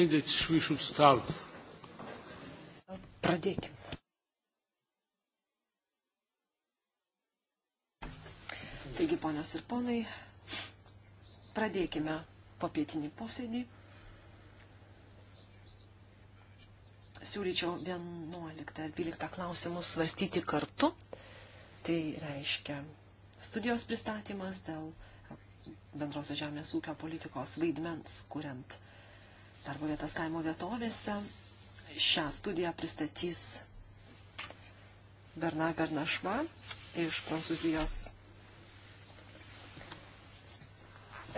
Pradėkime. Taigi, ponios ir ponai, pradėkime papietinį posėdį. Siūlyčiau 11 ir 12 klausimus svarstyti kartu. Tai reiškia studijos pristatymas dėl bendrosios žemės ūkio politikos vaidmens, kuriant darbo vietas kaimo vietovėse. Šią studiją pristatys Bernard Bernašma iš Prancūzijos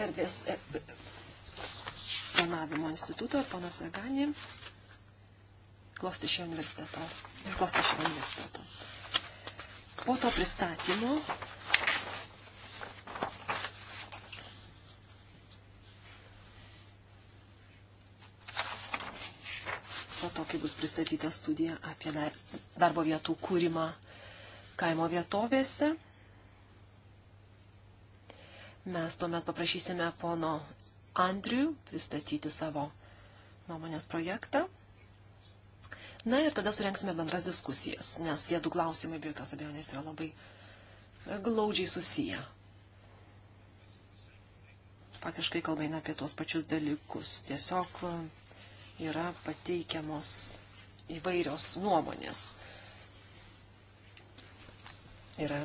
erdvės e, planavimo instituto ir ponas Vegani Klostišio universiteto. Ir Klostišio universiteto. Po to pristatymo pristatyta studija apie darbo vietų kūrimą kaimo vietovėse. Mes tuomet paprašysime pono Andrių pristatyti savo nuomonės projektą. Na ir tada surenksime bendras diskusijas, nes tie du klausimai, be jokios abejonės, yra labai glaudžiai susiję. Faktiškai kalba eina apie tuos pačius dalykus. Tiesiog yra pateikiamos įvairios nuomonės. Yra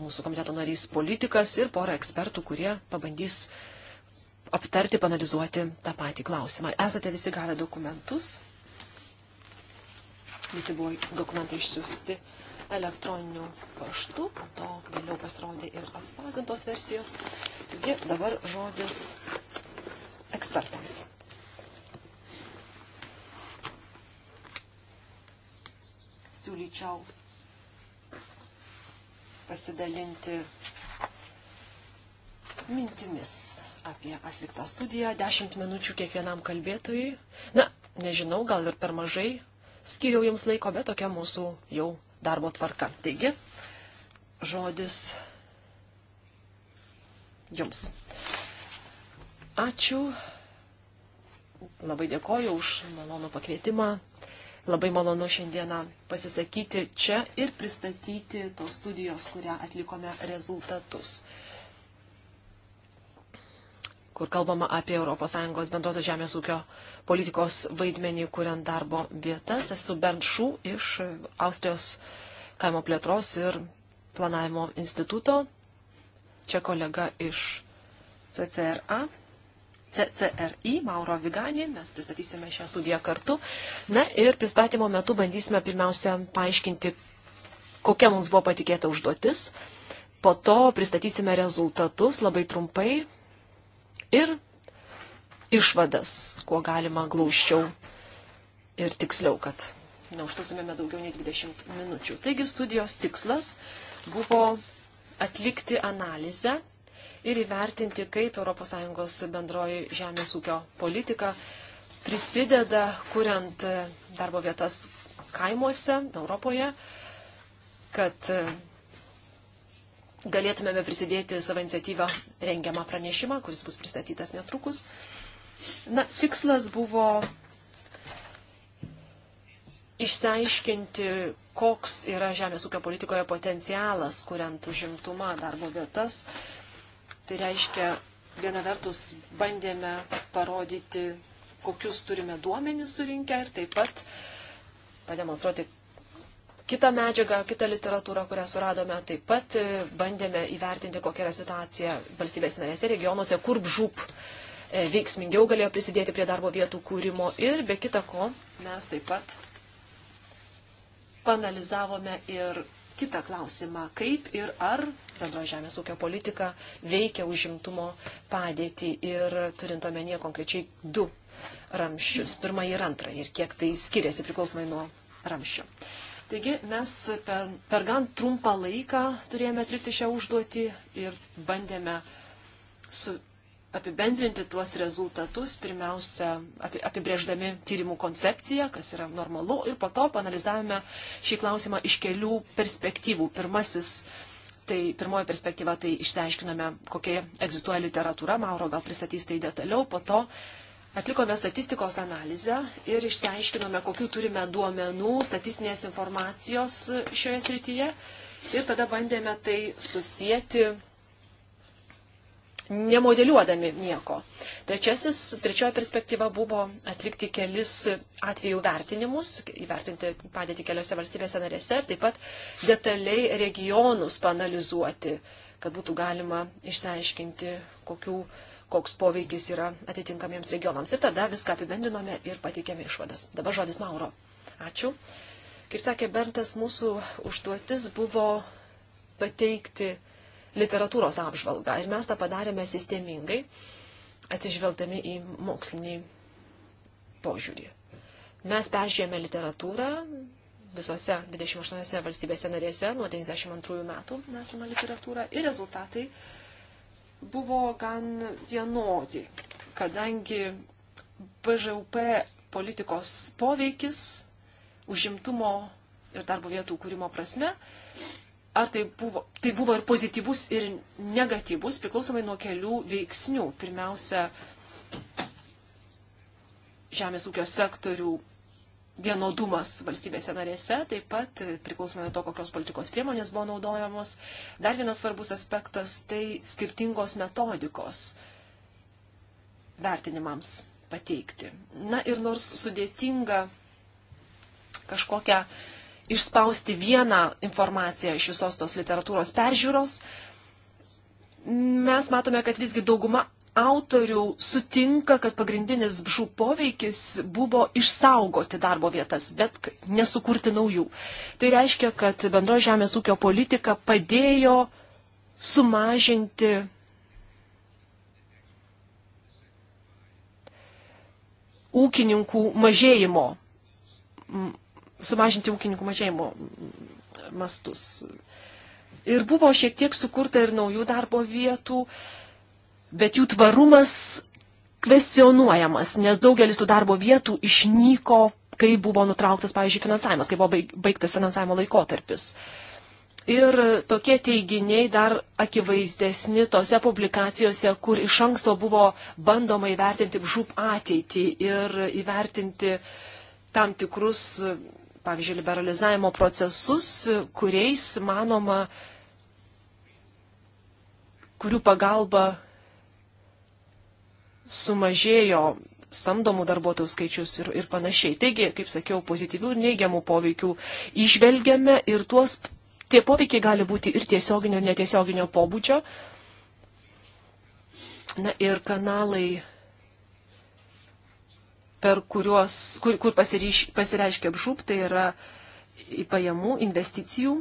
mūsų komiteto narys politikas ir pora ekspertų, kurie pabandys aptarti, panalizuoti tą patį klausimą. Esate visi gavę dokumentus. Visi buvo dokumentai išsiųsti elektroniniu paštu, po to vėliau pasirodė ir atspausintos versijos. Taigi dabar žodis ekspertams. siūlyčiau pasidalinti mintimis apie atliktą studiją. Dešimt minučių kiekvienam kalbėtojui. Na, nežinau, gal ir per mažai skiriau jums laiko, bet tokia mūsų jau darbo tvarka. Taigi, žodis jums. Ačiū. Labai dėkoju už malonų pakvietimą Labai malonu šiandieną pasisakyti čia ir pristatyti tos studijos, kurią atlikome rezultatus kur kalbama apie ES bendrosios žemės ūkio politikos vaidmenį, kuriant darbo vietas. Esu Bernd Šų iš Austrijos kaimo plėtros ir planavimo instituto. Čia kolega iš CCRA. CCRI, Mauro Vigani, mes pristatysime šią studiją kartu. Na ir pristatymo metu bandysime pirmiausia paaiškinti, kokia mums buvo patikėta užduotis, po to pristatysime rezultatus labai trumpai ir išvadas, kuo galima glaučiau ir tiksliau, kad neužtruktumėme daugiau nei 20 minučių. Taigi studijos tikslas buvo atlikti analizę ir įvertinti, kaip ES bendroji žemės ūkio politika prisideda, kuriant darbo vietas kaimuose Europoje, kad galėtumėme prisidėti savo iniciatyvą rengiamą pranešimą, kuris bus pristatytas netrukus. Na, tikslas buvo išsiaiškinti, koks yra žemės ūkio politikoje potencialas, kuriant užimtumą darbo vietas, Tai reiškia, viena vertus bandėme parodyti, kokius turime duomenys surinkę ir taip pat pademonstruoti kitą medžiagą, kitą literatūrą, kurią suradome. Taip pat e, bandėme įvertinti, kokia yra situacija valstybės narėse, regionuose, kur žūp e, veiksmingiau galėjo prisidėti prie darbo vietų kūrimo ir be kita ko mes taip pat panalizavome ir kitą klausimą, kaip ir ar bendro žemės ūkio politika veikia užimtumo padėtį ir turint omenyje konkrečiai du ramščius, pirmąjį ir antrąjį, ir kiek tai skiriasi priklausomai nuo ramščio. Taigi mes per, per gan trumpą laiką turėjome atlikti šią užduotį ir bandėme su, apibendrinti tuos rezultatus, pirmiausia, apibrėždami tyrimų koncepciją, kas yra normalu, ir po to panalizavome šį klausimą iš kelių perspektyvų. Pirmasis, tai pirmoji perspektyva, tai išsiaiškiname, kokia egzistuoja literatūra, Mauro gal pristatys tai detaliau, po to atlikome statistikos analizę ir išsiaiškinome, kokiu turime duomenų, statistinės informacijos šioje srityje. Ir tada bandėme tai susijęti nemodeliuodami nieko. Trečiasis, trečioji perspektyva buvo atlikti kelis atvejų vertinimus, įvertinti padėti keliose valstybėse narėse ir taip pat detaliai regionus panalizuoti, kad būtų galima išsiaiškinti, kokių, koks poveikis yra atitinkamiems regionams. Ir tada viską apibendrinome ir pateikėme išvadas. Dabar žodis Mauro. Ačiū. Kaip sakė Bertas, mūsų užduotis buvo pateikti literatūros apžvalgą. Ir mes tą padarėme sistemingai, atsižvelgdami į mokslinį požiūrį. Mes peržėmė literatūrą visose 28 valstybėse narėse nuo 92 metų nesama literatūra ir rezultatai buvo gan vienodi, kadangi BŽUP politikos poveikis užimtumo ir darbo vietų kūrimo prasme ar tai buvo, tai buvo ir pozityvus, ir negatyvus, priklausomai nuo kelių veiksnių. Pirmiausia, žemės ūkio sektorių vienodumas valstybėse narėse, taip pat priklausomai nuo to, kokios politikos priemonės buvo naudojamos. Dar vienas svarbus aspektas - tai skirtingos metodikos vertinimams pateikti. Na ir nors sudėtinga kažkokią išspausti vieną informaciją iš visos tos literatūros peržiūros, mes matome, kad visgi dauguma autorių sutinka, kad pagrindinis bžų poveikis buvo išsaugoti darbo vietas, bet nesukurti naujų. Tai reiškia, kad bendro žemės ūkio politika padėjo sumažinti ūkininkų mažėjimo sumažinti ūkininkų mažėjimo mastus. Ir buvo šiek tiek sukurta ir naujų darbo vietų, bet jų tvarumas kvestionuojamas, nes daugelis tų darbo vietų išnyko, kai buvo nutrauktas, pavyzdžiui, finansavimas, kai buvo baigtas finansavimo laikotarpis. Ir tokie teiginiai dar akivaizdesni tose publikacijose, kur iš anksto buvo bandoma įvertinti žūp ateitį ir įvertinti tam tikrus pavyzdžiui, liberalizavimo procesus, kuriais, manoma, kurių pagalba sumažėjo samdomų darbuotojų skaičius ir, ir panašiai. Taigi, kaip sakiau, pozityvių ir neigiamų poveikių išvelgiame ir tuos, tie poveikiai gali būti ir tiesioginio, ir netiesioginio pobūdžio. Na ir kanalai per kuriuos, kur, kur pasireiš, pasireiškia apžūp, tai yra pajamų, investicijų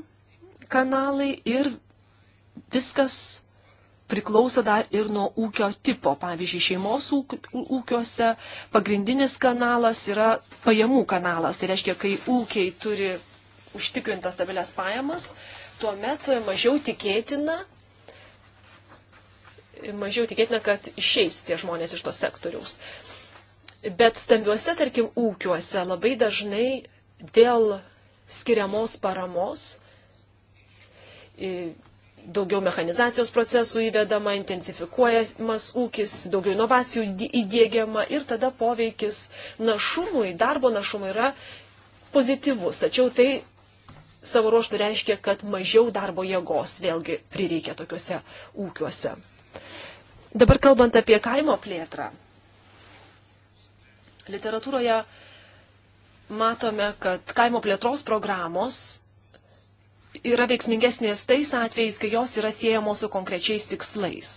kanalai ir viskas priklauso dar ir nuo ūkio tipo. Pavyzdžiui, šeimos ūkiuose pagrindinis kanalas yra pajamų kanalas. Tai reiškia, kai ūkiai turi užtikrintas stabilias pajamas, tuomet mažiau tikėtina, mažiau tikėtina, kad išeis tie žmonės iš to sektoriaus. Bet stambiuose, tarkim, ūkiuose labai dažnai dėl skiriamos paramos daugiau mechanizacijos procesų įvedama, intensifikuojamas ūkis, daugiau inovacijų įdėgiama ir tada poveikis našumui, darbo našumui yra pozityvus. Tačiau tai savo ruoštų reiškia, kad mažiau darbo jėgos vėlgi prireikia tokiuose ūkiuose. Dabar kalbant apie kaimo plėtrą Literatūroje matome, kad kaimo plėtros programos yra veiksmingesnės tais atvejais, kai jos yra siejamos su konkrečiais tikslais.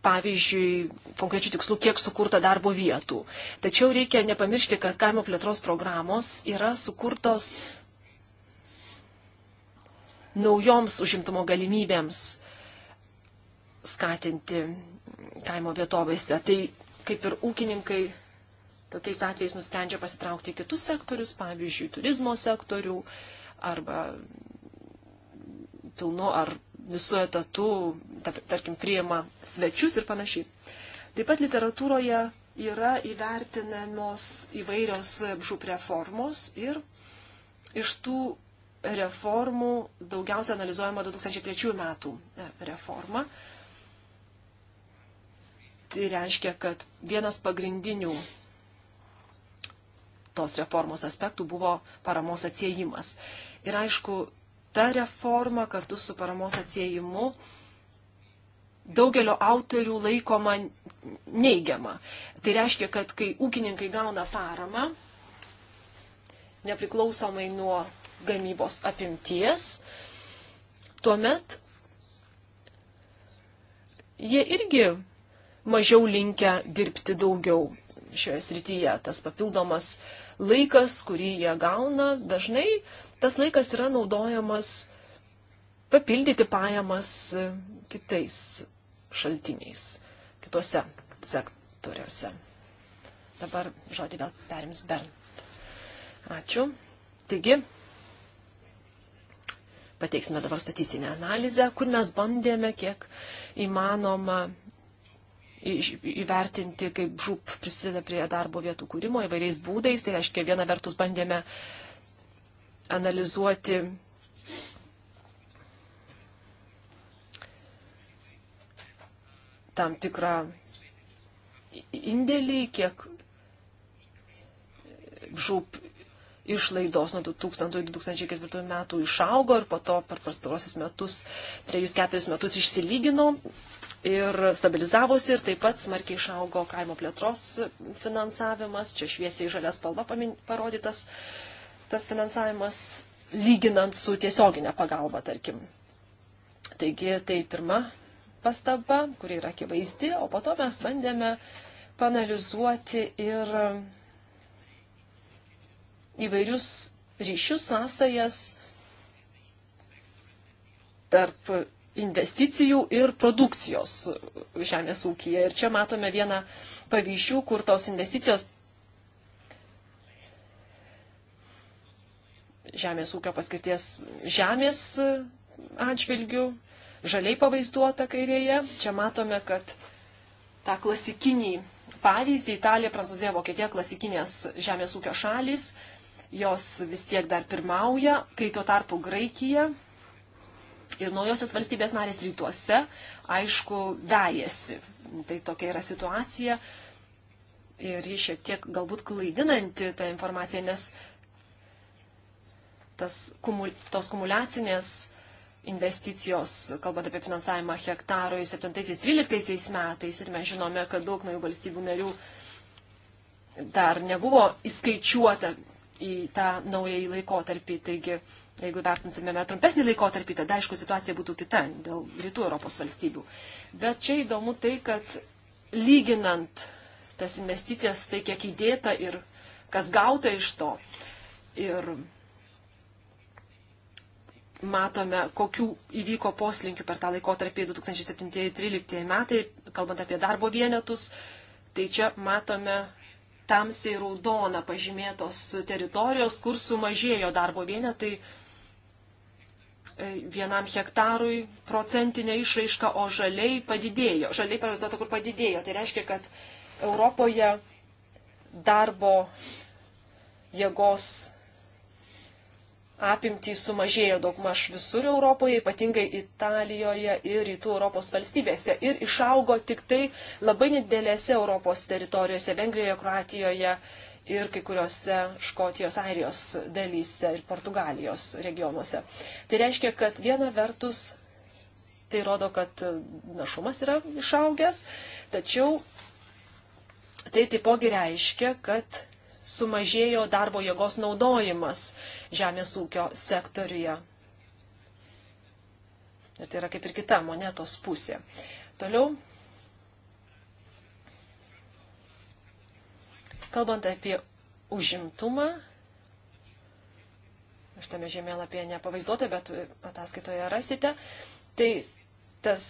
Pavyzdžiui, konkrečių tikslų, kiek sukurta darbo vietų. Tačiau reikia nepamiršti, kad kaimo plėtros programos yra sukurtos naujoms užimtumo galimybėms skatinti kaimo vietovėse. Tai kaip ir ūkininkai tokiais atvejais nusprendžia pasitraukti į kitus sektorius, pavyzdžiui, turizmo sektorių arba pilnu ar visu etatu, tarkim, priema svečius ir panašiai. Taip pat literatūroje yra įvertinamos įvairios žūp reformos ir iš tų reformų daugiausia analizuojama 2003 metų e, reforma. Tai reiškia, kad vienas pagrindinių tos reformos aspektų buvo paramos atsiejimas. Ir aišku, ta reforma kartu su paramos atsiejimu daugelio autorių laikoma neigiama. Tai reiškia, kad kai ūkininkai gauna paramą, nepriklausomai nuo gamybos apimties, tuomet jie irgi mažiau linkę dirbti daugiau šioje srityje. Tas papildomas uh, laikas, kurį jie gauna, dažnai tas laikas yra naudojamas papildyti pajamas kitais šaltiniais, kitose sektoriuose. Dabar žodį vėl perims Bernd. Ačiū. Taigi, pateiksime dabar statistinę analizę, kur mes bandėme kiek įmanoma įvertinti, kaip žūp prisideda prie darbo vietų kūrimo įvairiais būdais. Tai reiškia, viena vertus bandėme analizuoti tam tikrą indėlį, kiek žūp išlaidos nuo 2000-2004 metų išaugo ir po to per pastarosius metus, 3-4 metus išsilygino ir stabilizavosi ir taip pat smarkiai išaugo kaimo plėtros finansavimas, čia šviesiai žalias spalva parodytas tas finansavimas, lyginant su tiesioginė pagalba, tarkim. Taigi tai pirma pastaba, kuri yra akivaizdi, o po to mes bandėme panalizuoti ir įvairius ryšius, sąsajas tarp investicijų ir produkcijos žemės ūkyje. Ir čia matome vieną pavyzdžių, kur tos investicijos žemės ūkio paskirties žemės atžvilgių, žaliai pavaizduota kairėje. Čia matome, kad tą klasikinį pavyzdį Italija, Prancūzija, Vokietija, klasikinės žemės ūkio šalis jos vis tiek dar pirmauja, kai tuo tarpu Graikija ir naujosios valstybės narės rytuose, aišku, vejasi. Tai tokia yra situacija ir ji šiek tiek galbūt klaidinanti ta informacija, nes tas, kumul, tos kumulacinės investicijos, kalbant apie finansavimą hektarui 7-13 metais ir mes žinome, kad daug naujų valstybių narių dar nebuvo įskaičiuota į tą naująjį laikotarpį. Taigi, jeigu vertintumėme trumpesnį laikotarpį, tada aišku situacija būtų kita dėl rytų Europos valstybių. Bet čia įdomu tai, kad lyginant tas investicijas, tai kiek įdėta ir kas gauta iš to. Ir matome, kokių įvyko poslinkių per tą laikotarpį 2007-2013 metai, kalbant apie darbo vienetus, tai čia matome tamsiai raudona pažymėtos teritorijos, kur sumažėjo darbo vienetai e, vienam hektarui procentinė išraiška, o žaliai padidėjo. Žaliai pavaizduota, kur padidėjo. Tai reiškia, kad Europoje darbo jėgos apimtys sumažėjo daugmaž visur Europoje, ypatingai Italijoje ir rytų Europos valstybėse. Ir išaugo tik tai labai nedėlėse Europos teritorijose, Vengrijoje, Kroatijoje ir kai kuriuose Škotijos, Airijos dalyse ir Portugalijos regionuose. Tai reiškia, kad viena vertus tai rodo, kad našumas yra išaugęs, tačiau tai taipogi reiškia, kad sumažėjo darbo jėgos naudojimas žemės ūkio sektoriuje. Ir tai yra kaip ir kita monetos pusė. Toliau. Kalbant apie užimtumą, aš tame žemėlapyje nepavaizduota, bet ataskaitoje rasite, tai tas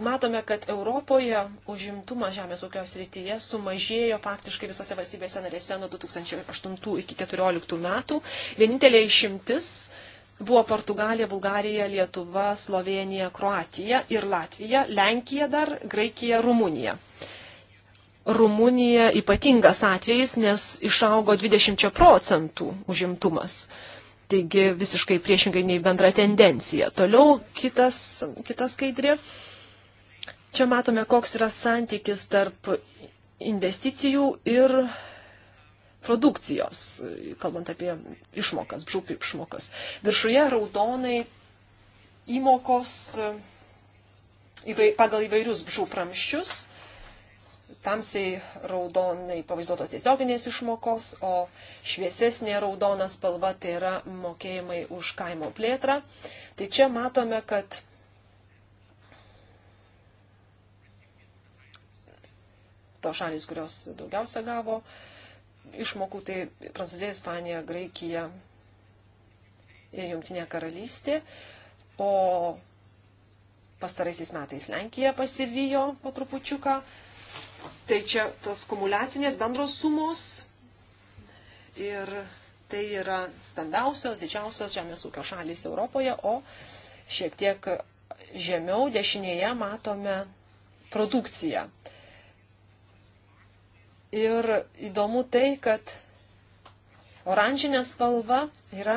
matome, kad Europoje užimtumas žemės ūkio srityje sumažėjo faktiškai visose valstybėse narėse nuo 2008 iki 2014 metų. Vienintelė išimtis buvo Portugalija, Bulgarija, Lietuva, Slovenija, Kroatija ir Latvija, Lenkija dar, Graikija, Rumunija. Rumunija ypatingas atvejis, nes išaugo 20 procentų užimtumas. Taigi visiškai priešingai nei bendra tendencija. Toliau kitas, kitas skaidrė. Čia matome, koks yra santykis tarp investicijų ir produkcijos, kalbant apie išmokas, bžūp išmokas. Viršuje raudonai įmokos įvai, pagal įvairius bžūp ramščius tamsiai raudonai pavaizduotos tiesioginės išmokos, o šviesesnė raudona spalva tai yra mokėjimai už kaimo plėtrą. Tai čia matome, kad to šalis, kurios daugiausia gavo išmokų, tai Prancūzija, Ispanija, Graikija ir Junktinė karalystė. O pastaraisiais metais Lenkija pasivijo po trupučiuką. Tai čia tos kumulacinės bendros sumos ir tai yra stambiausios, didžiausios žemės ūkio šalys Europoje, o šiek tiek žemiau dešinėje matome produkciją. Uh, Ir įdomu tai, kad oranžinė spalva yra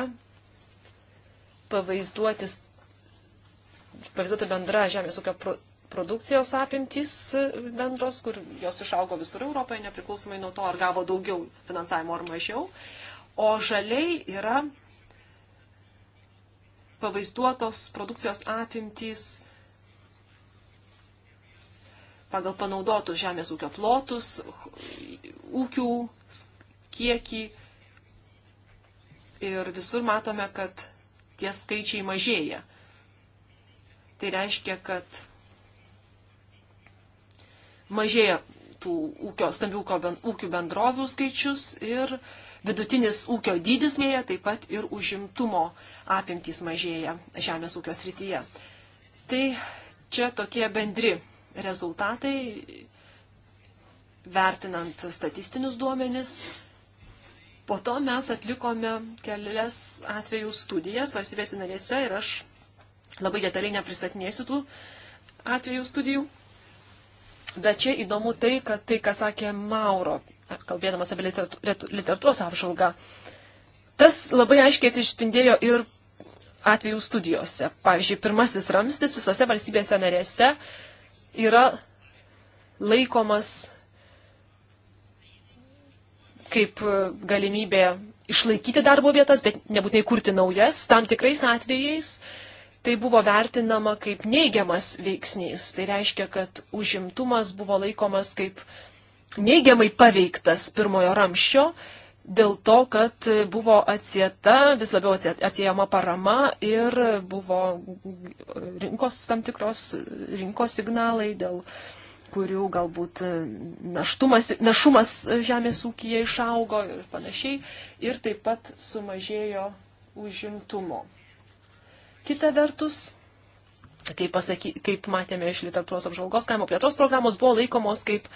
pavaizduotis, pavaizduoti bendra žemės ūkio pro, produkcijos apimtys bendros, kur jos išaugo visur Europoje, nepriklausomai nuo to, ar gavo daugiau finansavimo ar mažiau. O žaliai yra pavaizduotos produkcijos apimtys pagal panaudotus žemės ūkio plotus, ūkių kiekį. Ir visur matome, kad tie skaičiai mažėja. Tai reiškia, kad mažėja tų ūkio, stambių ūkių bendrovių skaičius ir vidutinis ūkio dydis mažėja, taip pat ir užimtumo apimtys mažėja žemės ūkio srityje. Tai čia tokie bendri rezultatai, vertinant statistinius duomenis. Po to mes atlikome kelias atvejų studijas valstybės narėse ir aš labai detaliai nepristatinėsiu tų atvejų studijų. Bet čia įdomu tai, kad tai, ką sakė Mauro, kalbėdamas apie literatūros apžvalgą, tas labai aiškiai atsispindėjo ir atvejų studijose. Pavyzdžiui, pirmasis ramstis visose valstybėse narėse yra laikomas kaip e, galimybė išlaikyti darbo vietas, bet nebūtinai kurti naujas. Tam tikrais atvejais tai buvo vertinama kaip neigiamas veiksnys. Tai reiškia, kad užimtumas buvo laikomas kaip neigiamai paveiktas pirmojo ramščio dėl to, kad buvo atsieta, vis labiau atsiejama parama ir buvo rinkos tam tikros rinkos signalai, dėl kurių galbūt naštumas, našumas žemės ūkija išaugo ir panašiai. Ir taip pat sumažėjo užimtumo. Kita vertus, kaip, pasaky, kaip matėme iš literatūros apžvalgos, kaimo plėtros programos buvo laikomos kaip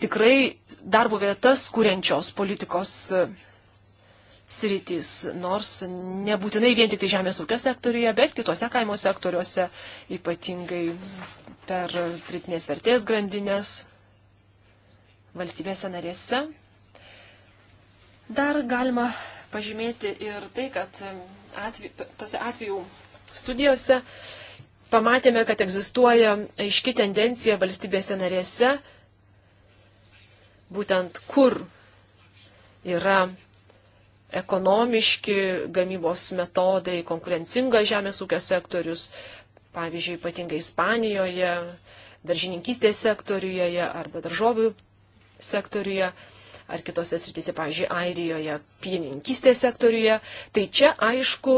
tikrai darbo vietas kūrenčios politikos e, sritys, nors nebūtinai vien tik tai žemės ūkio sektoriuje, bet kitose kaimo sektoriuose, ypatingai per pritinės vertės grandinės valstybėse narėse. Dar galima pažymėti ir tai, kad e, atvi, tose atvejų studijose pamatėme, kad egzistuoja aiški tendencija valstybėse narėse būtent kur yra ekonomiški gamybos metodai, konkurencingas žemės ūkio sektorius, pavyzdžiui, ypatingai Ispanijoje, daržininkystės sektoriuje arba daržovių sektoriuje ar kitose srityse, pavyzdžiui, Airijoje, pieninkystės sektoriuje. Tai čia, aišku,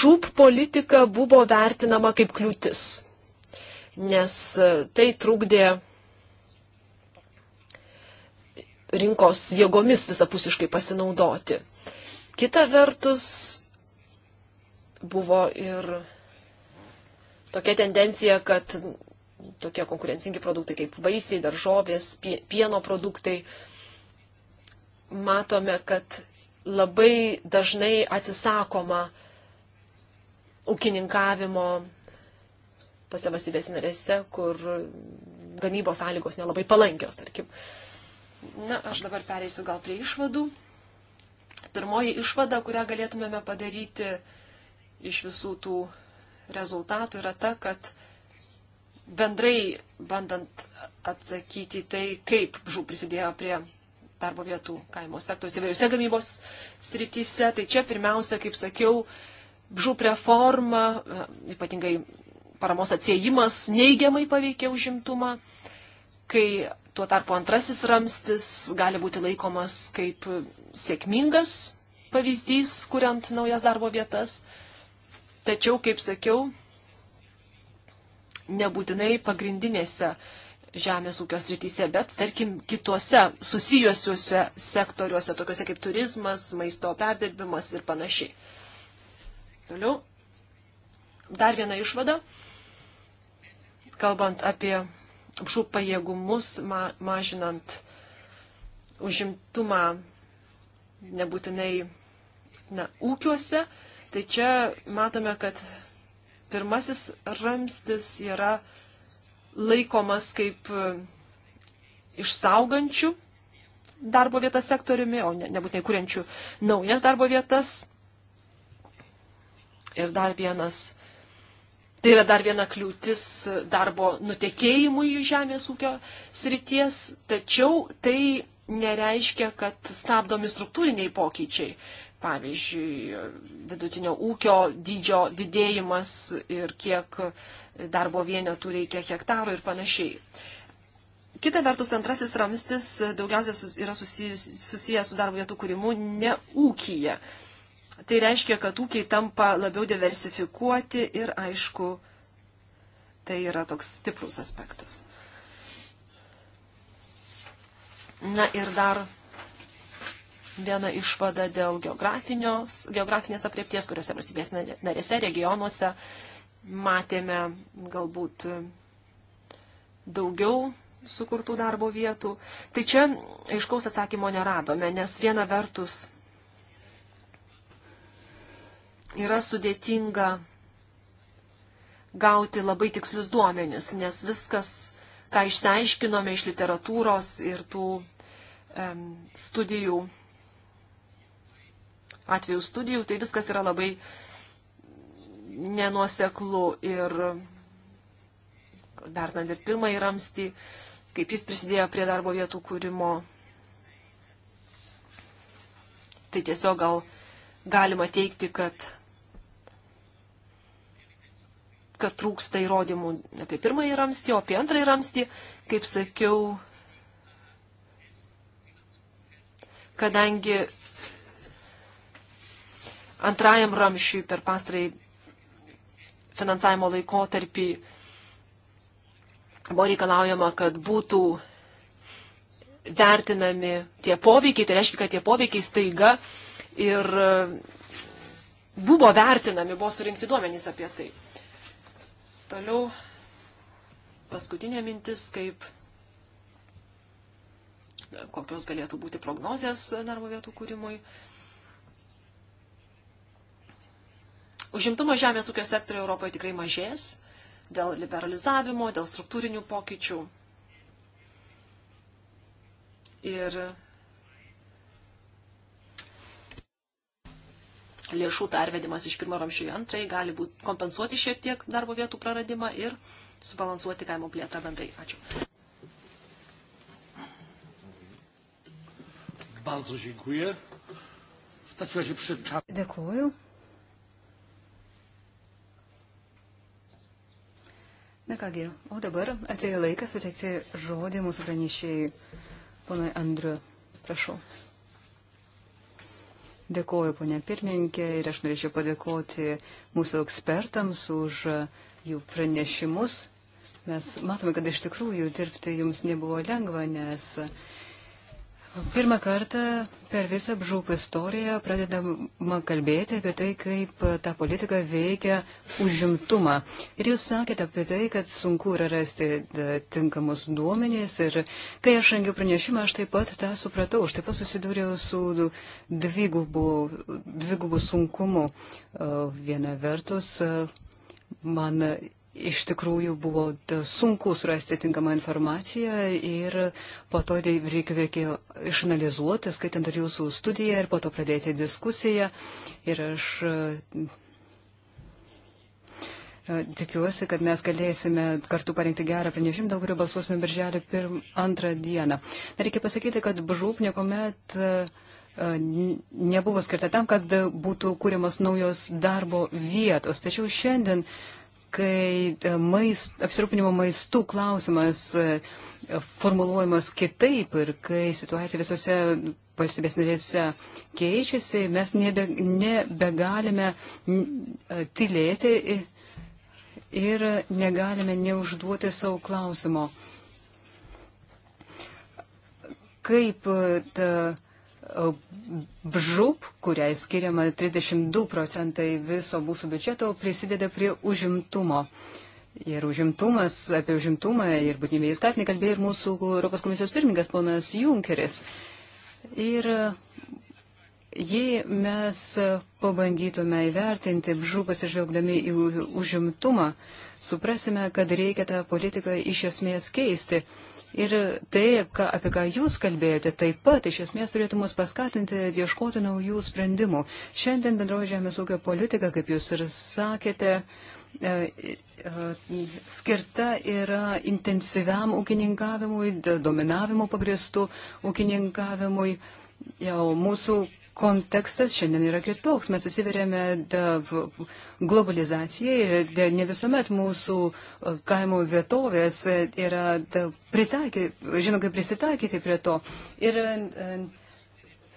žūp politika buvo vertinama kaip kliūtis, nes tai trukdė rinkos jėgomis visapusiškai pasinaudoti. Kita vertus buvo ir tokia tendencija, kad tokie konkurencingi produktai kaip vaisiai, daržovės, pieno produktai, matome, kad labai dažnai atsisakoma ūkininkavimo tose valstybės narėse, kur gamybos sąlygos nelabai palankios, tarkim. Uh, Na, aš dabar pereisiu gal prie išvadų. Pirmoji išvada, kurią galėtumėme padaryti iš visų tų rezultatų, yra ta, kad bendrai bandant atsakyti tai, kaip žų prisidėjo prie darbo vietų kaimo sektoriaus įvairiose gamybos srityse. Tai čia pirmiausia, kaip sakiau, žūp reforma, ypatingai paramos atsiejimas neigiamai paveikė užimtumą, kai Tuo tarpu antrasis ramstis gali būti laikomas kaip sėkmingas pavyzdys, kuriant naujas darbo vietas. Tačiau, kaip sakiau, nebūtinai pagrindinėse žemės ūkio srityse, bet tarkim kitose susijusiuose sektoriuose, tokiuose kaip turizmas, maisto perdirbimas ir panašiai. Toliau. Dar viena išvada, kalbant apie apšų pajėgumus, ma, mažinant užimtumą nebūtinai na, ūkiuose. Tai čia matome, kad pirmasis ramstis yra laikomas kaip e, išsaugančių darbo vietas sektoriumi, o ne, nebūtinai kuriančių naujas darbo vietas. Ir dar vienas Tai yra dar viena kliūtis darbo nutekėjimui žemės ūkio srities, tačiau tai nereiškia, kad stabdomi struktūriniai pokyčiai. Pavyzdžiui, vidutinio ūkio dydžio didėjimas ir kiek darbo vienetų reikia hektarų ir panašiai. Kita vertus, antrasis ramstis daugiausia yra susijęs susijęs su darbo vietų kūrimu ne ūkija. Tai reiškia, kad ūkiai tampa labiau diversifikuoti ir aišku, tai yra toks stiprus aspektas. Na ir dar viena išvada dėl geografinės apriepties, kuriuose valstybės narėse, regionuose matėme galbūt daugiau sukurtų darbo vietų. Tai čia aiškaus atsakymo neradome, nes viena vertus yra sudėtinga gauti labai tikslius duomenis, nes viskas, ką išsiaiškinome iš literatūros ir tų um, studijų, atvejų studijų, tai viskas yra labai nenuoseklu ir vertinant ir pirmąjį ramstį, kaip jis prisidėjo prie darbo vietų kūrimo. Tai tiesiog gal galima teikti, kad kad trūksta įrodymų apie pirmąjį ramstį, o apie antrąjį ramstį, kaip sakiau, kadangi antrajam ramšiui per pastarąjį finansavimo laikotarpį buvo reikalaujama, kad būtų vertinami tie poveikiai, tai reiškia, kad tie poveikiai staiga ir buvo vertinami, buvo surinkti duomenys apie tai. Toliau paskutinė mintis, kaip kokios galėtų būti prognozijas darbo vietų kūrimui. Užimtumo žemės ūkio sektoriuje Europoje tikrai mažės dėl liberalizavimo, dėl struktūrinių pokyčių. Ir lėšų pervedimas iš pirmo ramščio į antrąjį gali būti kompensuoti šiek tiek darbo vietų praradimą ir subalansuoti kaimo plėtrą bendrai. Ačiū. Bardzo dziękuję. W takim razie przyczam. Dziękuję. Na kągi, o dabar atėjo laikas suteikti žodį mūsų pranešėjai, ponui Andriu. Prašau. Dėkuoju, ponė pirmininkė, ir aš norėčiau padėkoti mūsų ekspertams už jų pranešimus. Mes matome, kad iš tikrųjų dirbti jums nebuvo lengva, nes uh, Pirmą kartą per visą bžūk istoriją pradedama kalbėti apie tai, kaip ta politika veikia užimtumą. Ir jūs sakėte apie tai, kad sunku yra rasti e, tinkamus duomenys. Ir kai aš rengiau pranešimą, aš taip pat tą supratau. Aš taip pat susidūrėjau su dvigubu, dvigubu sunkumu. E, viena vertus, e, man iš tikrųjų buvo sunku surasti tinkamą informaciją ir po to reikėjo, reikėjo išanalizuoti, skaitant ar jūsų studiją ir po to pradėti diskusiją. Ir aš e, Tikiuosi, kad mes galėsime kartu parengti gerą pranešimą, dėl kurio balsuosime birželio antrą dieną. Dar reikia pasakyti, kad BŽUP niekuomet e, e, nebuvo skirta tam, kad būtų kūrimas naujos darbo vietos. Tačiau šiandien kai e, maist, apsirūpinimo maistų klausimas e, formuluojamas kitaip ir kai situacija visose valstybės narėse keičiasi, mes nebe, nebegalime e, tylėti ir negalime neužduoti savo klausimo. Kaip ta, uh, BŽUP, kuriai skiriama 32 procentai viso mūsų biudžeto, prisideda prie užimtumo. Ir užimtumas, apie užimtumą ir būtinybę įstatymą kalbėjo ir mūsų Europos komisijos pirmininkas ponas Junkeris. Ir jei mes pabandytume įvertinti BŽUP pasižvelgdami į užimtumą, suprasime, kad reikia tą politiką iš esmės keisti. Ir tai, ką, apie ką jūs kalbėjote, taip pat iš esmės turėtų mus paskatinti ieškoti naujų sprendimų. Šiandien bendroji žemės ūkio politika, kaip jūs ir sakėte, e, e, skirta yra intensyviam ūkininkavimui, dominavimo pagristų ūkininkavimui. Jau mūsų kontekstas šiandien yra kitoks. Mes atsiverėme globalizacijai ir ne visuomet mūsų e, kaimo vietovės yra pritaikė, žinoma, kaip prisitaikyti prie to. Ir e,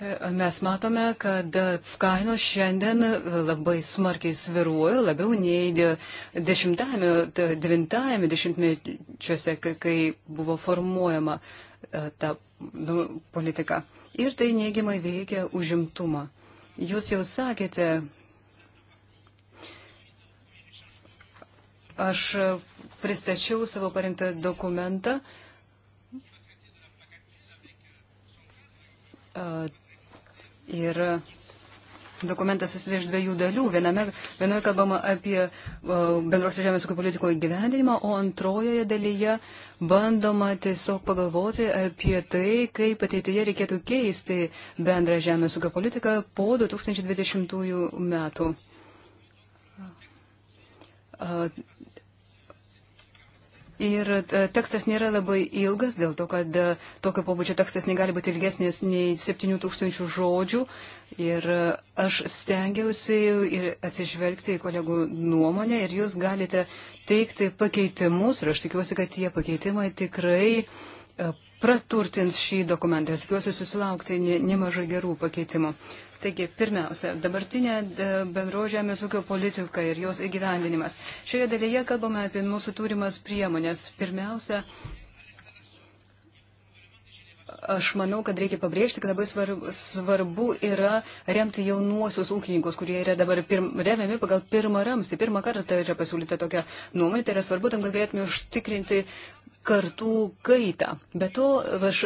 e, mes matome, kad kainos šiandien labai smarkiai sviruoja, labiau nei dešimtajame, devintajame dešimtmečiuose, kai buvo formuojama ta nu, politika ir tai neigiamai veikia užimtumą. Jūs jau sakėte, aš pristačiau savo parengtą dokumentą. Ir dokumentas susideda iš dviejų dalių. Viename, vienoje kalbama apie bendrosios žemės ūkio politikos gyvendinimą, o antrojoje dalyje bandoma tiesiog pagalvoti apie tai, kaip ateityje reikėtų keisti bendrą žemės ūkio politiką po 2020 metų. Ir e, tekstas nėra labai ilgas, dėl to, kad e, tokio pobūdžio tekstas negali būti ilgesnis nei 7000 žodžių. Ir e, aš stengiausi ir atsižvelgti į kolegų nuomonę ir jūs galite teikti pakeitimus ir aš tikiuosi, kad tie pakeitimai tikrai praturtins šį dokumentą. Aš tikiuosi susilaukti nemažai gerų pakeitimų. Taigi, pirmiausia, dabartinė e, bendro žemės ūkio politika ir jos įgyvendinimas. Šioje dalyje kalbame apie mūsų turimas priemonės. Pirmiausia, Aš manau, kad reikia pabrėžti, kad labai svarbu, svarbu yra remti jaunuosius ūkininkus, kurie yra dabar pirm, remiami pagal pirmą ramstį. Pirmą kartą yra pasiūlyta tokia nuomonė, tai yra svarbu tam, kad galėtume užtikrinti kartų kaitą. Be to, aš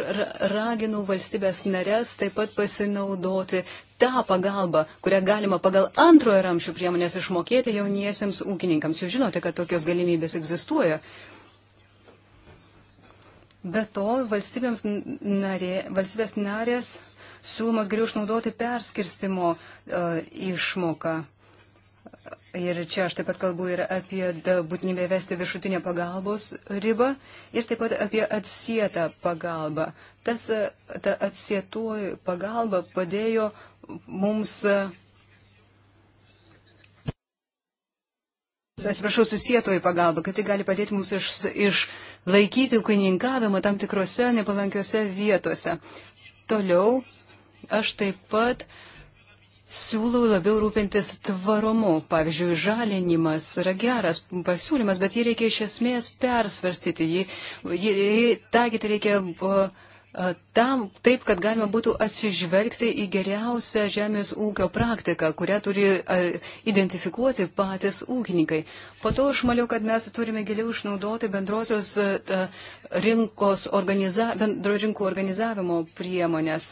raginu valstybės narės taip pat pasinaudoti tą pagalbą, kurią galima pagal antrojo ramšio priemonės išmokėti jauniesiems ūkininkams. Jūs žinote, kad tokios galimybės egzistuoja. Be to, narė, valstybės narės siūlomas geriau išnaudoti perskirstimo uh, išmoką. Ir čia aš taip pat kalbu ir apie būtinybę vesti viršutinę pagalbos ribą ir taip pat apie atsietą pagalbą. Tas e, ta atsietoji pagalba padėjo mums. Atsiprašau, susijėtoji pagalba, kad tai gali padėti mums iš, išlaikyti ūkininkavimą tam tikrose nepalankiose vietose. Toliau aš taip pat siūlau labiau rūpintis tvarumu. Pavyzdžiui, žalinimas yra geras pasiūlymas, bet jį reikia iš esmės persvarstyti. Jį, jį taikyti reikia. Uh, E, tam, taip, kad galima būtų atsižvelgti į geriausią žemės ūkio praktiką, kurią turi e, identifikuoti patys ūkininkai. Po to aš maniau, kad mes turime giliau išnaudoti bendrosios e, rinkos organiza, bendro rinkų organizavimo priemonės.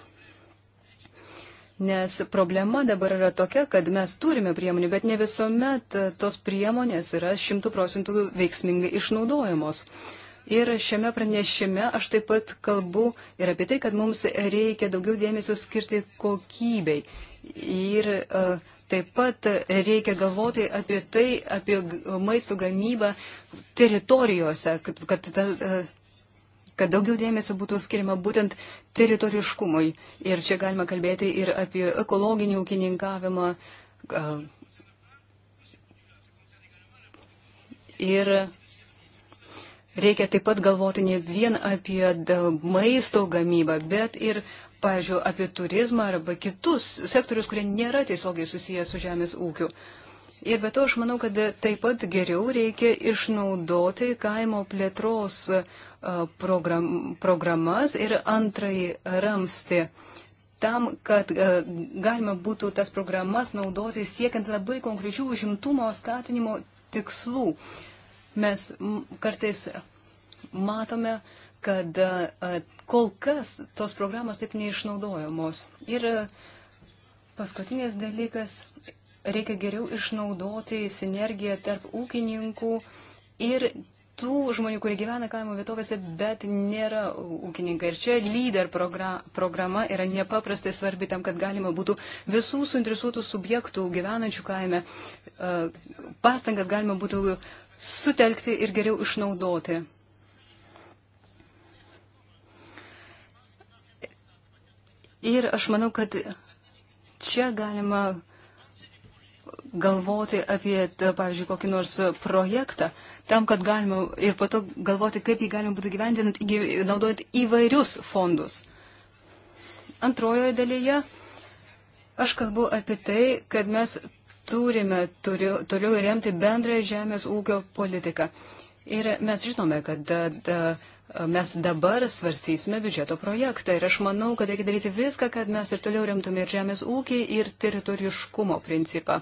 Nes problema dabar yra tokia, kad mes turime priemonių, bet ne visuomet tos priemonės yra šimtų procentų veiksmingai išnaudojamos. Uh, Ir šiame pranešime aš taip pat kalbu ir apie tai, kad mums reikia daugiau dėmesio skirti kokybei. Ir e, taip pat reikia galvoti apie tai, apie maisto gamybą teritorijose, kad, kad ta, e, kad daugiau dėmesio būtų skiriama būtent teritoriškumui. Ir čia galima kalbėti ir apie ekologinį ūkininkavimą. E, ir Reikia taip pat galvoti ne vien apie maisto gamybą, bet ir, pažiūrėjau, apie turizmą arba kitus sektorius, kurie nėra tiesiogiai susiję su žemės ūkiu. Ir be to aš manau, kad taip pat geriau reikia išnaudoti kaimo plėtros program, programas ir antrąjį ramstį tam, kad galima būtų tas programas naudoti siekiant labai konkrečių užimtumo skatinimo tikslų. Uh, Mes kartais matome, kad kol kas tos programos taip neišnaudojamos. Ir paskutinis dalykas, reikia geriau išnaudoti sinergiją tarp ūkininkų ir tų žmonių, kurie gyvena kaimo vietovėse, bet nėra ūkininkai. Ir čia lyder programa yra nepaprastai svarbi tam, kad galima būtų visų suinteresuotų subjektų gyvenančių kaime pastangas galima būtų sutelkti ir geriau išnaudoti. Ir aš manau, kad čia galima galvoti apie, pavyzdžiui, kokį nors projektą, tam, kad galima ir po to galvoti, kaip jį galima būtų gyvendinant, naudojant įvairius fondus. Antrojoje dalyje aš kalbu apie tai, kad mes turime turiu, toliau remti bendrąją žemės ūkio politiką. Ir mes žinome, kad da, da, mes dabar svarstysime biudžeto projektą ir aš manau, kad reikia daryti viską, kad mes ir toliau remtume ir žemės ūkį, ir teritoriškumo principą.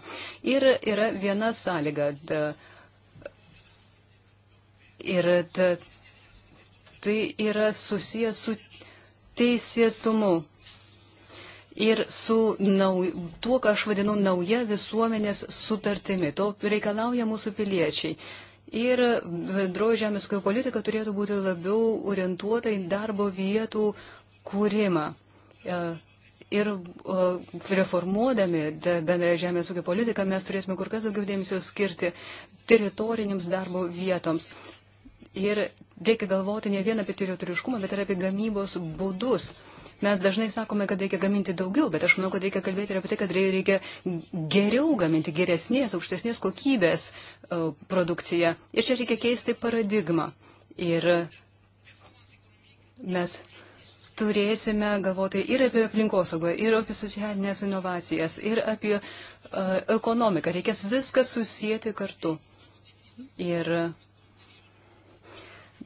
Ir yra viena sąlyga. Da, ir da, tai yra susijęs su teisėtumu ir su nauj, tuo, ką aš vadinu nauja visuomenės sutartimi. To reikalauja mūsų piliečiai. Ir bendroji žemės ūkio politika turėtų būti labiau orientuota į darbo vietų kūrimą. E, ir reformuodami bendrąją žemės ūkio politiką mes turėtume kur kas daugiau dėmesio skirti teritorinėms darbo vietoms. Ir reikia galvoti ne vien apie teritoriškumą, bet ir apie gamybos būdus. Uh, Mes dažnai sakome, kad reikia gaminti daugiau, bet aš manau, kad reikia kalbėti ir apie tai, kad reikia geriau gaminti geresnės, aukštesnės kokybės e, produkciją. Ir čia reikia keisti paradigmą. Ir mes turėsime galvoti ir apie aplinkosaugą, ir apie socialinės inovacijas, ir apie uh, ekonomiką. Reikės viską susijęti kartu. Ir uh,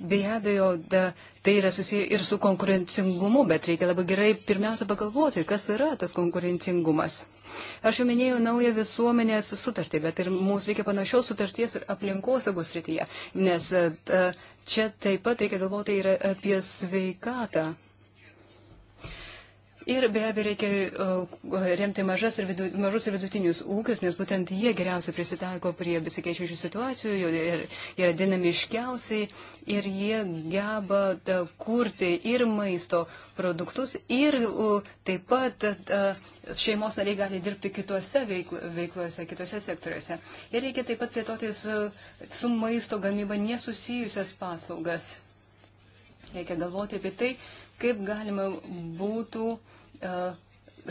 Be abejo, da, tai yra susiję ir su konkurencingumu, bet reikia labai gerai pirmiausia pagalvoti, kas yra tas konkurencingumas. Aš jau minėjau naują visuomenės sutartį, bet ir mums reikia panašios sutarties ir aplinkosaugos srityje, nes e, ta, čia taip pat reikia galvoti ir apie sveikatą. Ir be abejo reikia uh, remti mažas ir vidu, mažus ir vidutinius ūkius, nes būtent jie geriausiai prisitaiko prie besikeičiančių situacijų, yra, yra dinamiškiausiai ir jie geba ta, uh, kurti ir maisto produktus, ir uh, taip pat ta, šeimos nariai gali dirbti kitose veiklose, kitose sektoriuose. Ir reikia taip pat plėtoti su, su maisto gamyba nesusijusias paslaugas. Reikia galvoti apie tai, kaip galima būtų uh, E,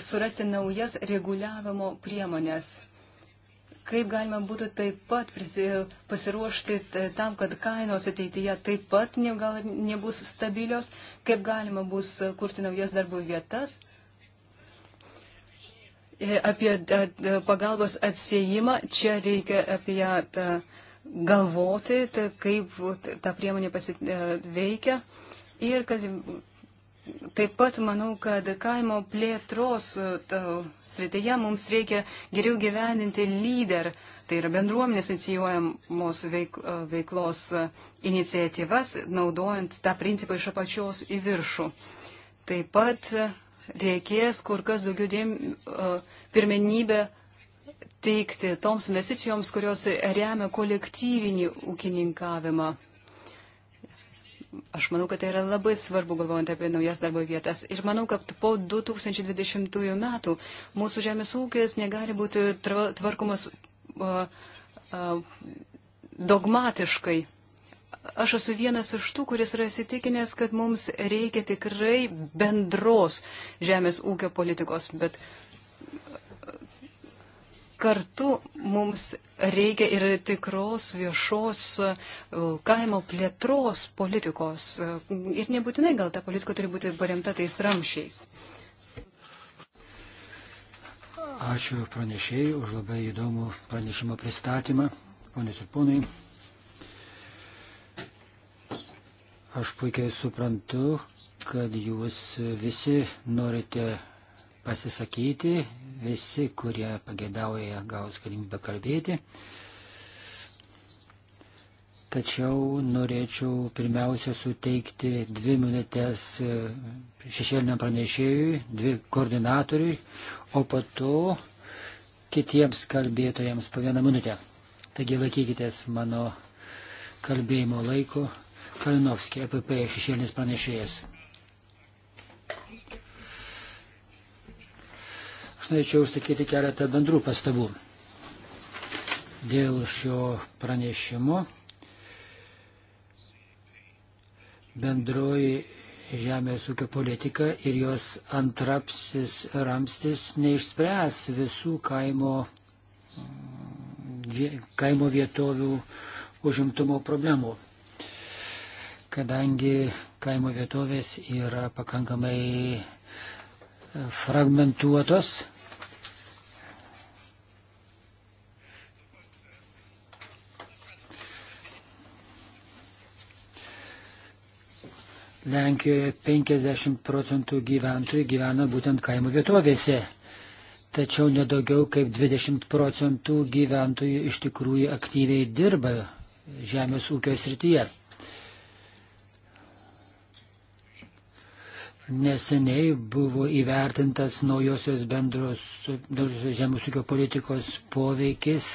surasti naujas reguliavimo priemonės. Kaip galima būtų taip pat pasiruošti tam, kad kainos ateityje taip pat ne, gal, nebus stabilios, kaip galima bus kurti naujas darbo vietas. E, apie e, pagalbos atsėjimą čia reikia apie tą galvoti, ta, kaip ta priemonė pasit, veikia ir kad Taip pat manau, kad kaimo plėtros e, srityje mums reikia geriau gyveninti lyder, tai yra bendruomenės inicijuojamos veik, e, veiklos e, iniciatyvas, naudojant tą principą iš apačios į viršų. Taip pat reikės kur kas daugiau dėm, pirmenybę teikti toms investicijoms, kurios remia kolektyvinį ūkininkavimą. Aš manau, kad tai yra labai svarbu galvojant apie naujas darbo vietas. Ir manau, kad po 2020 metų mūsų žemės ūkis negali būti tvarkomas uh, uh, dogmatiškai. Aš esu vienas iš tų, kuris yra įsitikinęs, kad mums reikia tikrai bendros žemės ūkio politikos, bet kartu mums reikia ir tikros viešos e, kaimo plėtros politikos. E, ir nebūtinai gal ta politika turi būti paremta tais ramšiais. Ačiū pranešėjai už labai įdomų pranešimo pristatymą. Ponės ir ponai, aš puikiai suprantu, kad jūs visi norite pasisakyti visi, kurie pagėdauja, gaus galimybę kalbėti. Tačiau norėčiau pirmiausia suteikti dvi minutės šešėliniam pranešėjui, dvi koordinatoriui, o po to kitiems kalbėtojams po vieną minutę. Taigi laikykitės mano kalbėjimo laiko. Kalinovskė, EPP šešėlinis pranešėjas. Aš norėčiau užsakyti keletą bendrų pastabų dėl šio pranešimo. Bendroji žemės ūkio politika ir jos antrapsis ramstis neišspręs visų kaimo, kaimo vietovių užimtumo problemų. Kadangi kaimo vietovės yra pakankamai fragmentuotos, Lenkijoje 50 procentų gyventojų gyvena būtent kaimo vietovėse, tačiau nedaugiau kaip 20 procentų gyventojų iš tikrųjų aktyviai dirba žemės ūkio srityje. Neseniai buvo įvertintas naujosios bendros, bendros žemės ūkio politikos poveikis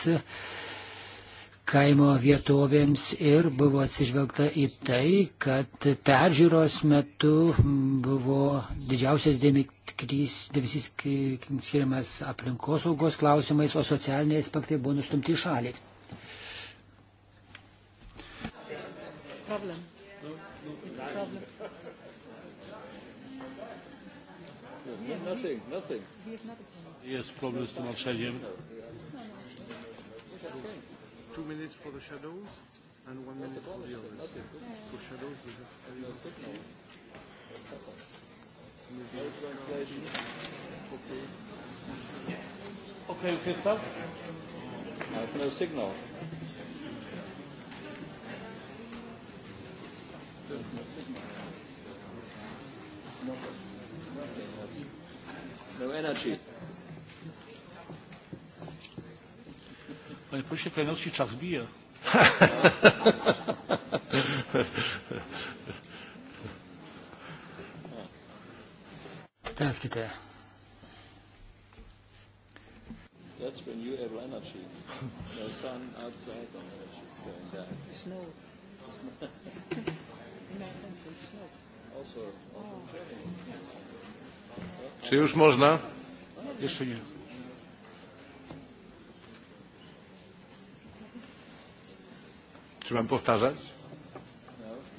kaimo vietovėms ir buvo atsižvelgta į tai, kad peržiūros metu buvo didžiausias dėmesys skiriamas aplinkosaugos klausimais, o socialiniai aspektai buvo nustumti į šalį. Problem. Problem. Nothing, nothing. Jest problem z tłumaczeniem. No, no two minutes for the shadows and one minute for the others. For shadows, we have three minutes. Maybe translation. Okay. Okay, you can stop? I have no signal. pośle Krajnowski czas bije. Tęskite. That's renewable energy. The sun outside on energy is going down. Snow. Snow. Also, also Czy już można? Jeszcze nie. Czy mam powtarzać?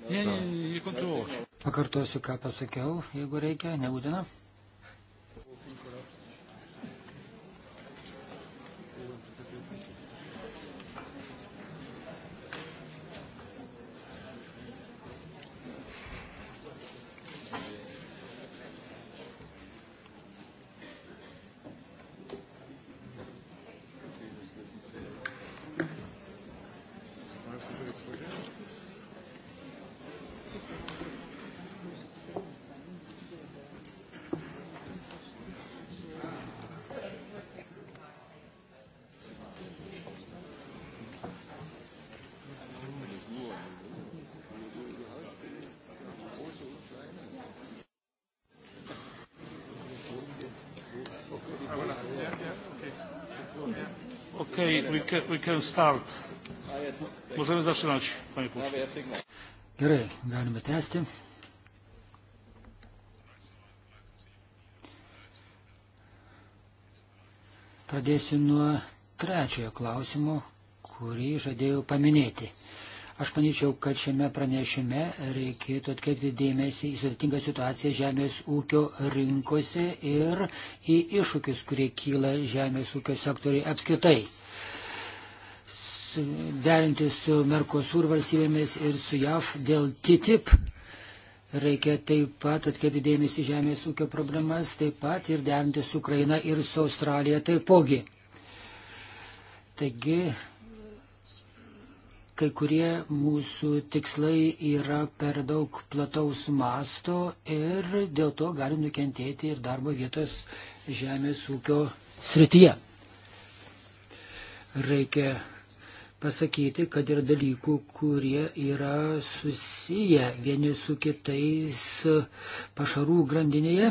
Ne, ne, ne, nekontroluosiu. Pakartosiu, ką pasakiau, jeigu reikia, nebūtina. can, we can start. Możemy zaczynać, panie pośle. Gerai, galime tęsti. Pradėsiu nuo trečiojo klausimo, kurį žadėjau paminėti. Aš manyčiau, kad šiame pranešime reikėtų atkreipti dėmesį į sudėtingą situaciją žemės ūkio rinkose ir į iššūkius, kurie kyla žemės ūkio sektoriai apskritai derinti su Merkosur valstybėmis ir su JAV dėl TTIP. Reikia taip pat atkreipti dėmesį žemės ūkio problemas, taip pat ir derinti su Ukraina ir su Australija taipogi. Taigi, kai kurie mūsų tikslai yra per daug plataus masto ir dėl to gali nukentėti ir darbo vietos žemės ūkio srityje. Reikia pasakyti, kad yra dalykų, kurie yra susiję vieni su kitais pašarų grandinėje.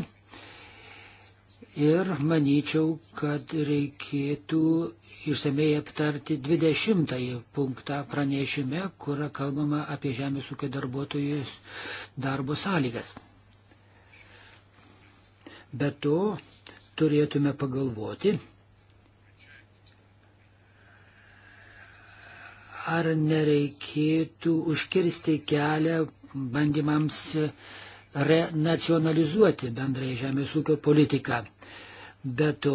Ir manyčiau, kad reikėtų išsamei aptarti 20 punktą pranešime, kur kalbama apie žemės ūkio darbuotojus darbo sąlygas. Be to, turėtume pagalvoti, ar nereikėtų užkirsti kelią bandymams renacionalizuoti bendrąją žemės ūkio politiką. Be to,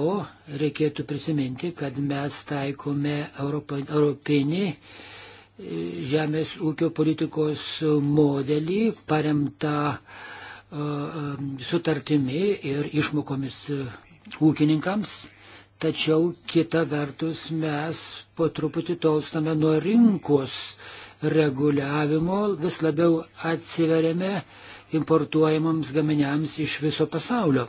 reikėtų prisiminti, kad mes taikome Europa, europinį e, žemės ūkio politikos modelį paremtą uh, sutartimi ir išmokomis ūkininkams tačiau kita vertus mes po truputį tolstame nuo rinkos reguliavimo, vis labiau atsiveriame importuojamams gaminiams iš viso pasaulio.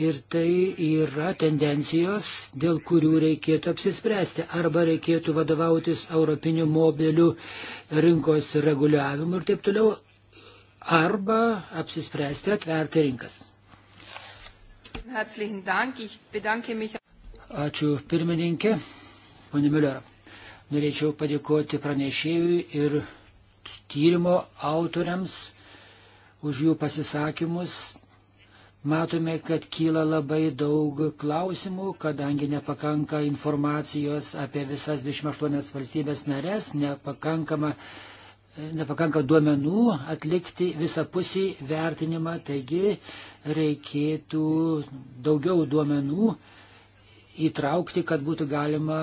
Ir tai yra tendencijos, dėl kurių reikėtų apsispręsti. Arba reikėtų vadovautis europiniu mobiliu rinkos reguliavimu ir taip toliau. Arba apsispręsti atverti rinkas. Ačiū pirmininkė, ponė Miller. Norėčiau padėkoti pranešėjui ir tyrimo autoriams už jų pasisakymus. Matome, kad kyla labai daug klausimų, kadangi nepakanka informacijos apie visas 28 valstybės narės, nepakankama nepakanka duomenų atlikti visapusį vertinimą, taigi reikėtų daugiau duomenų įtraukti, kad būtų galima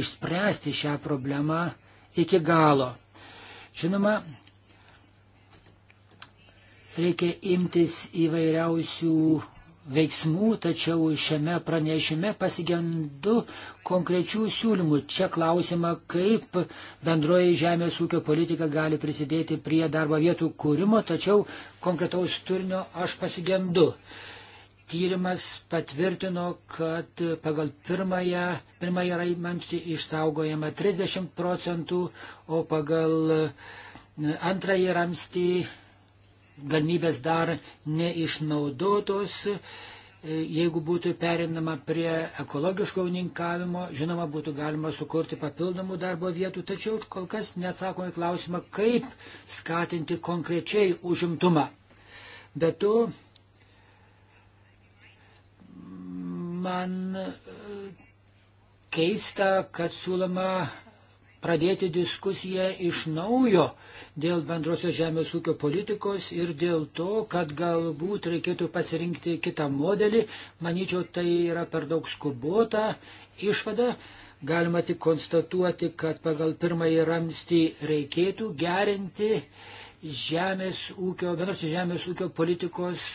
išspręsti šią problemą iki galo. Žinoma, reikia imtis įvairiausių veiksmų, tačiau šiame pranešime pasigendu konkrečių siūlymų. Čia klausima, kaip bendroji žemės ūkio politika gali prisidėti prie darbo vietų kūrimo, tačiau konkretaus turinio aš pasigendu. Uh, tyrimas patvirtino, kad pagal pirmąją, pirmąją raimamsi išsaugojama 30 procentų, o pagal e, antrąjį ramstį galimybės dar neišnaudotos. E, jeigu būtų perinama prie ekologiško uninkavimo, žinoma, būtų galima sukurti papildomų darbo vietų, tačiau kol kas neatsakome klausimą, kaip skatinti konkrečiai užimtumą. Be to, man e, keista, kad siūloma pradėti diskusiją iš naujo dėl bendrosios žemės ūkio politikos ir dėl to, kad galbūt reikėtų pasirinkti kitą modelį. Manyčiau, tai yra per daug skubota išvada. Galima tik konstatuoti, kad pagal pirmąjį ramstį reikėtų gerinti žemės ūkio, bendros žemės ūkio politikos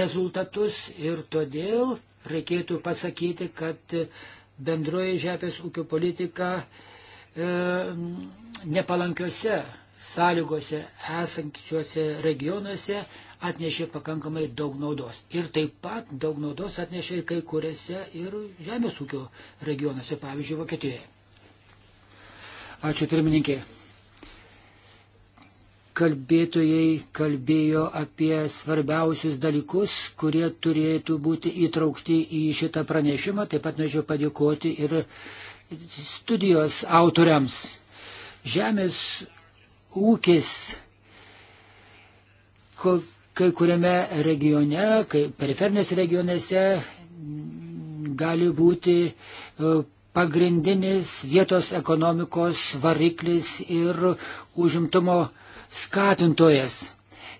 rezultatus ir todėl reikėtų pasakyti, kad bendroji žemės ūkio politika e, nepalankiose sąlygose esančiuose regionuose atnešė pakankamai daug naudos. Ir taip pat daug naudos atnešė ir kai kuriuose ir žemės ūkio regionuose, pavyzdžiui, Vokietijoje. Ačiū pirmininkė kalbėtojai kalbėjo apie svarbiausius dalykus, kurie turėtų būti įtraukti į šitą pranešimą. Taip pat norėčiau padėkoti ir studijos autoriams. Žemės ūkis kai kuriame regione, kai periferinėse regionėse gali būti e, pagrindinis vietos ekonomikos variklis ir užimtumo uh, skatintojas.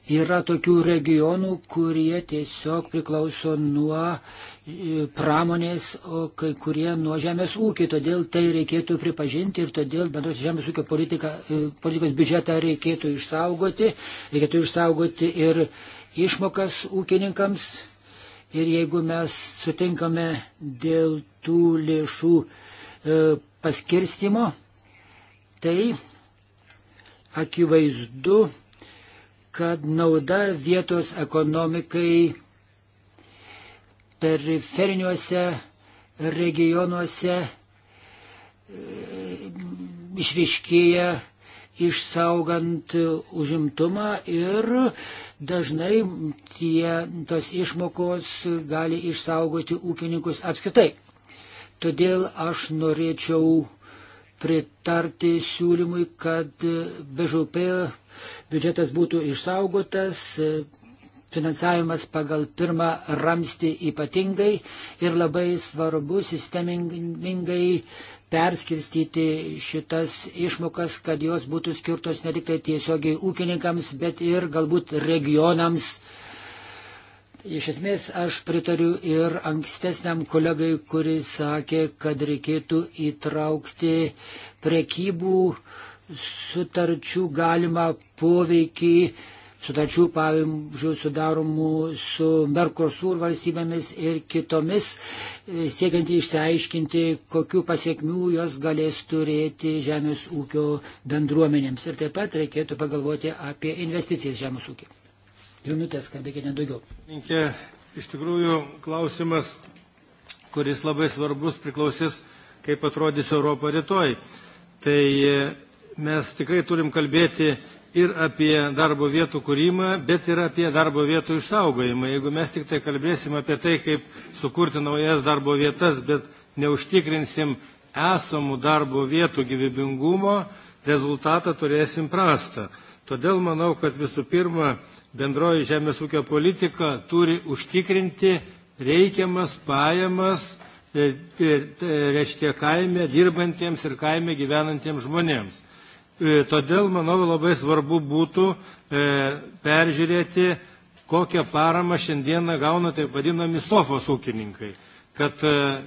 Yra tokių regionų, kurie tiesiog priklauso nuo e, pramonės, o kai kurie nuo žemės ūkio. Todėl tai reikėtų pripažinti ir todėl bendros žemės ūkio politika, e, politikos biudžetą reikėtų išsaugoti. Reikėtų išsaugoti ir išmokas ūkininkams. Ir jeigu mes sutinkame dėl tų lėšų e, paskirstimo, tai akivaizdu, kad nauda vietos ekonomikai periferiniuose regionuose e, išriškėja išsaugant užimtumą ir dažnai tie, tos išmokos gali išsaugoti ūkininkus apskritai. Todėl aš norėčiau pritarti siūlymui, kad BŽP biudžetas būtų išsaugotas, finansavimas pagal pirmą ramstį ypatingai ir labai svarbu sistemingai perskirstyti šitas išmokas, kad jos būtų skirtos ne tik tai tiesiogiai ūkininkams, bet ir galbūt regionams Iš esmės aš pritariu ir ankstesniam kolegai, kuris sakė, kad reikėtų įtraukti prekybų sutarčių galimą poveikį, sutarčių, pavyzdžiui, sudaromų su Merkosur valstybėmis ir kitomis, siekiant išsiaiškinti, kokiu pasiekmių jos galės turėti žemės ūkio bendruomenėms. Ir taip pat reikėtų pagalvoti apie investicijas žemės ūkio minutės, kalbėkite nedaugiau. Minkė, iš tikrųjų klausimas, kuris labai svarbus, priklausys, kaip atrodys Europa rytoj. Tai e, mes tikrai turim kalbėti ir apie darbo vietų kūrimą, bet ir apie darbo vietų išsaugojimą. Jeigu mes tik tai kalbėsim apie tai, kaip sukurti naujas darbo vietas, bet neužtikrinsim esamų darbo vietų gyvybingumo, rezultatą turėsim prastą. Todėl manau, kad visų pirma, bendroji žemės ūkio politika turi užtikrinti reikiamas pajamas, e, e, reiškia kaime dirbantiems ir kaime gyvenantiems žmonėms. E, todėl, manau, labai svarbu būtų peržiūrėti, kokią paramą šiandieną gauna taip vadinami sofos ūkininkai, kad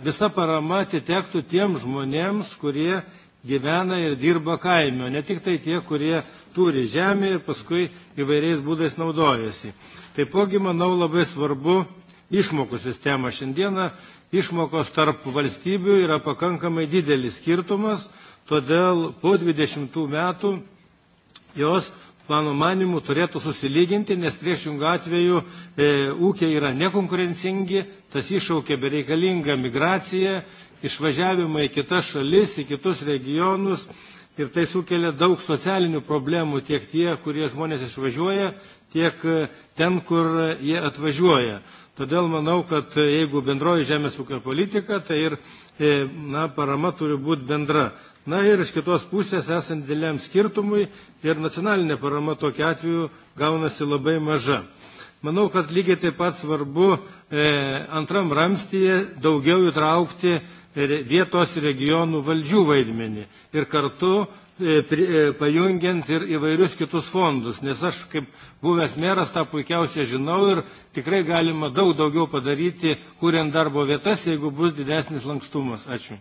visa parama atitektų tiem žmonėms, kurie gyvena ir dirba kaime, ne tik tai tie, kurie turi žemę ir paskui įvairiais būdais naudojasi. Taipogi, manau, labai svarbu išmokų sistema. Šiandieną išmokos tarp valstybių yra pakankamai didelis skirtumas, todėl po 20 metų jos mano manimu, turėtų susilyginti, nes priešingų atveju e, ūkiai yra nekonkurencingi, tas iššaukia bereikalingą migraciją išvažiavimai į kitas šalis, į kitus regionus ir tai sukelia daug socialinių problemų tiek tie, kurie žmonės išvažiuoja, tiek e, ten, kur jie atvažiuoja. Todėl manau, kad e, jeigu bendroji žemės ūkio politika, tai ir e, na, parama turi būti bendra. Na ir iš kitos pusės esant dėliam skirtumui ir nacionalinė parama tokiu atveju gaunasi labai maža. Manau, kad lygiai taip pat svarbu e, antram ramstyje daugiau įtraukti vietos regionų valdžių vaidmenį ir kartu e, e, pajungiant ir įvairius kitus fondus, nes aš kaip buvęs meras tą puikiausiai žinau ir tikrai galima daug daugiau padaryti, kuriant darbo vietas, jeigu bus didesnis lankstumas. Ačiū.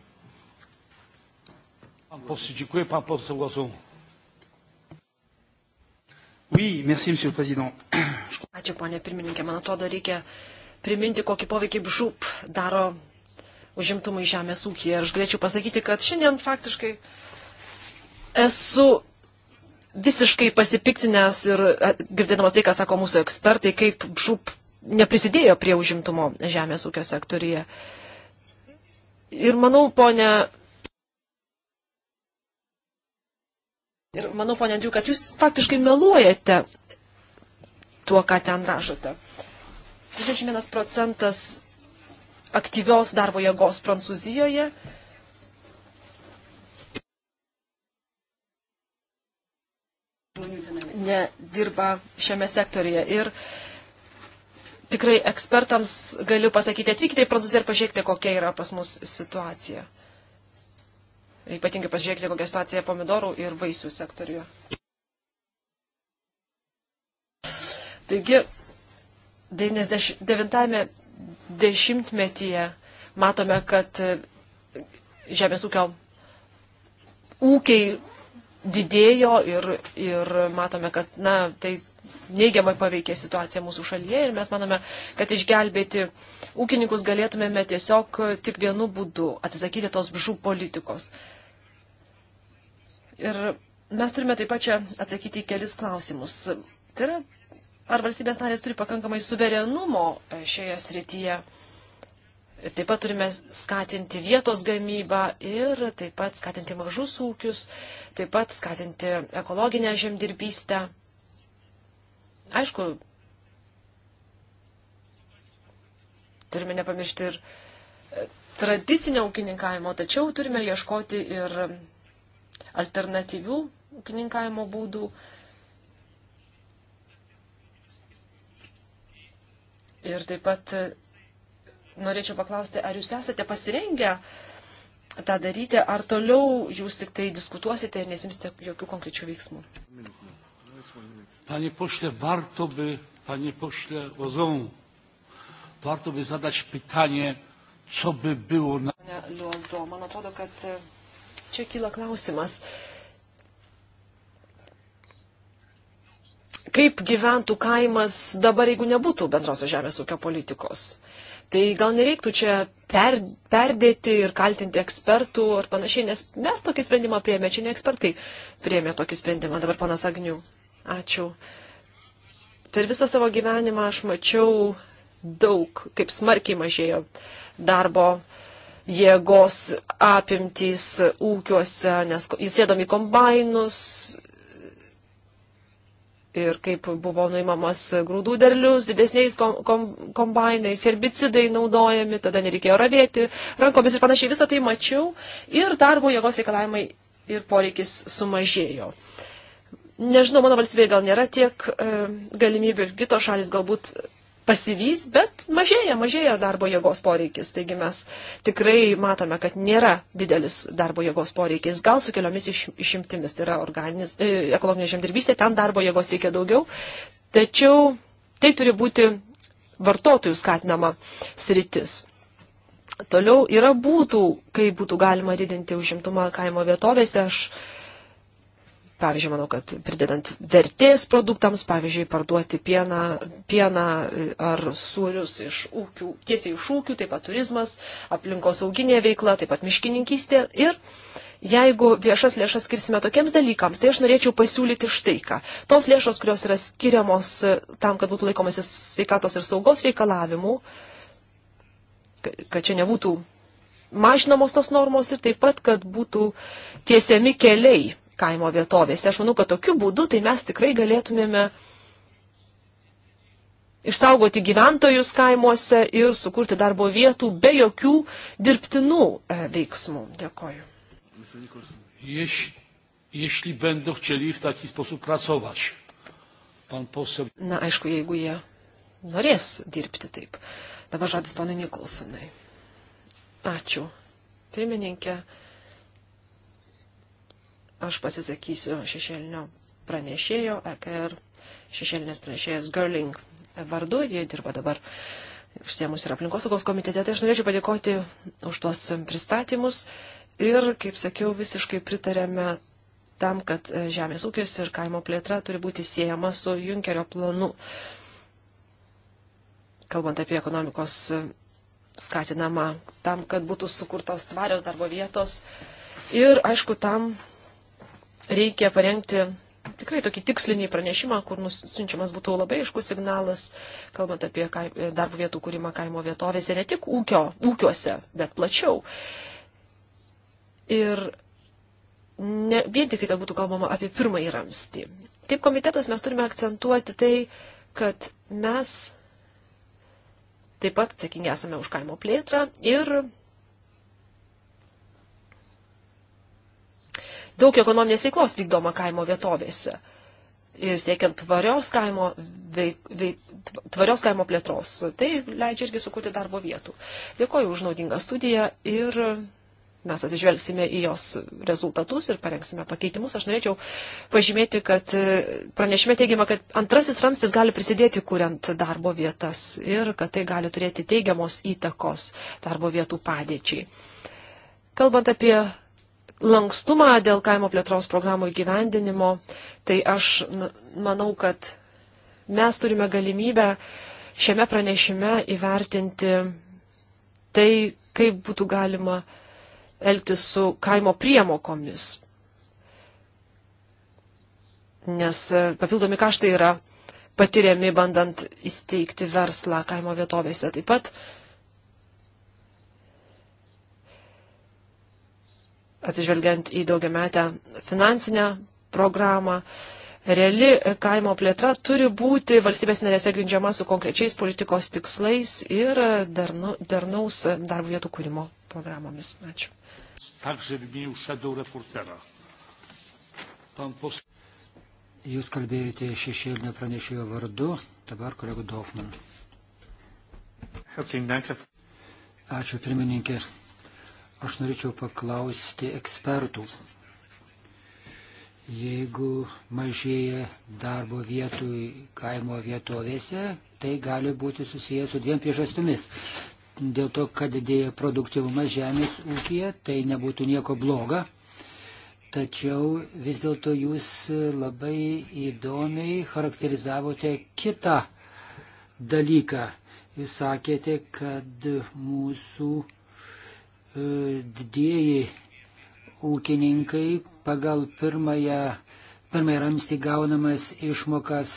Ačiū, ponė pirmininkė. Man atrodo, reikia priminti, kokį poveikį žūp daro užimtumai žemės ūkija. Ir aš galėčiau pasakyti, kad šiandien faktiškai esu visiškai pasipiktinęs ir e, girdėdamas tai, ką sako mūsų ekspertai, kaip žūp neprisidėjo prie užimtumo žemės ūkio sektorija. Ir manau, ponė. Ir manau, ponė Andriu, kad jūs faktiškai meluojate tuo, ką ten rašote. 21 procentas aktyvios darbo jėgos Prancūzijoje. nedirba šiame sektorija. Ir tikrai ekspertams galiu pasakyti, atvykite į Prancūziją ir pažiūrėkite, kokia yra pas mus situacija. Ypatingai pažiūrėkite, kokia situacija pomidorų ir vaisių sektorijoje. Taigi, 99 dešimtmetyje matome, kad žemės ūkio ūkiai didėjo ir, ir matome, kad na, tai neigiamai paveikė situaciją mūsų šalyje ir mes manome, kad išgelbėti ūkininkus galėtumėme tiesiog tik vienu būdu atsisakyti tos bžų politikos. Ir mes turime taip pat čia atsakyti į kelis klausimus. Tai yra ar valstybės narės turi pakankamai suverenumo e, šioje srityje. Taip pat turime skatinti vietos gamybą ir taip pat skatinti mažus ūkius, taip pat skatinti ekologinę žemdirbystę. Aišku, turime nepamiršti ir e, tradicinio ūkininkavimo, tačiau turime ieškoti ir alternatyvių ūkininkavimo būdų. Uh, Ir taip pat e, norėčiau paklausti, ar jūs esate pasirengę tą daryti, ar toliau jūs tik tai diskutuosite ir nesimsite jokių konkrečių veiksmų. Panie pošle, varto by, panie pošle Ozon, varto by zadać pytanie, co by było na... Luozo, man atrodo, kad e, čia kyla klausimas. Uh, kaip gyventų kaimas dabar, jeigu nebūtų bendrosios žemės ūkio politikos. Tai gal nereiktų čia per, perdėti ir kaltinti ekspertų ar panašiai, nes mes tokį sprendimą prieėmė, čia ne ekspertai prieėmė tokį sprendimą. Dabar panas Agnių. Ačiū. Per visą savo gyvenimą aš mačiau daug, kaip smarkiai mažėjo darbo jėgos apimtys ūkiuose, nes įsėdom į kombainus, ir kaip buvo nuimamas grūdų derlius, didesniais kom, kom, kombainais, herbicidai naudojami, tada nereikėjo ravėti rankomis ir panašiai visą tai mačiau ir darbo jėgos reikalavimai ir poreikis sumažėjo. Nežinau, mano valstybėje gal nėra tiek e, galimybių ir kitos šalis galbūt pasivys, bet mažėja, mažėja darbo jėgos poreikis. Taigi mes tikrai matome, kad nėra didelis darbo jėgos poreikis, gal su keliomis iš, išimtimis, tai yra organinis, e, ekologinė žemdirbystė, ten darbo jėgos reikia daugiau, tačiau tai turi būti vartotojų skatinama sritis. Toliau yra būtų, kaip būtų galima didinti užimtumą kaimo vietovėse. Aš Pavyzdžiui, manau, kad pridedant vertės produktams, pavyzdžiui, parduoti pieną, pieną e, ar sūrius iš ūkių, tiesiai iš ūkių, taip pat turizmas, aplinkos auginė veikla, taip pat miškininkystė. Ir jeigu viešas lėšas skirsime tokiems dalykams, tai aš norėčiau pasiūlyti štai ką. Tos lėšos, kurios yra skiriamos e, tam, kad būtų laikomasi sveikatos ir saugos reikalavimų, kad čia nebūtų mažinamos tos normos ir taip pat, kad būtų tiesiami keliai kaimo vietovėse. Aš manau, kad tokiu būdu tai mes tikrai galėtumėme išsaugoti gyventojus kaimuose ir sukurti darbo vietų be jokių dirbtinų e, veiksmų. Dėkoju. Na, aišku, jeigu jie norės dirbti taip. Dabar žodis ponui Nikolsonui. Ačiū. Pirmininkė. Aš pasisakysiu šešėlinio pranešėjo, EKR šešėlinės pranešėjas Girling vardu, jie dirba dabar užsiemus ir aplinkosaugos komitete. Tai aš norėčiau padėkoti už tuos pristatymus ir, kaip sakiau, visiškai pritarėme tam, kad žemės ūkis ir kaimo plėtra turi būti siejama su Junkerio planu. Kalbant apie ekonomikos skatinama tam, kad būtų sukurtos tvarios darbo vietos ir, aišku, tam reikia parengti tikrai tokį tikslinį pranešimą, kur nusinčiamas būtų labai aiškus signalas, kalbant apie darbo vietų kūrimą kaimo vietovėse, ne tik ūkio, ūkiuose, bet plačiau. Ir ne, vien tik tai, kad būtų kalbama apie pirmąjį ramstį. Kaip komitetas mes turime akcentuoti tai, kad mes taip pat atsakingi esame už kaimo plėtrą ir daug ekonominės veiklos vykdoma kaimo vietovėse. Ir siekiant tvarios kaimo, veik, veik, tvarios kaimo plėtros. Tai leidžia irgi sukurti darbo vietų. Dėkoju už naudingą studiją ir mes atsižvelgsime į jos rezultatus ir parengsime pakeitimus. Aš norėčiau pažymėti, kad e, pranešime teigiama, kad antrasis ramstis gali prisidėti kuriant darbo vietas ir kad tai gali turėti teigiamos įtakos darbo vietų padėčiai. Kalbant apie lankstumą dėl kaimo plėtros programų įgyvendinimo, tai aš manau, kad mes turime galimybę šiame pranešime įvertinti tai, kaip būtų galima elgtis su kaimo priemokomis. Nes papildomi kaštai yra patiriami bandant įsteigti verslą kaimo vietovėse. Taip pat atsižvelgiant į daugiametę finansinę programą. Reali kaimo plėtra turi būti valstybės narėse grindžiama su konkrečiais politikos tikslais ir darnu, darnaus darbo vietų kūrimo programomis. Ačiū. Jūs kalbėjote šešėlinio pranešėjo vardu, dabar kolegų Dofman. Ačiū pirmininkė aš norėčiau paklausti ekspertų. Jeigu mažėja darbo vietų kaimo vietovėse, tai gali būti susijęs su dviem priežastimis. Dėl to, kad didėja produktivumas žemės ūkija, tai nebūtų nieko bloga. Tačiau vis dėlto jūs labai įdomiai charakterizavote kitą dalyką. Jūs sakėte, kad mūsų E, didieji ūkininkai pagal pirmąją, pirmąją ramstį gaunamas išmokas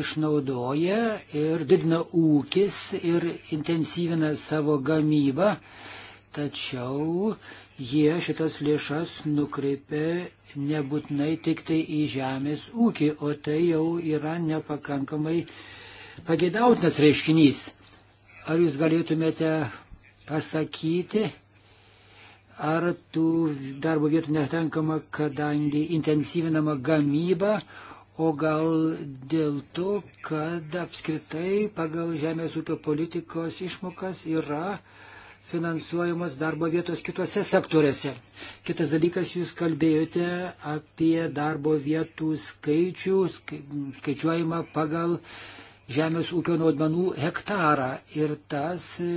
išnaudoja ir didina ūkis ir intensyvina savo gamybą, tačiau jie šitas lėšas nukreipia nebūtinai tik tai į žemės ūkį, o tai jau yra nepakankamai pagėdautinas reiškinys. Ar jūs galėtumėte pasakyti, ar tų darbo vietų netenkama, kadangi intensyvinama gamyba, o gal dėl to, kad apskritai pagal žemės ūkio politikos išmokas yra finansuojamos darbo vietos kitose sektoriuose. Kitas dalykas, jūs kalbėjote apie darbo vietų skaičių, skaičiuojimą pagal žemės ūkio naudmenų hektarą ir tas e,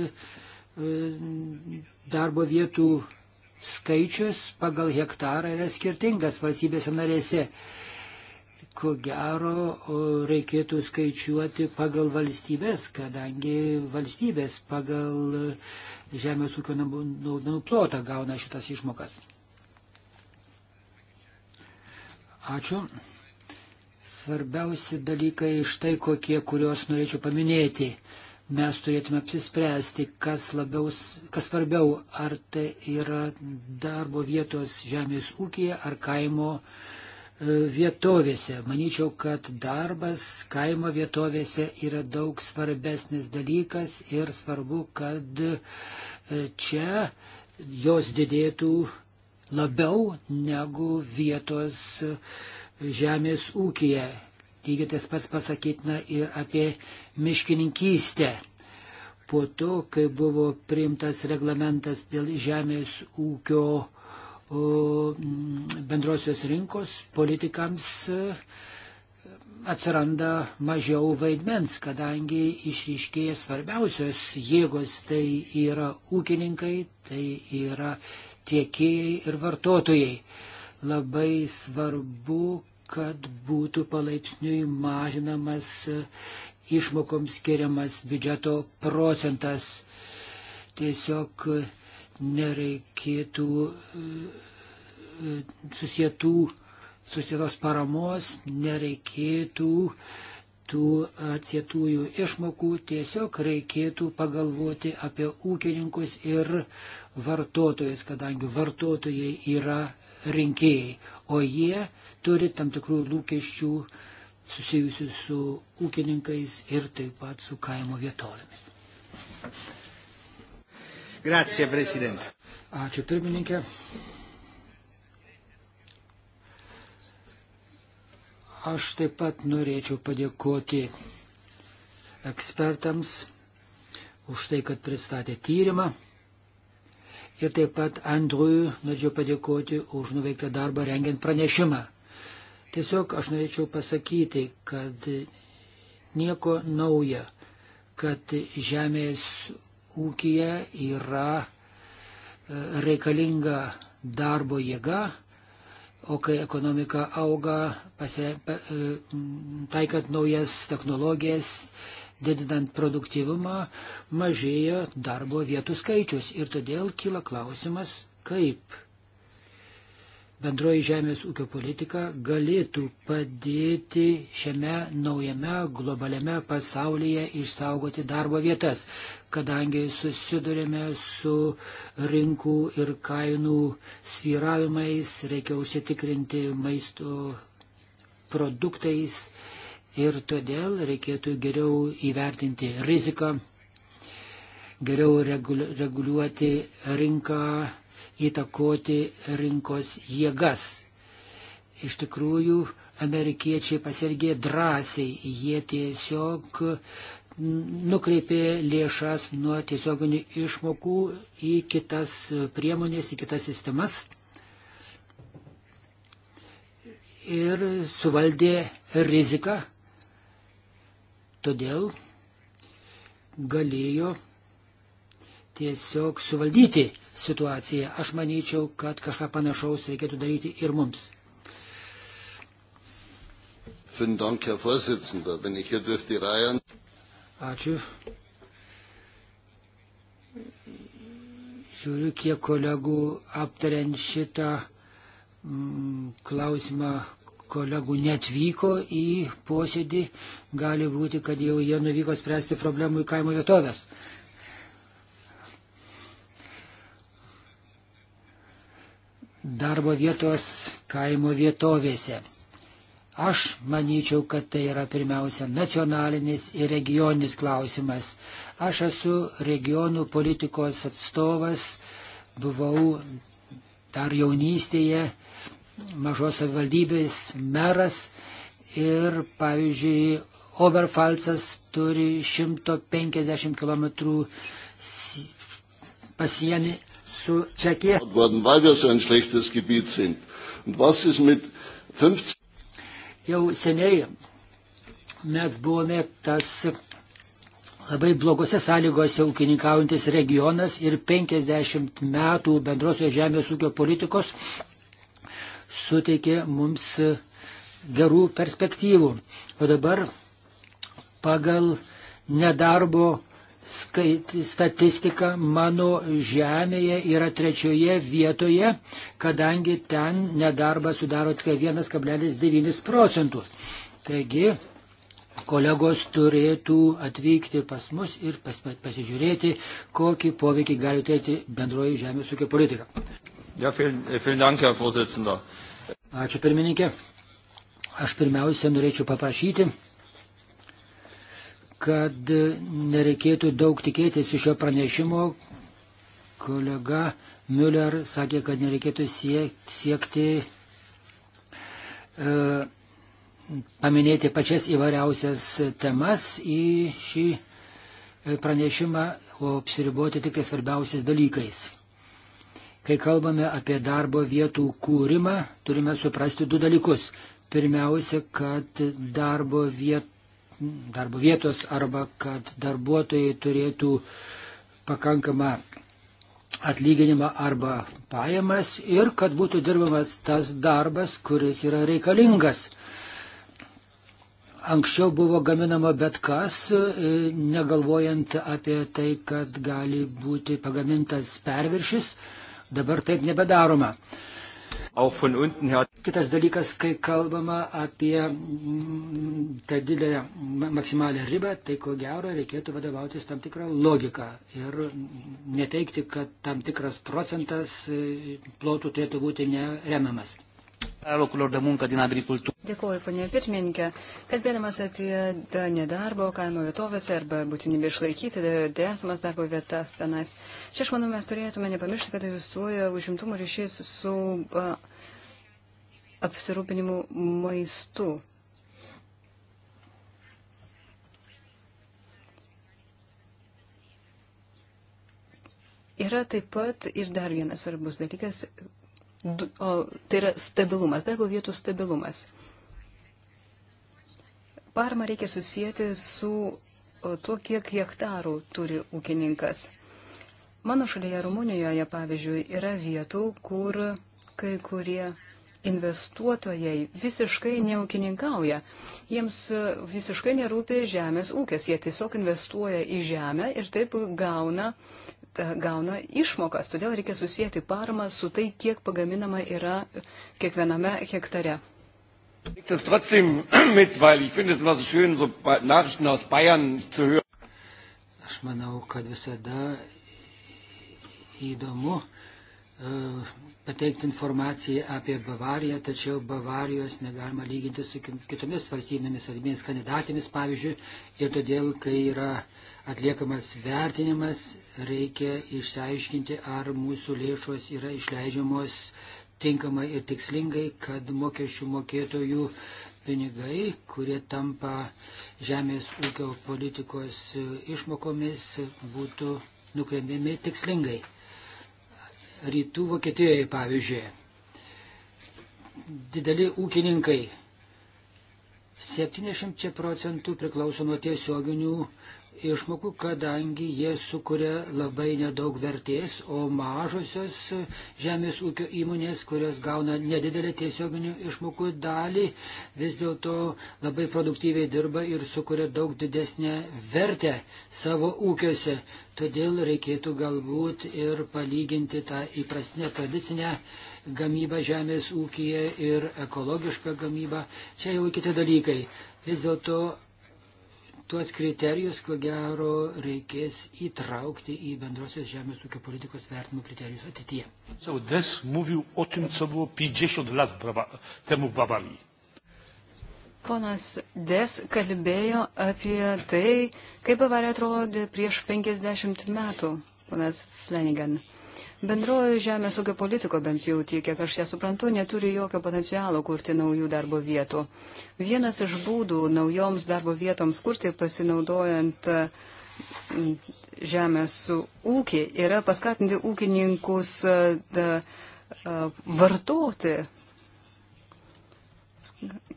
darbo vietų skaičius pagal hektarą yra skirtingas valstybėse narėse. Ko gero reikėtų skaičiuoti pagal valstybės, kadangi valstybės pagal žemės ūkio naudmenų plotą gauna šitas išmokas. Ačiū. Svarbiausi dalykai štai kokie, kuriuos norėčiau paminėti mes turėtume apsispręsti, kas, labiau, kas svarbiau, ar tai yra darbo vietos žemės ūkija ar kaimo e, vietovėse. Manyčiau, kad darbas kaimo vietovėse yra daug svarbesnis dalykas ir svarbu, kad e, čia jos didėtų labiau negu vietos žemės ūkija. Lygiai tas pats pasakytina ir apie miškininkystę. Po to, kai buvo priimtas reglamentas dėl žemės ūkio bendrosios rinkos, politikams e, atsiranda mažiau vaidmens, kadangi išryškėja svarbiausios jėgos, tai yra ūkininkai, tai yra tiekėjai ir vartotojai. Labai svarbu, kad būtų palaipsniui mažinamas išmokoms skiriamas biudžeto procentas. Tiesiog nereikėtų e, susietų, susietos paramos, nereikėtų tų atsietųjų išmokų, tiesiog reikėtų pagalvoti apie ūkininkus ir vartotojus, kadangi vartotojai yra rinkėjai, o jie turi tam tikrų lūkesčių susijusių su ūkininkais ir taip pat su kaimo vietovėmis. Grazie, prezidentė. Ačiū, pirmininkė. Aš taip pat norėčiau padėkoti ekspertams už tai, kad pristatė tyrimą. Ir taip pat Andriui norėčiau padėkoti už nuveiktą darbą rengiant pranešimą. Tiesiog aš norėčiau pasakyti, kad nieko nauja, kad žemės ūkija yra e, reikalinga darbo jėga, o kai ekonomika auga, pasire, pa, e, taikant naujas technologijas, didinant produktyvumą, mažėja darbo vietų skaičius. Ir todėl kyla klausimas, kaip bendroji žemės ūkio politika galėtų padėti šiame naujame globaliame pasaulyje išsaugoti darbo vietas, kadangi susidurėme su rinkų ir kainų sviravimais, reikia užsitikrinti maisto produktais ir todėl reikėtų geriau įvertinti riziką, geriau reguliuoti rinką įtakoti rinkos jėgas. Iš tikrųjų, amerikiečiai pasielgė drąsiai, jie tiesiog nukreipė lėšas nuo tiesioginių išmokų į kitas priemonės, į kitas sistemas ir suvaldė riziką, todėl galėjo tiesiog suvaldyti situaciją. Aš manyčiau, kad kažką panašaus reikėtų daryti ir mums. Ačiū. Žiūriu, kiek kolegų aptariant šitą mm, klausimą kolegų netvyko į posėdį, gali būti, kad jau jie nuvyko spręsti problemų į kaimo vietovės. darbo vietos kaimo vietovėse. Aš manyčiau, kad tai yra pirmiausia nacionalinis ir regioninis klausimas. Aš esu regionų politikos atstovas, buvau dar jaunystėje mažos savivaldybės meras ir, pavyzdžiui, Oberfalsas turi 150 km pasienį zu Tschechien. Worden, weil wir so ein schlechtes Gebiet sind. Und was ist mit 15? Jau seniai mes buvome tas labai blogose sąlygose ūkininkaujantis regionas ir 50 metų bendrosios žemės ūkio politikos suteikė mums gerų perspektyvų. O dabar pagal nedarbo skaitį, statistika mano žemėje yra trečioje vietoje, kadangi ten nedarbas sudaro tik 1,9 tai procentus. Taigi, kolegos turėtų atvykti pas mus ir pas, pasižiūrėti, kokį poveikį gali turėti bendroji žemės ūkio politika. Ja, vielen, vielen Dank, Herr Vorsitzender. Ačiū pirmininkė. Aš pirmiausia norėčiau paprašyti kad nereikėtų daug tikėtis iš šio pranešimo. Kolega Müller sakė, kad nereikėtų siekti e, paminėti pačias įvairiausias temas į šį e, pranešimą, o apsiriboti tik tai svarbiausiais dalykais. Kai kalbame apie darbo vietų kūrimą, turime suprasti du dalykus. Pirmiausia, kad darbo vietų darbo vietos arba kad darbuotojai turėtų pakankamą atlyginimą arba pajamas ir kad būtų dirbamas tas darbas, kuris yra reikalingas. Anksčiau buvo gaminama bet kas, e, negalvojant apie tai, kad gali būti pagamintas perviršis, dabar taip nebedaroma. Kitas dalykas, kai kalbama apie mm, tą didelę maksimalę ribą, tai ko gero reikėtų vadovautis tam tikrą logiką ir neteikti, kad tam tikras procentas e, plotų turėtų būti neremiamas locurilor de muncă din agricultură. Dėkuoju, ponė pirmininkė. Kalbėdamas apie nedarbo kaimo vietovėse arba būtinybę išlaikyti esamas darbo vietas tenais, čia aš manau mes turėtume nepamiršti, kad egzistuoja užimtumo ryšys su a, apsirūpinimu maistu. Yra taip pat ir dar vienas svarbus dalykas tai yra stabilumas, darbo vietų stabilumas. Parma reikia susijęti su tuo, kiek hektarų turi ūkininkas. Mano šalyje Rumunijoje, pavyzdžiui, yra vietų, kur kai kurie investuotojai visiškai neūkininkauja. Jiems visiškai nerūpi žemės ūkis. Jie tiesiog investuoja į žemę ir taip gauna gauna išmokas, todėl reikia susijęti paramą su tai, kiek pagaminama yra kiekviename hektare. Das trotzdem mit, weil ich finde es immer so schön, so Nachrichten aus Bayern zu hören. Aš manau, kad visada įdomu e, pateikti informaciją apie Bavariją, tačiau Bavarijos negalima lyginti su kitomis valstybėmis armėmis kandidatėmis, pavyzdžiui, ir todėl, kai yra atliekamas vertinimas, reikia išsiaiškinti, ar mūsų lėšos yra išleidžiamos tinkamai ir tikslingai, kad mokesčių mokėtojų pinigai, kurie tampa žemės ūkio politikos išmokomis, būtų nukreipiami tikslingai. Rytų Vokietijoje, pavyzdžiui, dideli ūkininkai 70 procentų priklauso nuo tiesioginių išmokų, kadangi jie sukuria labai nedaug vertės, o mažosios žemės ūkio įmonės, kurios gauna nedidelę tiesioginių išmokų dalį, vis dėlto labai produktyviai dirba ir sukuria daug didesnę vertę savo ūkiuose. Todėl reikėtų galbūt ir palyginti tą įprastinę tradicinę gamybą žemės ūkiją ir ekologišką gamybą. Čia jau kiti dalykai. Vis dėlto Tuos kriterijus, ko gero, reikės įtraukti į bendrosios žemės ūkio politikos vertinimo kriterijus ateityje. Sodes mówił o tym, co było 50 lat temu w Bawarii. Ponas Des kalbėjo apie tai, kaip Bavarija atrodė prieš 50 metų, ponas Flanagan. Bendroji žemės ūkio politika, bent jau tiek, kiek aš ją suprantu, neturi jokio potencialo kurti naujų darbo vietų. Vienas iš būdų naujoms darbo vietoms kurti pasinaudojant mm, žemės ūkį yra paskatinti ūkininkus da, vartoti.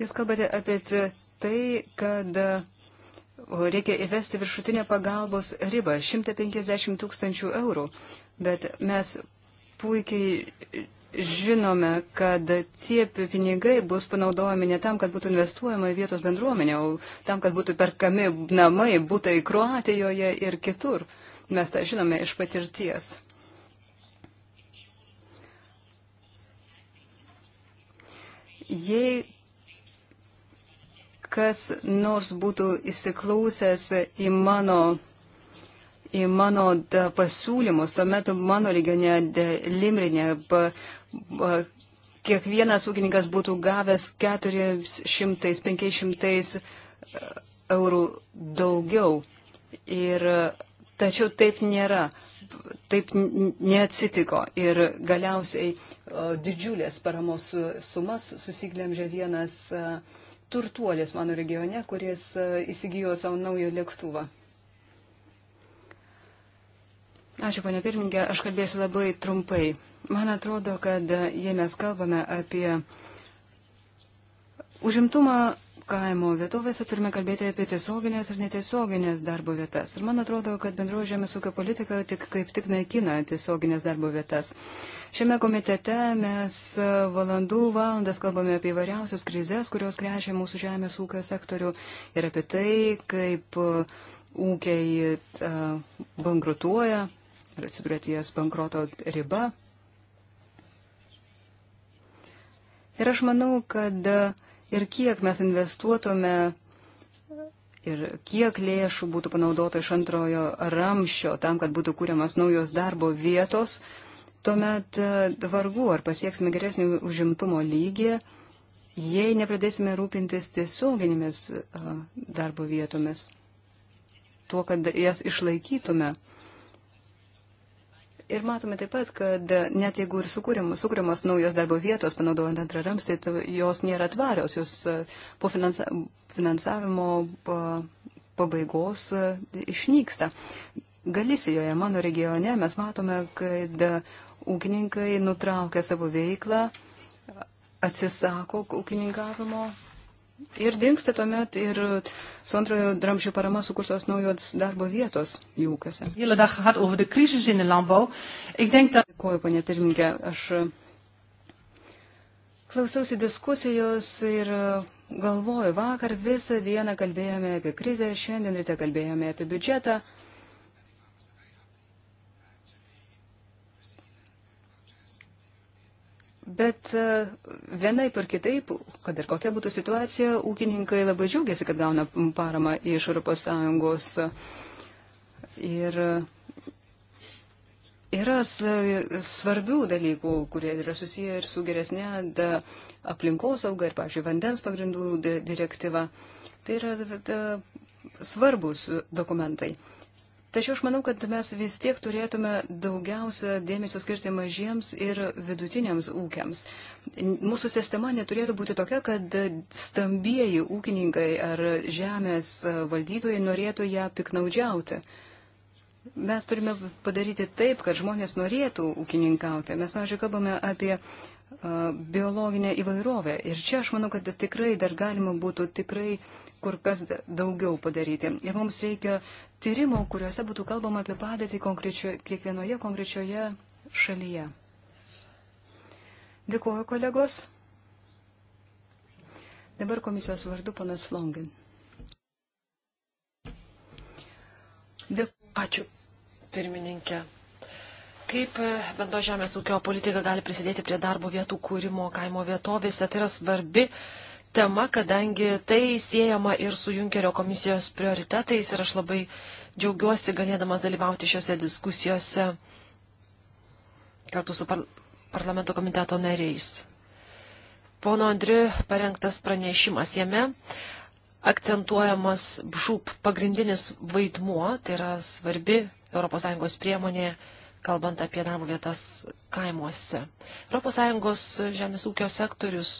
Jūs kalbate apie tai, kad reikia įvesti viršutinę pagalbos ribą - 150 tūkstančių eurų bet mes puikiai žinome, kad tie pinigai bus panaudojami ne tam, kad būtų investuojama į vietos bendruomenę, o tam, kad būtų perkami namai, būtai Kroatijoje ir kitur. Mes tą žinome iš patirties. Jei kas nors būtų įsiklausęs į mano į mano pasiūlymus, tuomet mano regione Limrinė kiekvienas ūkininkas būtų gavęs 400-500 e, eurų daugiau. Ir tačiau taip nėra, taip neatsitiko. Ir galiausiai didžiulės paramos sumas susiglemžė vienas e, turtuolis mano regione, kuris e, įsigijo savo naują lėktuvą. Ačiū, ponia pirmininkė, aš kalbėsiu labai trumpai. Man atrodo, kad e, jei mes kalbame apie užimtumą kaimo vietovėse, turime kalbėti apie tiesioginės ir netiesioginės darbo vietas. Ir man atrodo, kad bendroji žemės ūkio politika tik kaip tik naikina tiesioginės darbo vietas. Šiame komitete mes e, valandų valandas kalbame apie įvairiausias krizės, kurios krešia mūsų žemės ūkio sektorių ir apie tai, kaip e, ūkiai bankrutuoja, atsidūrė ties bankroto riba. Ir aš manau, kad ir kiek mes investuotume ir kiek lėšų būtų panaudota iš antrojo ramščio tam, kad būtų kūriamas naujos darbo vietos, tuomet e, vargu ar pasieksime geresnį užimtumo lygį, jei nepradėsime rūpintis tiesioginėmis e, darbo vietomis, tuo, kad jas išlaikytume. Ir matome taip pat, kad net jeigu ir sukūrimos naujos darbo vietos, panaudojant antrą ramstį, jos nėra tvarios, jos e, po finansa, finansavimo pabaigos e, išnyksta. Galisijoje, mano regione, mes matome, kad ūkininkai nutraukia savo veiklą, atsisako ūkininkavimo Ir dinksta tuomet ir su antrojo dramžių parama sukurtos naujos darbo vietos jų ūkiuose. Dėkuoju, ponė pirmininkė. Aš klausiausi diskusijos ir galvoju, vakar visą dieną kalbėjome apie krizę, šiandien ryte kalbėjome apie biudžetą. Bet e, vienaip ar kitaip, kad ir kokia būtų situacija, ūkininkai labai džiaugiasi, kad gauna paramą iš ES. Ir yra svarbių dalykų, kurie yra susiję ir su geresnė aplinkosauga ir, pavyzdžiui, vandens pagrindų direktyva. Tai yra svarbus dokumentai. Tačiau aš manau, kad mes vis tiek turėtume daugiausia dėmesio skirti mažiems ir vidutiniams ūkiams. Mūsų sistema neturėtų būti tokia, kad stambieji ūkininkai ar žemės valdytojai norėtų ją piknaudžiauti. Mes turime padaryti taip, kad žmonės norėtų ūkininkauti. Mes, pavyzdžiui, kalbame apie biologinę įvairovę. Ir čia aš manau, kad tikrai dar galima būtų tikrai kur kas daugiau padaryti. Ir mums reikia tyrimų, kuriuose būtų kalbama apie padėtį konkrečio, kiekvienoje konkrečioje šalyje. Dėkuoju, kolegos. Dabar komisijos vardu panas Longin. Dėkuoju. Ačiū, pirmininkė. Kaip bendro žemės ūkio politika gali prisidėti prie darbo vietų kūrimo kaimo vietovėse, tai yra svarbi tema, kadangi tai siejama ir su Junkerio komisijos prioritetais ir aš labai Džiaugiuosi galėdamas dalyvauti šiuose diskusijose kartu su par parlamento komiteto nariais. Pono Andri parengtas pranešimas jame akcentuojamas BŽUP pagrindinis vaidmuo, tai yra svarbi ES priemonė, kalbant apie darbo vietas kaimuose. ES žemės ūkio sektorius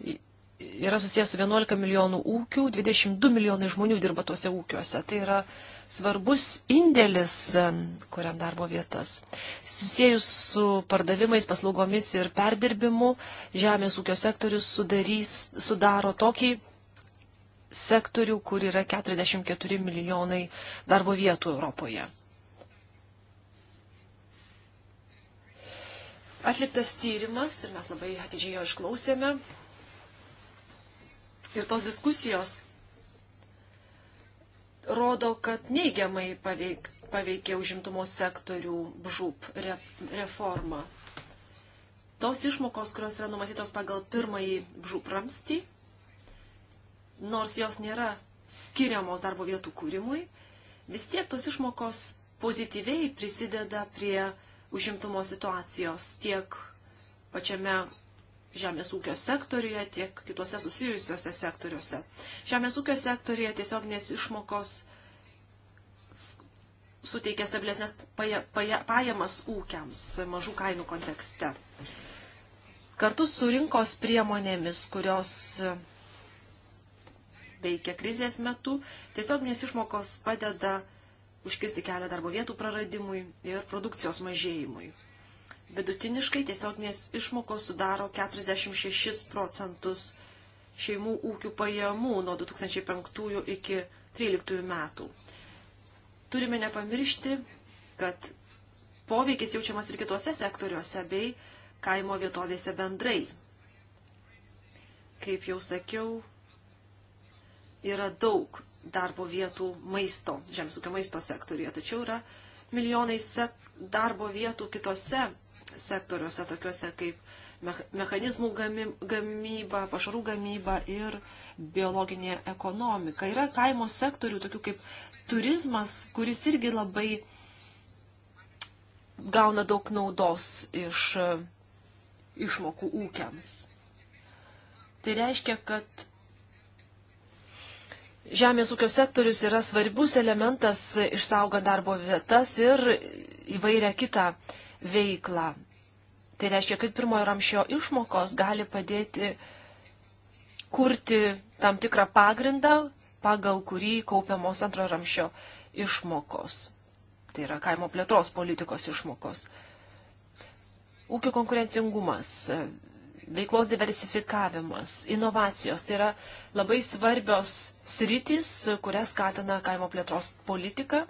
yra susijęs su 11 milijonų ūkių, 22 milijonai žmonių dirba tuose ūkiuose. Tai yra svarbus indėlis, kuriant darbo vietas. Susijęs su pardavimais, paslaugomis ir perdirbimu, žemės ūkio sektorius sudarys, sudaro tokį sektorių, kur yra 44 milijonai darbo vietų Europoje. Atliktas tyrimas ir mes labai atidžiai jo išklausėme. Ir tos diskusijos rodo, kad neigiamai paveik, paveikė užimtumo sektorių bžūp re, reforma. Tos išmokos, kurios yra numatytos pagal pirmąjį bžūp ramstį, nors jos nėra skiriamos darbo vietų kūrimui, vis tiek tos išmokos pozityviai prisideda prie užimtumo situacijos tiek pačiame žemės ūkio sektoriuje, tiek kitose susijusiuose sektoriuose. Žemės ūkio sektoriuje tiesioginės išmokos suteikia stabilesnės pajamas ūkiams mažų kainų kontekste. Kartu su rinkos priemonėmis, kurios veikia krizės metu, tiesioginės išmokos padeda užkirsti kelią darbo vietų praradimui ir produkcijos mažėjimui. Vidutiniškai tiesioginės išmokos sudaro 46 procentus šeimų ūkių pajamų nuo 2005 iki 2013 metų. Turime nepamiršti, kad poveikis jaučiamas ir kitose sektoriuose bei kaimo vietovėse bendrai. Kaip jau sakiau, yra daug darbo vietų maisto, žemės ūkio maisto sektoriuje, tačiau yra milijonai darbo vietų kitose sektoriuose, tokiuose kaip mechanizmų gamyba, pašarų gamyba ir biologinė ekonomika. Yra kaimo sektorių, tokių kaip turizmas, kuris irgi labai gauna daug naudos iš išmokų ūkiams. Tai reiškia, kad Žemės ūkio sektorius yra svarbus elementas išsaugant darbo vietas ir įvairią kitą uh, veiklą. Tai reiškia, kad pirmojo ramšio išmokos gali padėti kurti tam tikrą pagrindą, pagal kurį kaupiamos antrojo ramšio išmokos. Tai yra kaimo plėtros politikos išmokos. Ūkio konkurencingumas, veiklos diversifikavimas, inovacijos. Tai yra labai svarbios sritys, kurias skatina kaimo plėtros politika. politika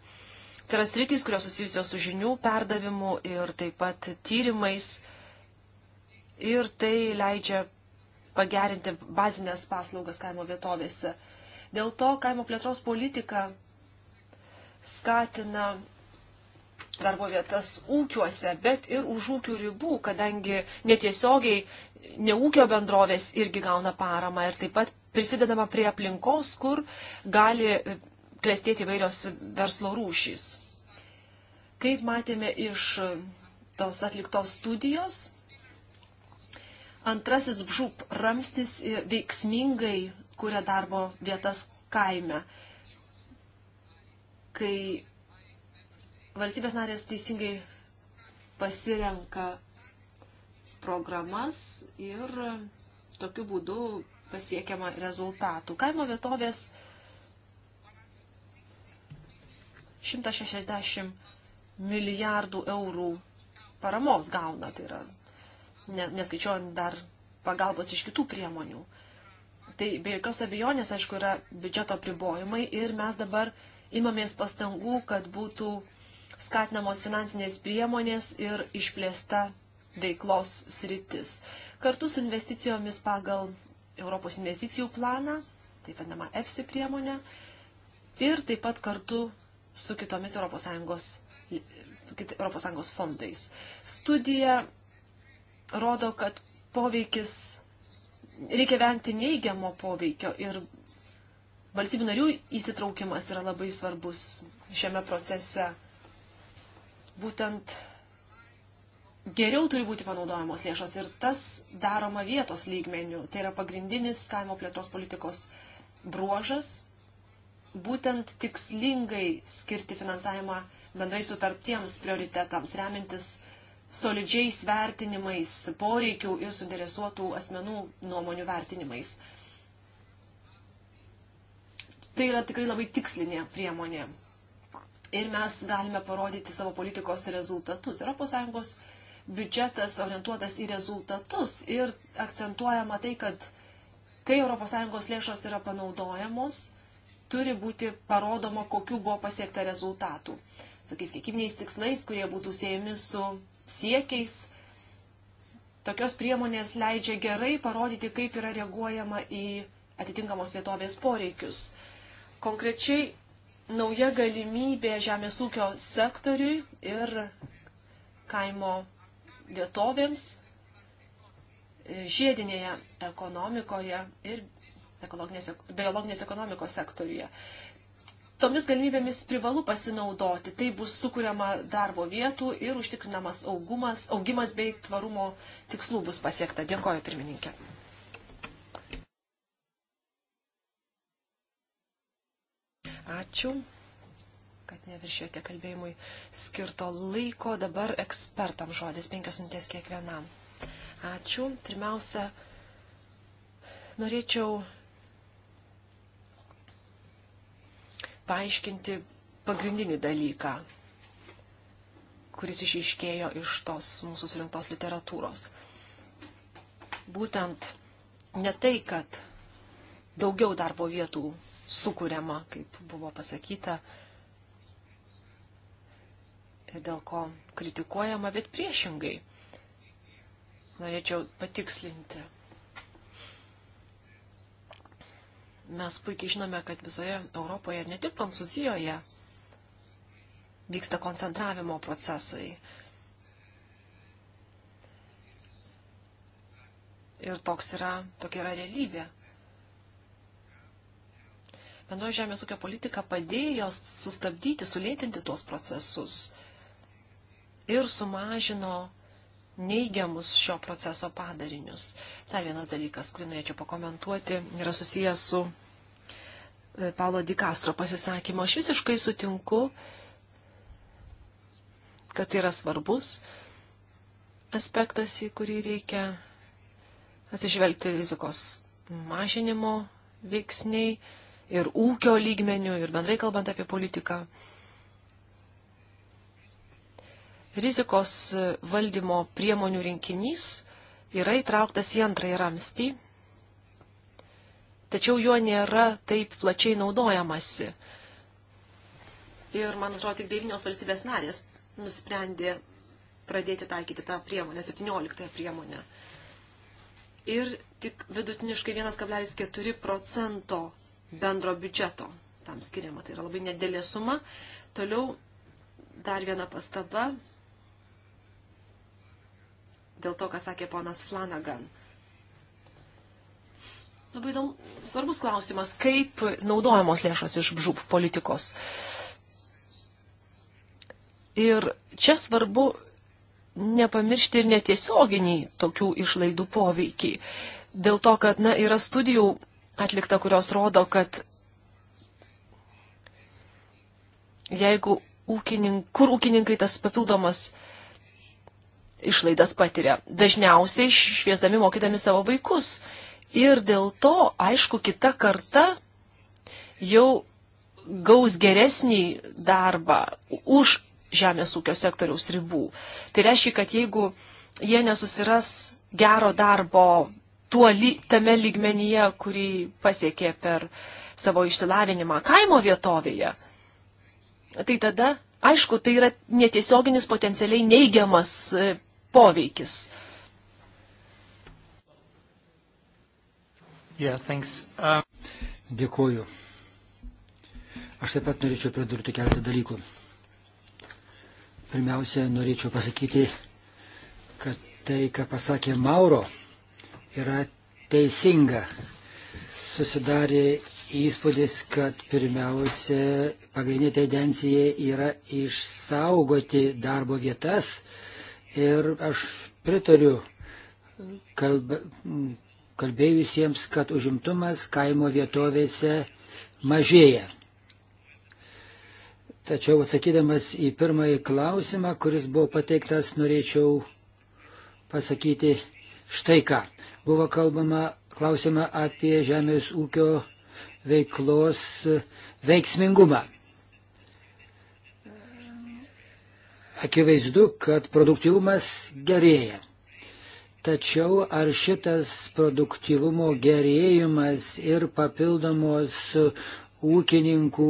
Tai yra sritys, kurios susijusios su žinių perdavimu ir taip pat tyrimais. Ir tai leidžia pagerinti bazinės paslaugas kaimo vietovėse. Dėl to kaimo plėtros politika skatina darbo vietas ūkiuose, bet ir už ūkių ribų, kadangi netiesiogiai neūkio bendrovės irgi gauna paramą ir taip pat prisidedama prie aplinkos, kur gali klestėti vairios verslo rūšys. Kaip matėme iš tos atliktos studijos, antrasis bžūp ramstis veiksmingai kuria darbo vietas kaime. Kai valstybės narės teisingai pasirenka programas ir tokiu būdu pasiekiama rezultatų. Kaimo vietovės 160 milijardų eurų paramos gauna, tai yra ne, neskaičiuojant dar pagalbos iš kitų priemonių. Tai be jokios abejonės, aišku, yra biudžeto pribojimai ir mes dabar imamės pastangų, kad būtų skatinamos finansinės priemonės ir išplėsta veiklos sritis. Kartu su investicijomis pagal Europos investicijų planą, taip vadinama EFSI priemonė, ir taip pat kartu su kitomis ES, ES fondais. Studija rodo, kad poveikis, reikia vengti neigiamo poveikio ir valstybių narių įsitraukimas yra labai svarbus šiame procese. Būtent geriau turi būti panaudojamos lėšos ir tas daroma vietos lygmenių. Tai yra pagrindinis kaimo plėtros politikos bruožas būtent tikslingai skirti finansavimą bendrai sutartiems prioritetams, remintis solidžiais vertinimais, poreikių ir suinteresuotų asmenų nuomonių vertinimais. Tai yra tikrai labai tikslinė priemonė. Ir mes galime parodyti savo politikos rezultatus. ES biudžetas orientuotas į rezultatus ir akcentuojama tai, kad kai ES lėšos yra panaudojamos, turi būti parodoma, kokiu buvo pasiekta rezultatų. Tokiais kiekybiniais tikslais, kurie būtų siejami su siekiais. Tokios priemonės leidžia gerai parodyti, kaip yra reaguojama į atitinkamos vietovės poreikius. Konkrečiai nauja galimybė žemės ūkio sektoriui ir kaimo vietovėms žiedinėje ekonomikoje ir biologinės ekonomikos sektoriuje. Tomis galimybėmis privalu pasinaudoti. Tai bus sukūriama darbo vietų ir užtikrinamas augumas, augimas bei tvarumo tikslų bus pasiekta. Dėkoju, pirmininkė. Ačiū kad neviršėjote kalbėjimui skirto laiko. Dabar ekspertam žodis, penkias minutės kiekvienam. Ačiū. Pirmiausia, norėčiau paaiškinti pagrindinį dalyką, kuris išiškėjo iš tos mūsų surinktos literatūros. Būtent ne tai, kad daugiau darbo vietų sukūriama, kaip buvo pasakyta, ir dėl ko kritikuojama, bet priešingai. Norėčiau patikslinti Mes puikiai žinome, kad visoje Europoje ir ne tik Prancūzijoje vyksta koncentravimo procesai. Ir toks yra, tokia yra realybė. Bendroji žemės ūkio politika padėjo sustabdyti, sulėtinti tuos procesus ir sumažino neigiamus šio proceso padarinius. Dar vienas dalykas, kurį norėčiau pakomentuoti, yra susijęs su e, Paulo Dikastro pasisakymu. Aš visiškai sutinku, kad tai yra svarbus aspektas, į kurį reikia atsižvelgti rizikos mažinimo veiksniai ir ūkio lygmenių ir bendrai kalbant apie politiką. Rizikos valdymo priemonių rinkinys yra įtrauktas į antrąjį ramstį, tačiau juo nėra taip plačiai naudojamasi. Ir, man atrodo, tik devynios valstybės narės nusprendė pradėti taikyti tą priemonę, 17 priemonę. Ir tik vidutiniškai 1,4 procento bendro biudžeto tam skiriama. Tai yra labai nedėlė suma. Toliau dar viena pastaba dėl to, ką sakė ponas Flanagan. Labai įdomu, svarbus klausimas, kaip naudojamos lėšos iš žūp politikos. Ir čia svarbu nepamiršti ir netiesioginį tokių išlaidų poveikį. Dėl to, kad na, yra studijų atlikta, kurios rodo, kad jeigu ūkininkai, kur ūkininkai tas papildomas išlaidas patiria. Dažniausiai šviesdami mokydami savo vaikus. Ir dėl to, aišku, kita karta jau gaus geresnį darbą už žemės ūkio sektoriaus ribų. Tai reiškia, kad jeigu jie nesusiras gero darbo tuo, tame lygmenyje, kurį pasiekė per savo išsilavinimą kaimo vietovėje, tai tada, aišku, tai yra netiesioginis potencialiai neigiamas e, poveikis. Yeah, thanks. um... Dėkuoju. Aš taip pat norėčiau pridurti keletą dalykų. Pirmiausia, norėčiau pasakyti, kad tai, ką pasakė Mauro, yra teisinga. Susidarė įspūdis, kad pirmiausia, pagrindinė tendencija yra išsaugoti darbo vietas, uh, Ir aš pritariu kalb, kalbėjusiems, kad užimtumas kaimo vietovėse mažėja. Tačiau atsakydamas į pirmąjį klausimą, kuris buvo pateiktas, norėčiau pasakyti štai ką. Buvo kalbama klausima apie žemės ūkio veiklos veiksmingumą. akivaizdu, kad produktyvumas gerėja. Tačiau ar šitas produktyvumo gerėjimas ir papildomos ūkininkų,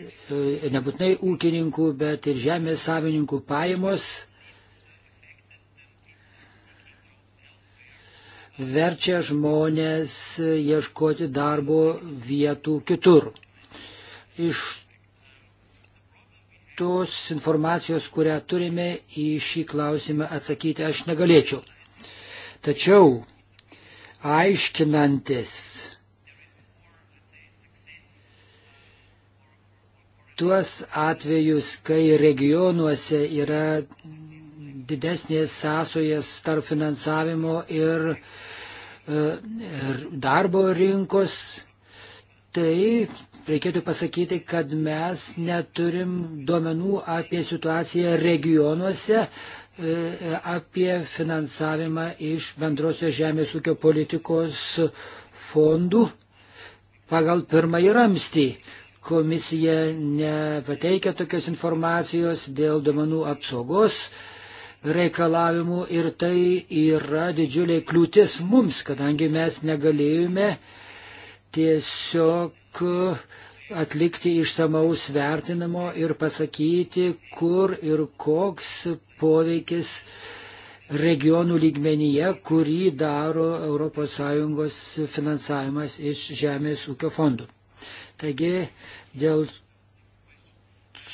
e, nebūtinai ūkininkų, bet ir žemės savininkų pajamos verčia žmonės ieškoti darbo vietų kitur. Iš tos informacijos, kurią turime į šį klausimą atsakyti, aš negalėčiau. Tačiau aiškinantis tuos atvejus, kai regionuose yra didesnės sąsojas tarp finansavimo ir, e, ir darbo rinkos, tai reikėtų pasakyti, kad mes neturim duomenų apie situaciją regionuose, e, apie finansavimą iš bendrosios žemės ūkio politikos fondų pagal pirmąjį ramstį. Komisija nepateikia tokios informacijos dėl duomenų apsaugos reikalavimų ir tai yra didžiulė kliūtis mums, kadangi mes negalėjome tiesiog atlikti išsamaus vertinimo ir pasakyti, kur ir koks poveikis regionų lygmenyje, kurį daro ES finansavimas iš Žemės ūkio fondų. Taigi dėl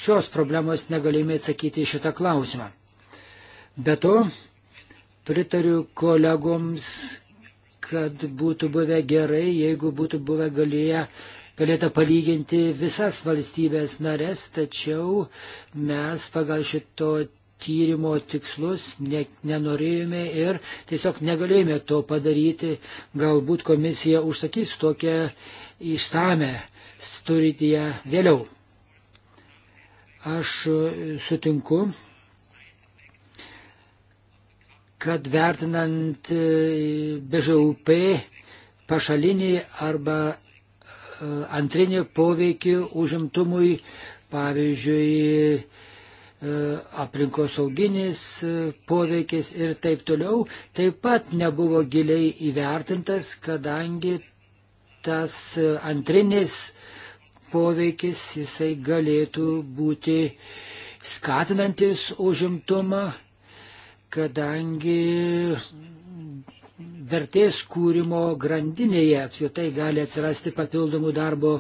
šios problemos negalime atsakyti šitą klausimą. Be to, pritariu kolegoms, kad būtų buvę gerai, jeigu būtų buvę galėję galėtų palyginti visas valstybės narės, tačiau mes pagal šito tyrimo tikslus ne, nenorėjome ir tiesiog negalėjome to padaryti. Galbūt komisija užsakys tokią išsame studiją vėliau. Aš sutinku, kad vertinant e, BŽUP pašalinį arba E, antrinį poveikį užimtumui, pavyzdžiui, e, aplinkosauginis e, poveikis ir taip toliau, taip pat nebuvo giliai įvertintas, kadangi tas antrinis poveikis jisai galėtų būti skatinantis užimtumą, kadangi vertės kūrimo grandinėje apskritai gali atsirasti papildomų darbo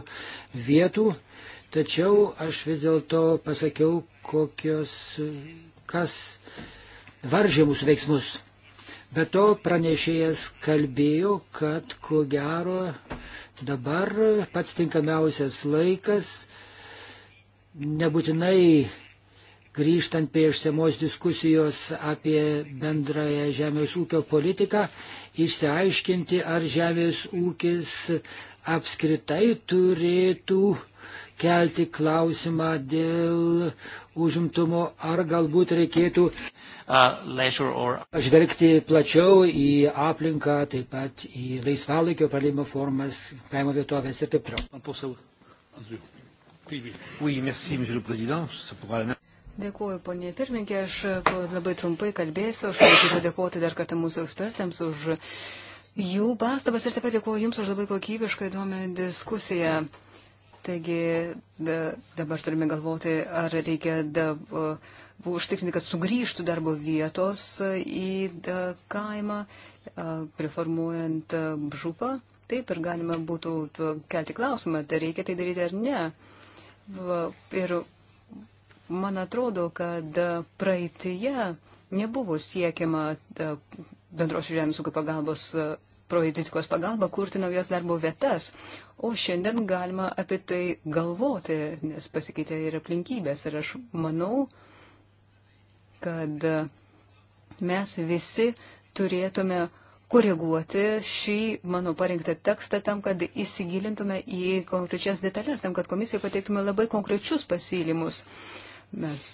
vietų, tačiau aš vis dėlto pasakiau, kokios, kas varžė mūsų veiksmus. Be to pranešėjas kalbėjo, kad ko gero dabar pats tinkamiausias laikas, nebūtinai grįžtant prie išsamos diskusijos apie bendrąją žemės ūkio politiką, išsiaiškinti, ar žemės ūkis apskritai turėtų kelti klausimą dėl užimtumo, ar galbūt reikėtų uh, or... žvelgti plačiau į aplinką, taip pat į laisvalaikio praleidimo formas, kaimo vietovės ir taip toliau. Oui, merci, Dėkuoju, ponė pirmininkė, aš labai trumpai kalbėsiu, aš noriu padėkoti dar kartą mūsų ekspertams už jų pastabas ir taip pat dėkuoju Jums už labai kokybišką įdomią diskusiją. Taigi da, dabar turime galvoti, ar reikia da, uh, užtikrinti, kad sugrįžtų darbo vietos į da, kaimą, uh, reformuojant uh, župą. Taip ir galima būtų kelti klausimą, tai reikia tai daryti ar ne. Va, ir Man atrodo, kad praeitie nebuvo siekiama e, bendros žemės ūkio pagalbos e, politikos pagalba kurti naujas darbo vietas, o šiandien galima apie tai galvoti, nes pasikeitė ir aplinkybės. Ir aš manau, kad mes visi turėtume koreguoti šį mano parinktą tekstą tam, kad įsigilintume į konkrečias detalės, tam, kad komisijai pateiktume labai konkrečius pasiūlymus. Uh, Mes,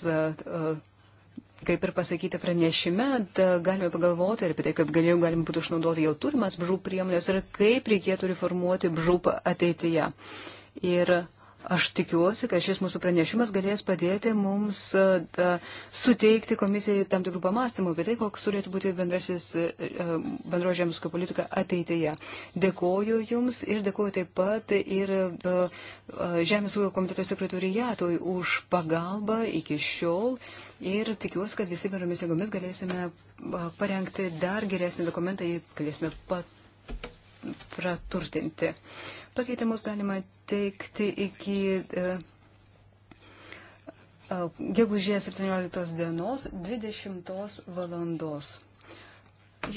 kaip ir pasakyti pranešime, galime pagalvoti ir apie tai, kaip galėjau, galima būtų išnaudoti jau turimas bžūp priemonės ir kaip reikėtų reformuoti bžūp ateityje. Ir Aš tikiuosi, kad šis mūsų pranešimas galės padėti mums e, da, suteikti komisijai tam tikrų pamastymų apie tai, koks turėtų būti e, e, bendro žemskio politika ateityje. Dėkoju Jums ir dėkoju taip pat ir da, Žemės ūkio komiteto sekretorijatui už pagalbą iki šiol ir tikiuosi, kad visi bendromis jėgomis galėsime parengti dar geresnį dokumentą, jį galėsime pat praturtinti. Pakeitimus galima teikti iki e, e, gegužės 17 dienos 20 valandos.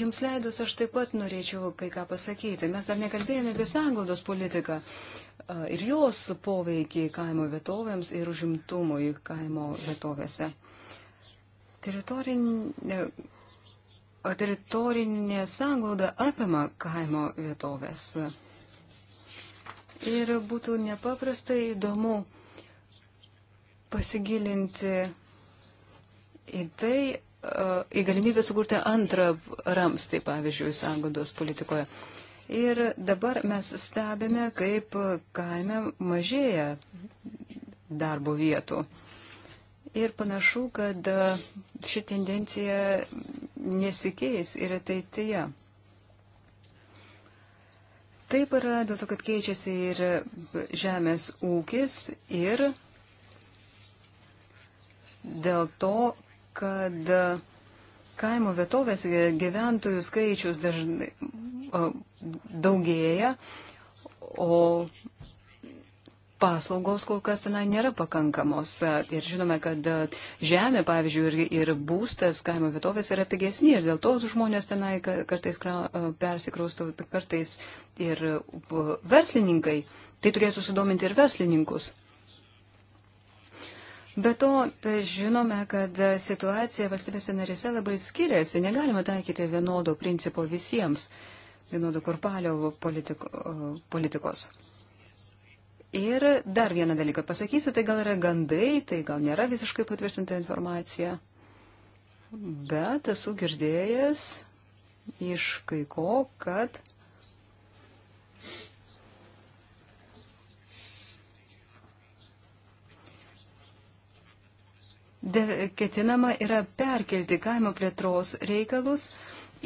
Jums leidus aš taip pat norėčiau kai ką pasakyti. Mes dar nekalbėjome apie sanglaudos politiką e, ir jos poveikį kaimo vietovėms ir užimtumui kaimo vietovėse. Teritorinė, teritorinė sanglauda apima kaimo vietovės ir būtų nepaprastai įdomu pasigilinti į tai, e, į galimybę sukurti antrą ramstį, pavyzdžiui, sąngodos politikoje. Ir dabar mes stebime, kaip kaime mažėja darbo vietų. Ir panašu, kad ši tendencija nesikeis ir ateityje. Tai Taip yra dėl to, kad keičiasi ir žemės ūkis ir dėl to, kad kaimo vietovės gyventojų skaičius dažnai daugėja, o paslaugos kol kas tenai nėra pakankamos. Ir žinome, kad e, žemė, pavyzdžiui, ir, ir būstas kaimo vietovės yra pigesni ir dėl to žmonės tenai kartais e, persikrausto, kartais ir e, verslininkai. Tai turėtų sudominti ir verslininkus. Be to, tai žinome, kad situacija valstybėse narėse labai skiriasi. Negalima taikyti vienodo principo visiems, vienodo korpalio politiko, politikos. Ir dar vieną dalyką pasakysiu, tai gal yra gandai, tai gal nėra visiškai patvirtinta informacija, bet esu girdėjęs iš kai ko, kad De, ketinama yra perkelti kaimo plėtros reikalus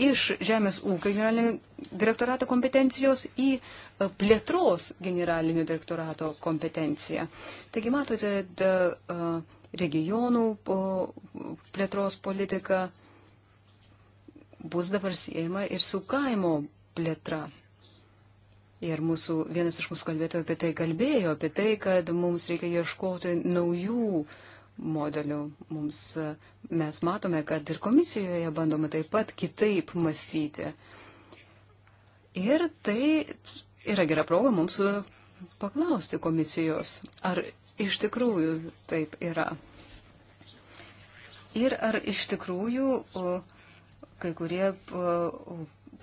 iš Žemės ūkio generalinio direktorato kompetencijos į e, plėtros generalinio direktorato kompetenciją. Taigi matote, da, e, regionų plėtros politika bus dabar siejama ir su kaimo plėtra. Ir mūsų, vienas iš mūsų kalbėtojų apie tai kalbėjo, apie tai, kad mums reikia ieškoti naujų uh, modelių. Mums, mes matome, kad ir komisijoje bandoma taip pat kitaip mąstyti. Ir tai yra gera proga mums paklausti komisijos, ar iš tikrųjų taip yra. Ir ar iš tikrųjų kai kurie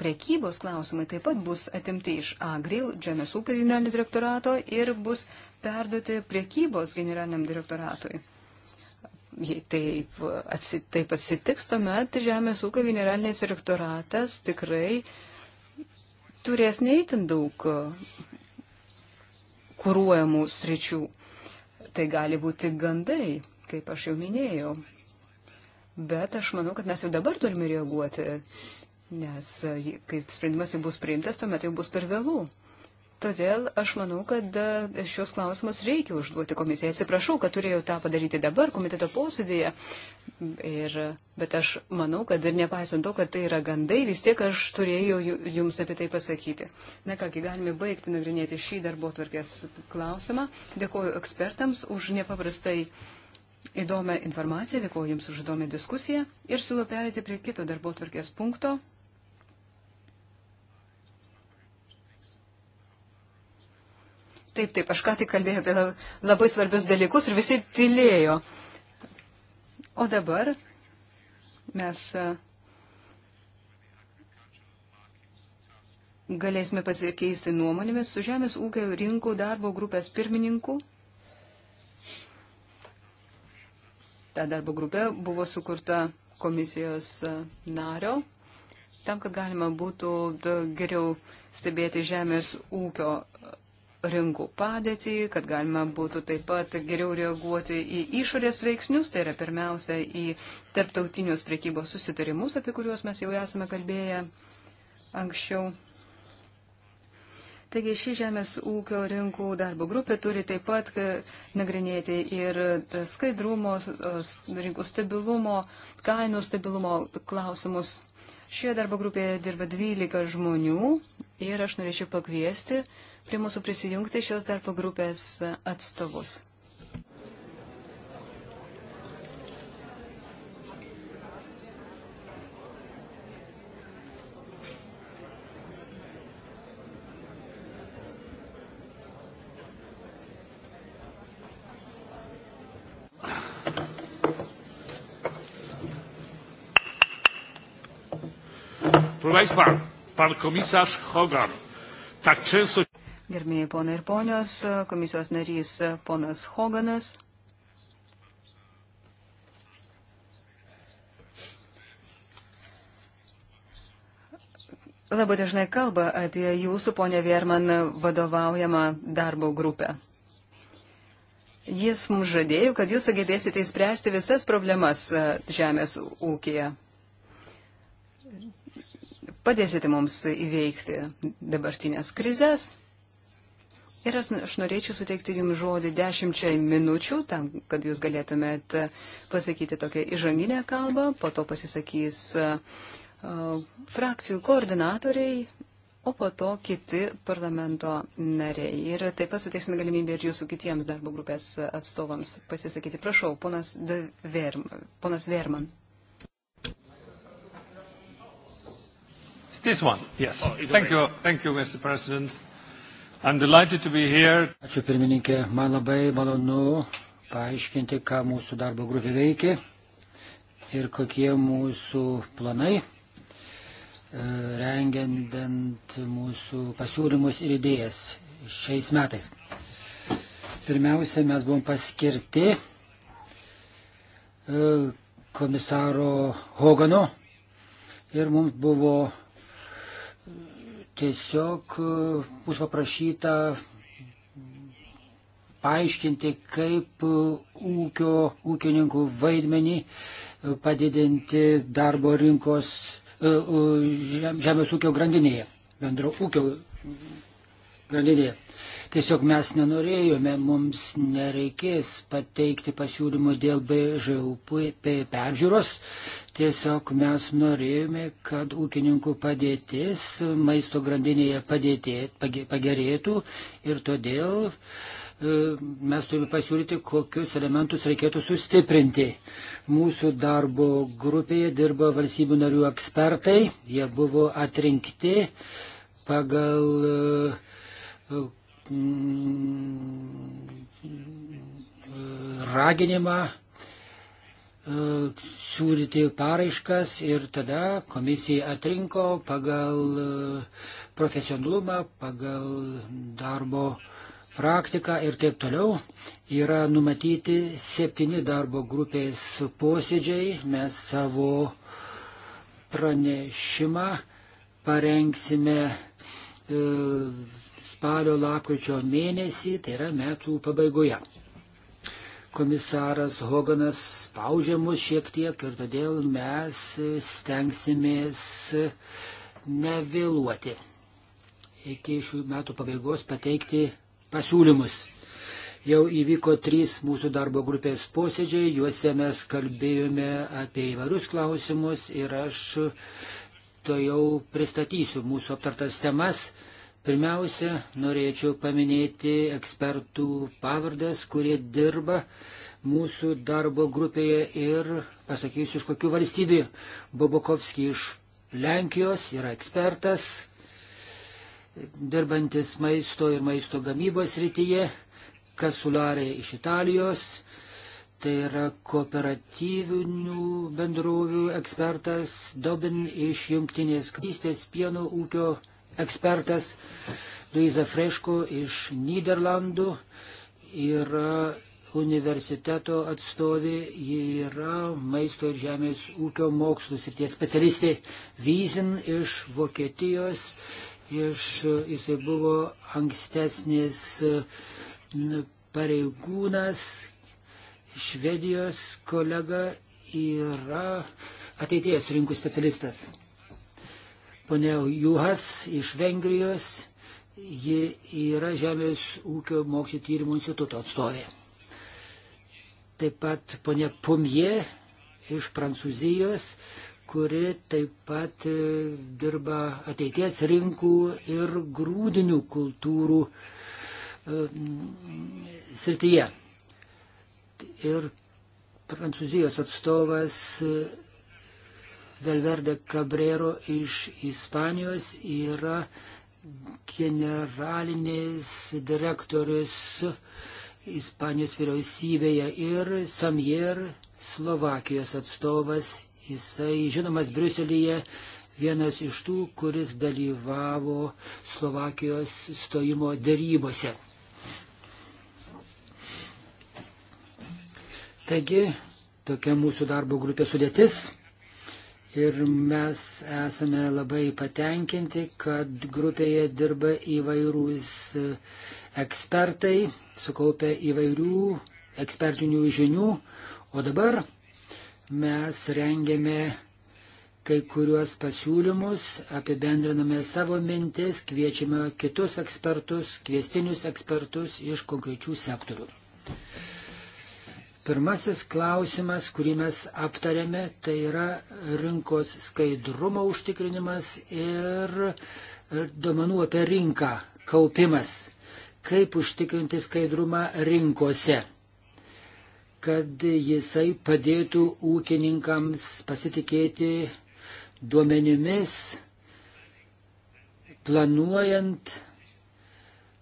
prekybos klausimai taip pat bus atimti iš Agri, Žemės ūkio generalinio direktorato ir bus perduoti prekybos generaliniam direktoratui. Jei taip, atsi, taip atsitiks, tuomet Žemės ūkio generalinis rektoratas tikrai turės neįtin daug kūruojamų sričių. Tai gali būti gandai, kaip aš jau minėjau. Bet aš manau, kad mes jau dabar turime reaguoti, nes kaip sprendimas jau bus priimtas, tuomet jau bus per vėlų. Todėl aš manau, kad e, šios klausimus reikia užduoti komisijai. Atsiprašau, kad turėjau tą padaryti dabar komiteto posėdėje. Ir, bet aš manau, kad ir nepaisant to, kad tai yra gandai, vis tiek aš turėjau jums apie tai pasakyti. Na kągi, galime baigti nagrinėti šį darbo tvarkės klausimą. Dėkuoju ekspertams už nepaprastai įdomią informaciją, dėkuoju jums už įdomią diskusiją ir siūlau perėti prie kito darbo tvarkės punkto. Taip, taip, aš ką tik kalbėjau apie labai svarbius dalykus ir visi tylėjo. O dabar mes e, galėsime pasikeisti nuomonėmis su Žemės ūkio rinkų darbo grupės pirmininku. Ta darbo grupė buvo sukurta komisijos e, nario, tam, kad galima būtų geriau stebėti Žemės ūkio rinkų padėtį, kad galima būtų taip pat geriau reaguoti į išorės veiksnius, tai yra pirmiausia į tarptautinius priekybos susitarimus, apie kuriuos mes jau esame kalbėję anksčiau. Taigi ši žemės ūkio rinkų darbo grupė turi taip pat nagrinėti ir skaidrumo, rinkų stabilumo, kainų stabilumo klausimus. Šioje darbo grupėje dirba 12 žmonių ir aš norėčiau pakviesti prie mūsų prisijungti šios darbo grupės atstovus. Proszę Państwa, Pan komisarz Hogan. Tak często. Gerbėjai ponai ir ponios, komisijos narys ponas Hoganas. Labai dažnai kalba apie jūsų, ponė Vierman, vadovaujamą darbo grupę. Jis mums žadėjo, kad jūs sugebėsite įspręsti visas problemas e, žemės ūkija padėsite mums įveikti dabartinės krizės. Ir aš norėčiau suteikti Jums žodį dešimčiai minučių, tam, kad Jūs galėtumėt pasakyti tokią įžanginę kalbą, po to pasisakys frakcijų koordinatoriai, o po to kiti parlamento nariai. Ir taip pat suteiksime galimybę ir Jūsų kitiems darbo grupės atstovams pasisakyti. Prašau, ponas, Verm, ponas Verman. This one, yes. Oh, thank way. you, thank you, Mr. President. I'm delighted to be here. Ačiū pirmininkė, man labai malonu paaiškinti, ką mūsų darbo grupė veikia ir kokie mūsų planai e, rengiant mūsų pasiūlymus ir idėjas šiais metais. Pirmiausia, mes buvom paskirti e, komisaro Hogano ir mums buvo tiesiog e, bus paprašyta paaiškinti, kaip e, ūkio, ūkininkų vaidmenį e, padidinti darbo rinkos žemės ūkio grandinėje, bendro ūkio grandinėje. Tiesiog mes nenorėjome, mums nereikės pateikti pasiūlymų dėl BŽUP peržiūros, Tiesiog mes norėjome, kad ūkininkų padėtis maisto grandinėje padėtė, pagerėtų ir todėl e, mes turime pasiūlyti, kokius elementus reikėtų sustiprinti. Mūsų darbo grupėje dirba valstybių narių ekspertai, jie buvo atrinkti pagal e, raginimą E, siūlyti paraiškas ir tada komisija atrinko pagal e, profesionalumą, pagal darbo praktiką ir taip toliau. Yra numatyti septyni darbo grupės posėdžiai. Mes savo pranešimą parengsime e, spalio lapkričio mėnesį, tai yra metų pabaigoje komisaras Hoganas spaudžia mus šiek tiek ir todėl mes stengsimės nevėluoti iki šių metų pabaigos pateikti pasiūlymus. Jau įvyko trys mūsų darbo grupės posėdžiai, juose mes kalbėjome apie įvairius klausimus ir aš to jau pristatysiu mūsų aptartas temas. Pirmiausia, norėčiau paminėti ekspertų pavardas, kurie dirba mūsų darbo grupėje ir pasakysiu, iš kokių valstybių. Bobokovski iš Lenkijos yra ekspertas, dirbantis maisto ir maisto gamybos rytyje, Kasularė iš Italijos, tai yra kooperatyvinių bendrovių ekspertas Dobin iš Junktinės karalystės pieno ūkio ekspertas Luiza Freško iš Niderlandų yra e, universiteto atstovė, ji yra maisto ir žemės ūkio mokslų srities specialistė Vyzin iš Vokietijos, iš, e, jisai buvo ankstesnis e, pareigūnas, Švedijos kolega yra ateities rinkų specialistas. Pone Juhas iš Vengrijos, ji yra Žemės ūkio mokslo tyrimų instituto atstovė. Taip pat ponė Pumje iš Prancūzijos, kuri taip pat e, dirba ateities rinkų ir grūdinių kultūrų e, srityje. Ir Prancūzijos atstovas e, Velverde Cabrero iš Ispanijos yra generalinis direktorius Ispanijos vyriausybėje ir Samier Slovakijos atstovas. Jisai žinomas Briuselyje vienas iš tų, kuris dalyvavo Slovakijos stojimo dėrybose. Taigi, tokia mūsų darbo grupė sudėtis. Ir mes esame labai patenkinti, kad grupėje dirba įvairūs ekspertai, sukaupę įvairių ekspertinių žinių. O dabar mes rengėme kai kuriuos pasiūlymus, apibendriname savo mintis, kviečiame kitus ekspertus, kviestinius ekspertus iš konkrečių sektorių. Pirmasis klausimas, kurį mes aptarėme, tai yra rinkos skaidrumo užtikrinimas ir duomenų apie rinką kaupimas. Kaip užtikrinti skaidrumą rinkose, kad jisai padėtų ūkininkams pasitikėti duomenimis, planuojant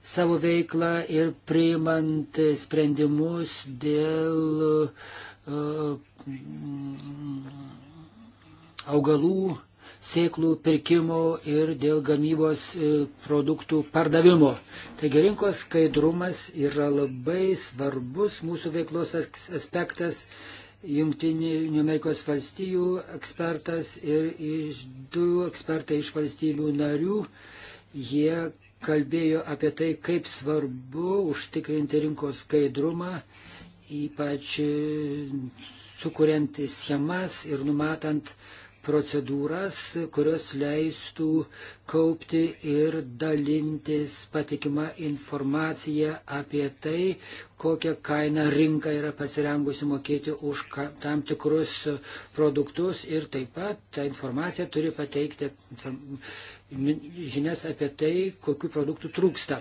savo veiklą ir priimant sprendimus dėl e, augalų sėklų pirkimo ir dėl gamybos e, produktų pardavimo. Taigi rinkos skaidrumas yra labai svarbus mūsų veiklos aspektas. Junktinių Amerikos valstijų ekspertas ir iš du ekspertai iš valstybių narių, jie kalbėjo apie tai, kaip svarbu užtikrinti rinkos skaidrumą, ypač sukuriant schemas ir numatant uh, procedūras, kurios leistų kaupti ir dalintis patikimą informaciją apie tai, kokią kainą rinka yra pasirengusi mokėti už tam tikrus produktus ir taip pat ta informacija turi pateikti žinias apie tai, kokiu produktu trūksta.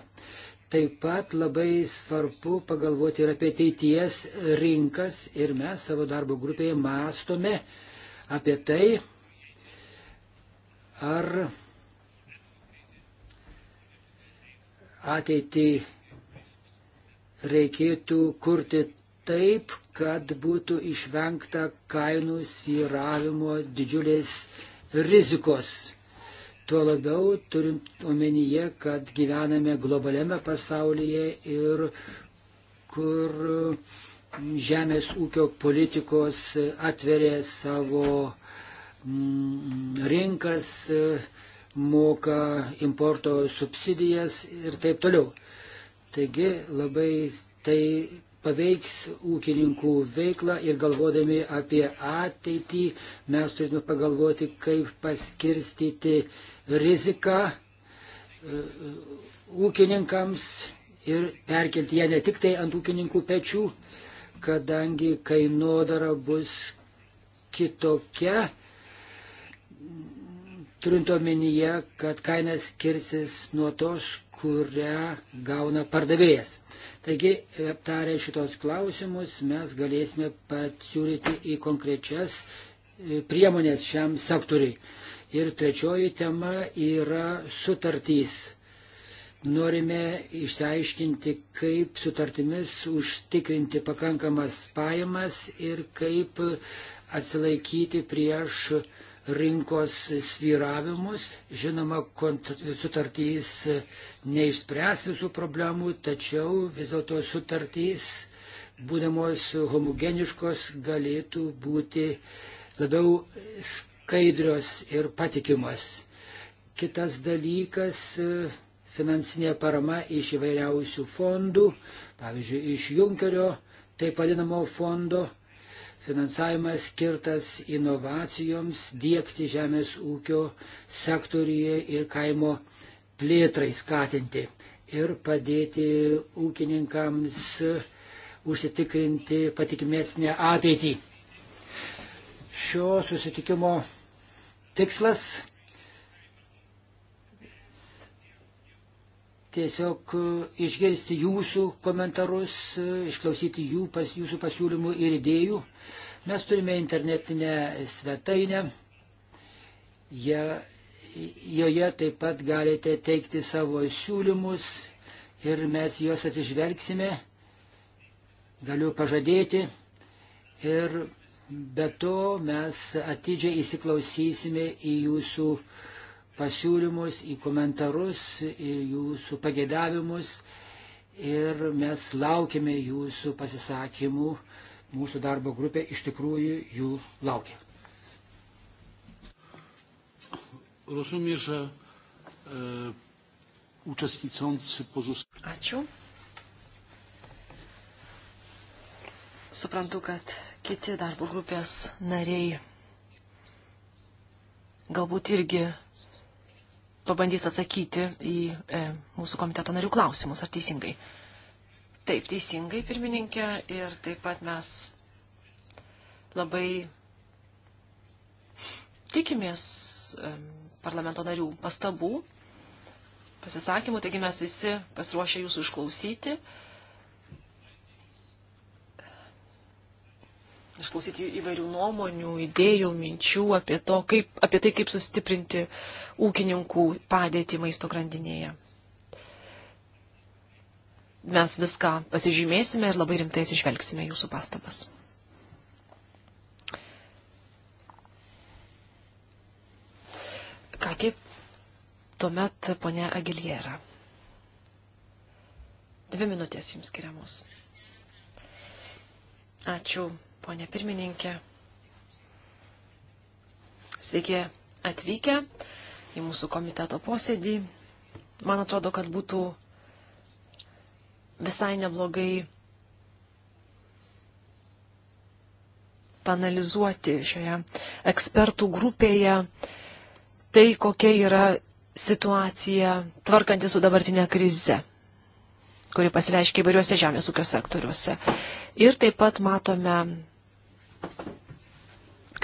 Taip pat labai svarbu pagalvoti ir apie ateities rinkas ir mes savo darbo grupėje mastome, apie tai, ar ateitį reikėtų kurti taip, kad būtų išvengta kainų sviravimo didžiulės rizikos. Tuo labiau turint omenyje, kad gyvename globaliame pasaulyje ir kur uh, žemės ūkio politikos e, atveria savo mm, rinkas, e, moka importo subsidijas ir taip toliau. Taigi labai tai paveiks ūkininkų veiklą ir galvodami apie ateitį mes turime pagalvoti, kaip paskirstyti riziką e, ūkininkams ir perkelti ją ne tik tai ant ūkininkų pečių, kadangi kainodara bus kitokia, turint omenyje, kad kaina skirsis nuo tos, kurią gauna pardavėjas. Taigi, aptarę šitos klausimus, mes galėsime pasiūlyti į konkrečias e, priemonės šiam sektoriui. Ir trečioji tema yra sutartys. Norime išsiaiškinti, kaip sutartimis užtikrinti pakankamas pajamas ir kaip atsilaikyti prieš rinkos sviravimus. Žinoma, sutartys neišspręs visų problemų, tačiau vis dėlto sutartys, būdamos homogeniškos, galėtų būti labiau skaidrios ir patikimos. Kitas dalykas finansinė parama iš įvairiausių fondų, pavyzdžiui, iš Junkerio, taip vadinamo fondo, finansavimas skirtas inovacijoms dėkti žemės ūkio sektoriuje ir kaimo plėtrai skatinti ir padėti ūkininkams užsitikrinti patikimesnę ateitį. Šio susitikimo tikslas tiesiog e, išgirsti jūsų komentarus, e, išklausyti jų, pas, jūsų pasiūlymų ir idėjų. Mes turime internetinę svetainę, ja, joje taip pat galite teikti savo siūlymus ir mes juos atsižvelgsime, galiu pažadėti. Ir be to mes atidžiai įsiklausysime į jūsų uh, pasiūlymus, į komentarus, į jūsų pagėdavimus ir mes laukiame jūsų pasisakymų. Mūsų darbo grupė iš tikrųjų jų laukia. Rozumiem, że e, uczestniczący pozostają. Ačiū. Suprantu, kad kiti darbo grupės nariai galbūt irgi pabandys atsakyti į e, mūsų komiteto narių klausimus, ar teisingai. Taip, teisingai, pirmininkė, ir taip pat mes labai tikimės e, parlamento narių pastabų, pasisakymų, taigi mes visi pasiruošę jūsų išklausyti. E, išklausyti įvairių nuomonių, idėjų, minčių apie, to, kaip, apie tai, kaip sustiprinti ūkininkų padėtį maisto grandinėje. Mes viską pasižymėsime ir labai rimtai atsižvelgsime jūsų pastabas. Kągi, tuomet ponia Agiliera. Dvi minutės jums skiriamos. Ačiū ponė pirmininkė. Sveiki atvykę į mūsų komiteto posėdį. Man atrodo, kad būtų visai neblogai panalizuoti šioje ekspertų grupėje tai, kokia yra situacija tvarkanti su dabartinė krize, kuri pasireiškia įvairiuose žemės ūkio sektoriuose. Ir taip pat matome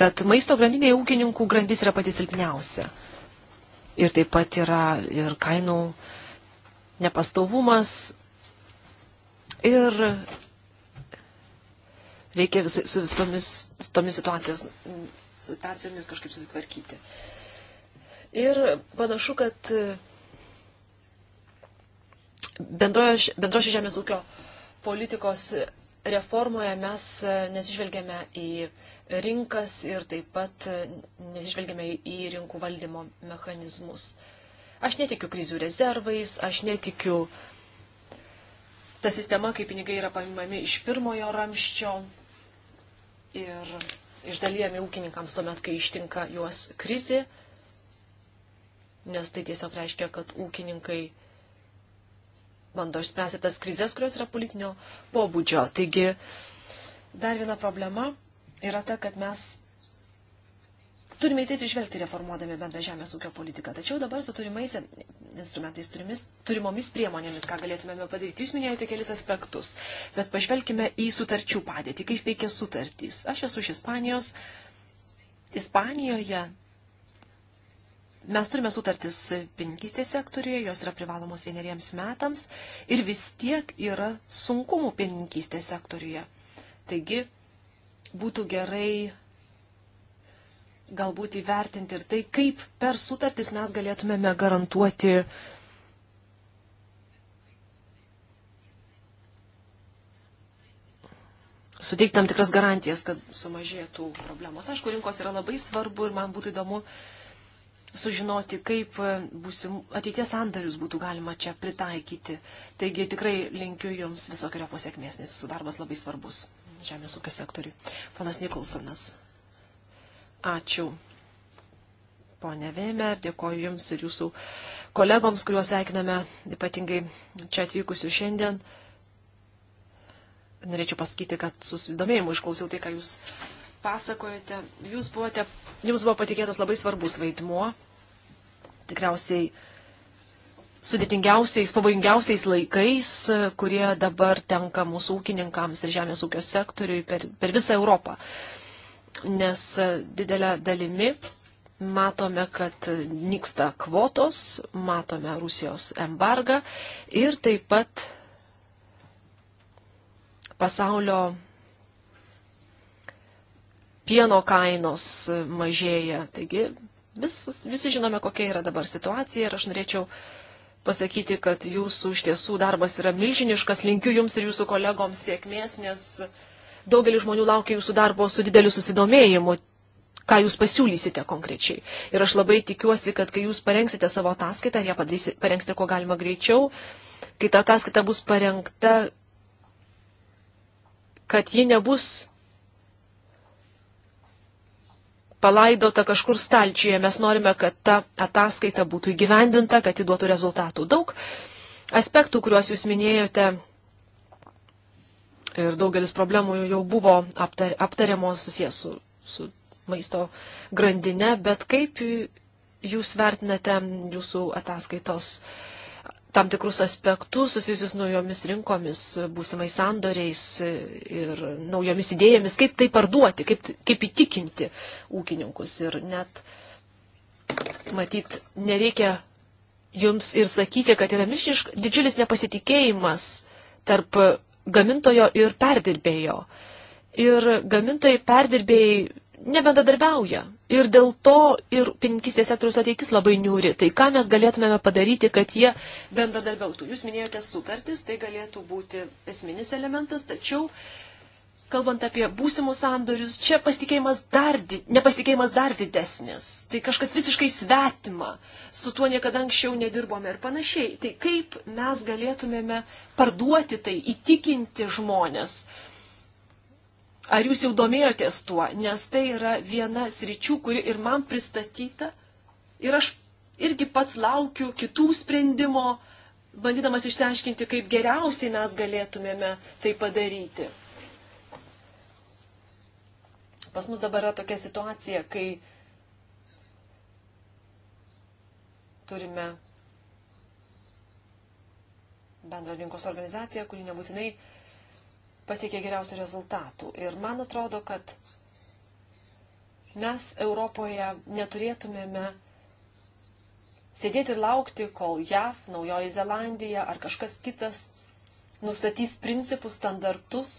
kad maisto grandinėje ūkininkų grandis yra pati silpniausia. Ir taip pat yra ir kainų nepastovumas. Ir reikia vis, su visomis tomis situacijomis kažkaip susitvarkyti. Ir panašu, kad bendroje, bendroje žemės ūkio politikos reformoje mes e, nesižvelgėme į rinkas ir taip pat e, nesižvelgėme į rinkų valdymo mechanizmus. Aš netikiu krizių rezervais, aš netikiu ta sistema, kai pinigai yra paimami iš pirmojo ramščio ir išdalyjami ūkininkams tuomet, kai ištinka juos krizi, nes tai tiesiog reiškia, kad ūkininkai bando išspręsti tas krizės, kurios yra politinio pobūdžio. Taigi, dar viena problema yra ta, kad mes turime į tai atsižvelgti reformuodami bendrą žemės ūkio politiką. Tačiau dabar su turimais instrumentais, turimis, turimomis priemonėmis, ką galėtumėme padaryti, jūs minėjote kelis aspektus, bet pažvelkime į sutarčių padėtį, kaip veikia sutartys. Aš esu iš Ispanijos. Ispanijoje Mes turime sutartis pinkistės sektoriuje, jos yra privalomos vieneriems metams ir vis tiek yra sunkumų pieninkystės sektoriuje. Taigi būtų gerai galbūt įvertinti ir tai, kaip per sutartis mes galėtumėme garantuoti suteikti tam tikras garantijas, kad sumažėtų problemos. Aišku, rinkos yra labai svarbu ir man būtų įdomu uh, sužinoti, kaip e, būsim, ateities sandarius būtų galima čia pritaikyti. Taigi tikrai linkiu Jums visokio sėkmės, nes Jūsų darbas labai svarbus žemės ūkio sektoriui. Panas Nikolsonas. Ačiū. Pone Vėmer, dėkoju Jums ir Jūsų kolegoms, kuriuos sveikiname, ypatingai čia atvykusių šiandien. Norėčiau pasakyti, kad susidomėjimu išklausiau tai, ką Jūs pasakojate, jūs buvote, jums buvo patikėtas labai svarbus vaidmuo tikriausiai sudėtingiausiais, pavojingiausiais laikais, e, kurie dabar tenka mūsų ūkininkams ir žemės ūkio sektoriui per, per visą Europą. Nes e, didelę dalimi matome, kad nyksta kvotos, matome Rusijos embargą ir taip pat pasaulio pieno kainos mažėja. Taigi Vis, visi žinome, kokia yra dabar situacija ir aš norėčiau pasakyti, kad jūsų iš tiesų darbas yra milžiniškas. Linkiu jums ir jūsų kolegoms sėkmės, nes daugelis žmonių laukia jūsų darbo su dideliu susidomėjimu, ką jūs pasiūlysite konkrečiai. Ir aš labai tikiuosi, kad kai jūs parengsite savo ataskaitą, ją padarysi, parengsite kuo galima greičiau, kai ta ataskaita bus parengta, kad ji nebus palaidota kažkur stalčiuje. Mes norime, kad ta ataskaita būtų įgyvendinta, kad ji duotų rezultatų. Daug aspektų, kuriuos jūs minėjote ir daugelis problemų jau buvo aptar, aptariamos susijęs su, su maisto grandinė, bet kaip jūs vertinate jūsų ataskaitos uh, tam tikrus aspektus susijusius naujomis rinkomis, būsimais sandoriais ir naujomis idėjomis, kaip tai parduoti, kaip, kaip įtikinti ūkininkus. Ir net, matyt, nereikia jums ir sakyti, kad yra milžiniškas didžiulis nepasitikėjimas tarp gamintojo ir perdirbėjo. Ir gamintojai perdirbėjai nebendradarbiauja. Ir dėl to ir pinkistės sektoriaus ateitis labai niūri. Tai ką mes galėtumėme padaryti, kad jie bendradarbiautų? Jūs minėjote sutartis, tai galėtų būti esminis elementas, tačiau, kalbant apie būsimus sandorius, čia pasitikėjimas dar, nepasitikėjimas dar didesnis. Tai kažkas visiškai svetima. Su tuo niekada anksčiau nedirbome ir panašiai. Tai kaip mes galėtumėme parduoti tai, įtikinti žmonės? Ar jūs jau domėjotės tuo, nes tai yra viena sričių, kuri ir man pristatyta. Ir aš irgi pats laukiu kitų sprendimo, bandydamas išsiaiškinti, kaip geriausiai mes galėtumėme tai padaryti. Pas mus dabar yra tokia situacija, kai turime bendrą rinkos organizaciją, kuri nebūtinai uh, pasiekė geriausių rezultatų. Ir man atrodo, kad mes Europoje neturėtumėme sėdėti ir laukti, kol JAV, Naujoji Zelandija ar kažkas kitas nustatys principus, standartus,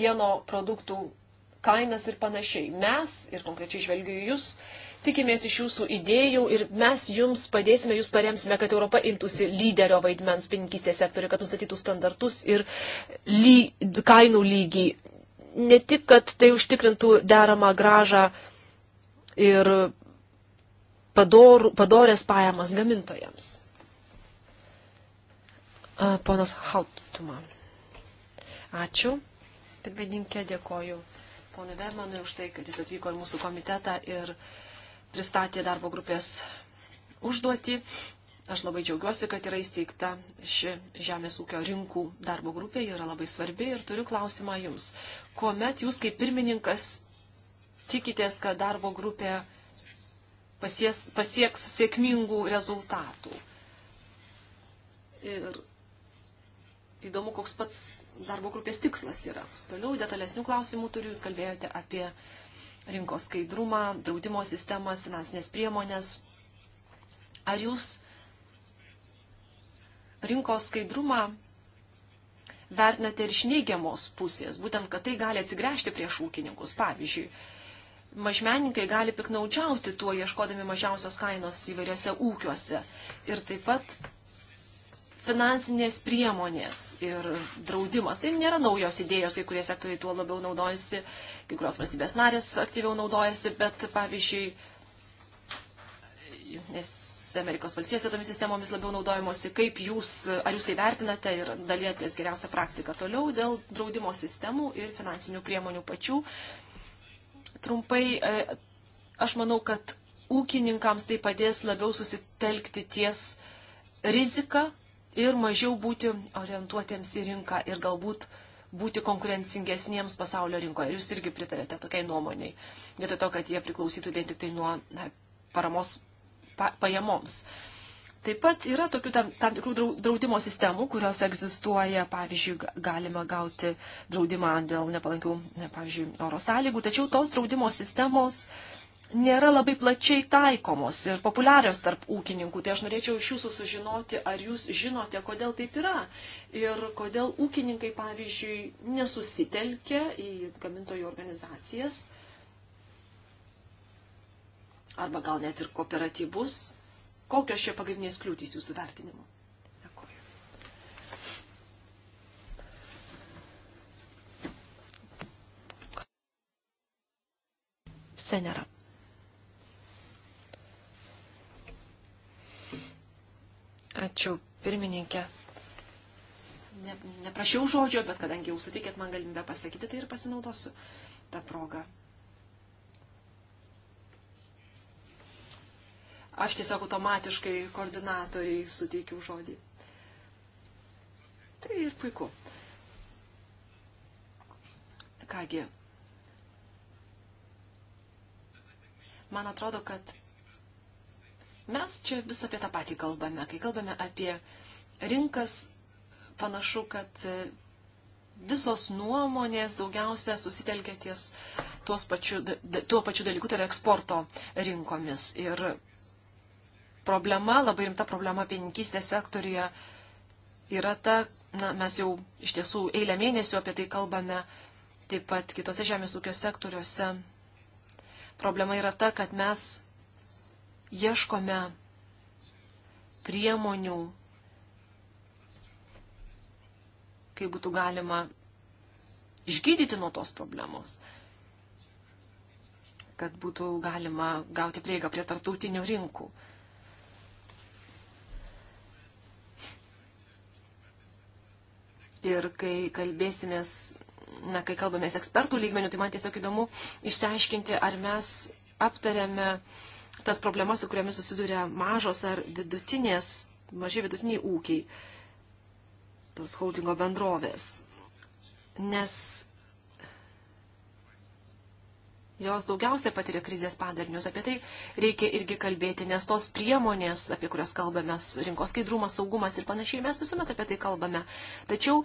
pieno produktų kainas ir panašiai. Mes, ir konkrečiai žvelgiu į Jūs, tikimės iš jūsų idėjų ir mes jums padėsime, jūs paremsime, kad Europa imtųsi lyderio vaidmens pininkystės sektoriui, kad nustatytų standartus ir ly, kainų lygį. Ne tik, kad tai užtikrintų deramą gražą ir pador, padorės pajamas gamintojams. Ponas Hautuma. Ačiū. Pirmininkė, dėkoju ponui Vermanui už tai, kad jis atvyko į mūsų komitetą ir uh, pristatė darbo grupės užduotį. Aš labai džiaugiuosi, kad yra įsteigta ši Žemės ūkio rinkų darbo grupė, yra labai svarbi ir turiu klausimą Jums. Kuomet Jūs kaip pirmininkas tikitės, kad darbo grupė pasies, pasieks sėkmingų rezultatų? Ir įdomu, koks pats darbo grupės tikslas yra. Toliau detalesnių klausimų turiu, Jūs kalbėjote apie rinkos skaidrumą, draudimo sistemas, finansinės priemonės. Ar jūs rinkos skaidrumą vertinate ir iš neigiamos pusės, būtent, kad tai gali atsigręžti prieš ūkininkus. Pavyzdžiui, mažmeninkai gali piknaudžiauti tuo, ieškodami mažiausios kainos įvairiose ūkiuose. Ir taip pat finansinės priemonės ir draudimas. Tai nėra naujos idėjos, kai kurie sektoriai tuo labiau naudojasi, kai kurios valstybės narės aktyviau naudojasi, bet pavyzdžiui, nes Amerikos valstijose tomis sistemomis labiau naudojamosi, kaip jūs, ar jūs tai vertinate ir dalyjatės geriausią praktiką toliau dėl draudimo sistemų ir finansinių priemonių pačių. Trumpai, e, aš manau, kad ūkininkams tai padės labiau susitelkti ties rizika ir mažiau būti orientuotiems į rinką ir galbūt būti konkurencingesniems pasaulio rinkoje. Jūs irgi pritarėte tokiai nuomoniai, vietoj to, kad jie priklausytų vien tik tai nuo na, paramos pa, pajamoms. Taip pat yra tokių tam, tam tikrų draudimo sistemų, kurios egzistuoja, pavyzdžiui, galima gauti draudimą dėl nepalankių, ne, pavyzdžiui, oro sąlygų, tačiau tos draudimo sistemos uh, nėra labai plačiai taikomos ir populiarios tarp ūkininkų. Tai aš norėčiau iš jūsų sužinoti, ar jūs žinote, kodėl taip yra ir kodėl ūkininkai, pavyzdžiui, nesusitelkia į gamintojų organizacijas arba gal net ir kooperatyvus. Kokios čia pagrindinės kliūtys jūsų vertinimu? Senera. Ačiū, pirmininkė. Ne, neprašiau žodžio, bet kadangi jau sutikėt man galimybę pasakyti, tai ir pasinaudosiu tą progą. Aš tiesiog automatiškai koordinatoriai suteikiau žodį. Tai ir puiku. Kągi. Man atrodo, kad Mes čia vis apie tą patį kalbame. Kai kalbame apie rinkas, panašu, kad e, visos nuomonės daugiausia susitelkia ties pačiu, tuo pačiu dalyku, tai yra eksporto rinkomis. Ir problema, labai rimta problema pieninkystės sektorija yra ta, na, mes jau iš tiesų eilę mėnesių apie tai kalbame, taip pat kitose žemės ūkio sektoriuose. Problema yra ta, kad mes ieškome priemonių, kaip būtų galima išgydyti nuo tos problemos, kad būtų galima gauti prieigą prie tartautinių rinkų. Ir kai kalbėsimės, na, kai kalbamės ekspertų lygmenių, tai man tiesiog įdomu išsiaiškinti, ar mes aptarėme uh, tas problemas, su kuriamis susiduria mažos ar vidutinės, maži vidutiniai ūkiai, tos holdingo bendrovės. Nes jos daugiausia patiria krizės padarinius. Apie tai reikia irgi kalbėti, nes tos priemonės, apie kurias kalbame, rinkos skaidrumas, saugumas ir panašiai, mes visuomet apie tai kalbame. Tačiau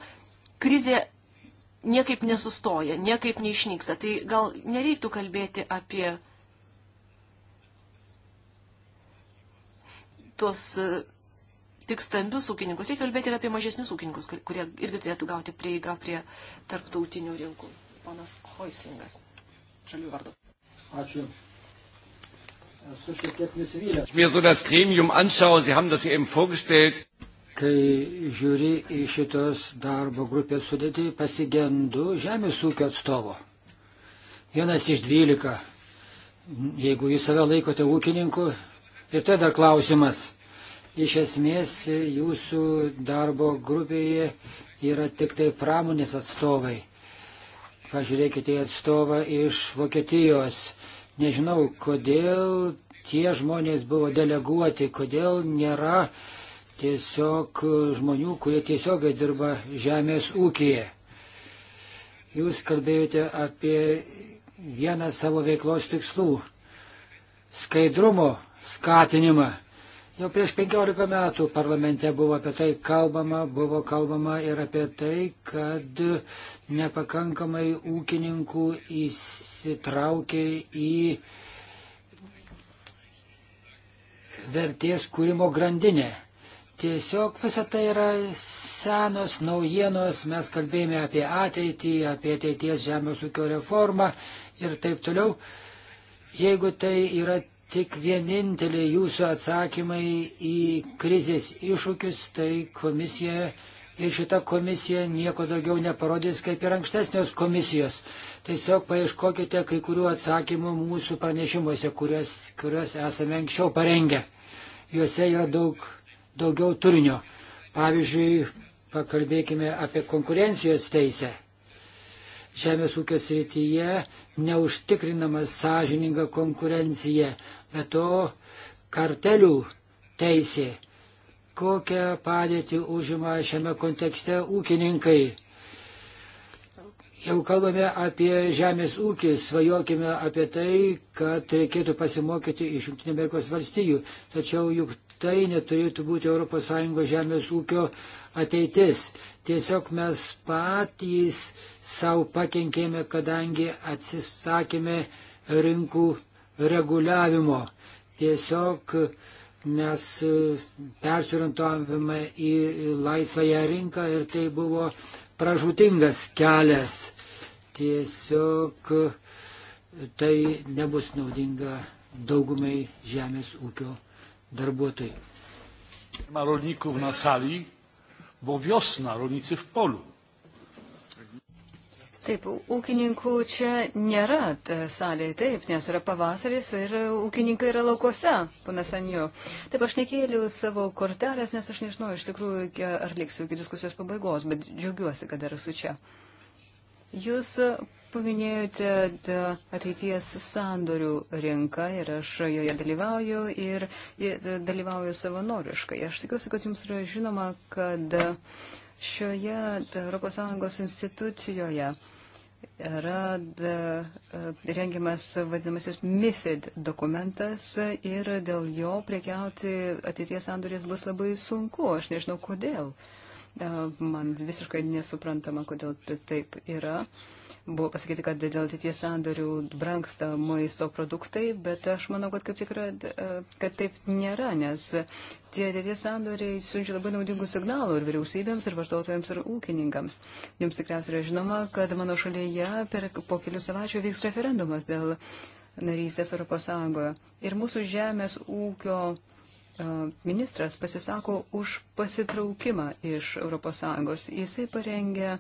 krizė niekaip nesustoja, niekaip neišnyksta. Tai gal nereiktų kalbėti apie tuos e, tik stambius ūkininkus, reikia kalbėti ir apie mažesnius ūkininkus, kurie irgi turėtų gauti prieigą prie tarptautinių rinkų. Ponas Hoislingas, žalių vardu. Ačiū. Esu šiek tiek nusivylęs. Kai žiūri į šitos darbo grupės sudėtį, pasigendu žemės ūkio atstovo. Vienas iš dvylika. Jeigu jūs save laikote ūkininku, Ir tai dar klausimas. Iš esmės jūsų darbo grupėje yra tik tai pramonės atstovai. Pažiūrėkite į atstovą iš Vokietijos. Nežinau, kodėl tie žmonės buvo deleguoti, kodėl nėra tiesiog žmonių, kurie tiesiogiai dirba žemės ūkyje. Jūs kalbėjote apie vieną savo veiklos tikslų - skaidrumo skatinimą. Jau prieš 15 metų parlamente buvo apie tai kalbama, buvo kalbama ir apie tai, kad nepakankamai ūkininkų įsitraukė į vertės kūrimo grandinę. Tiesiog visa tai yra senos naujienos, mes kalbėjome apie ateitį, apie ateities žemės ūkio reformą ir taip toliau. Jeigu tai yra tik vienintelė jūsų atsakymai į krizės iššūkius, tai komisija ir šita komisija nieko daugiau neparodys kaip ir ankstesnės komisijos. Tiesiog paieškokite kai kurių atsakymų mūsų pranešimuose, kuriuos, kuriuos esame anksčiau parengę. Juose yra daug, daugiau turinio. Pavyzdžiui, pakalbėkime apie konkurencijos teisę žemės ūkio srityje neužtikrinama sąžininga konkurencija bet to kartelių teisė, kokią padėtį užima šiame kontekste ūkininkai. Jau kalbame apie žemės ūkį, svajokime apie tai, kad reikėtų pasimokyti iš Junktinėmerikos valstijų, tačiau juk tai neturėtų būti ES žemės ūkio ateitis. Tiesiog mes patys savo pakenkėme, kadangi atsisakėme rinkų reguliavimo. Tiesiog mes persiorientavome į laisvąją rinką ir tai buvo pražutingas kelias. Tiesiog tai nebus naudinga daugumai žemės ūkio darbuotojų. Ma rolników na sali, bo wiosna, rolnicy w polu. Taip, ūkininkų čia nėra salėje, taip, nes yra pavasaris ir ūkininkai yra laukose, panas Anju. Taip, aš nekėliau savo kortelės, nes aš nežinau iš tikrųjų, ar liksiu iki diskusijos pabaigos, bet džiaugiuosi, kad dar esu čia. Jūs paminėjote ateities sandorių rinką ir aš joje dalyvauju ir dalyvauju savanoriškai. Aš tikiuosi, kad jums yra žinoma, kad šioje ES institucijoje yra e, rengiamas vadinamasis MIFID dokumentas ir dėl jo priekiauti ateities sandorės bus labai sunku. Aš nežinau kodėl. E, man visiškai nesuprantama, kodėl tai taip yra. Buvo pasakyti, kad dėl ateities sandorių brangsta maisto produktai, bet aš manau, kad kaip tikra, e, kad taip nėra, nes tie ateities sandoriai siunčia labai naudingų signalų ir vyriausybėms, ir vartotojams, ir ūkininkams. Jums tikriausiai yra žinoma, kad mano šalyje per, po kelių savaičių vyks referendumas dėl narystės Europos Sąjungoje. Ir mūsų žemės ūkio e, ministras pasisako už pasitraukimą iš ES. Jisai parengė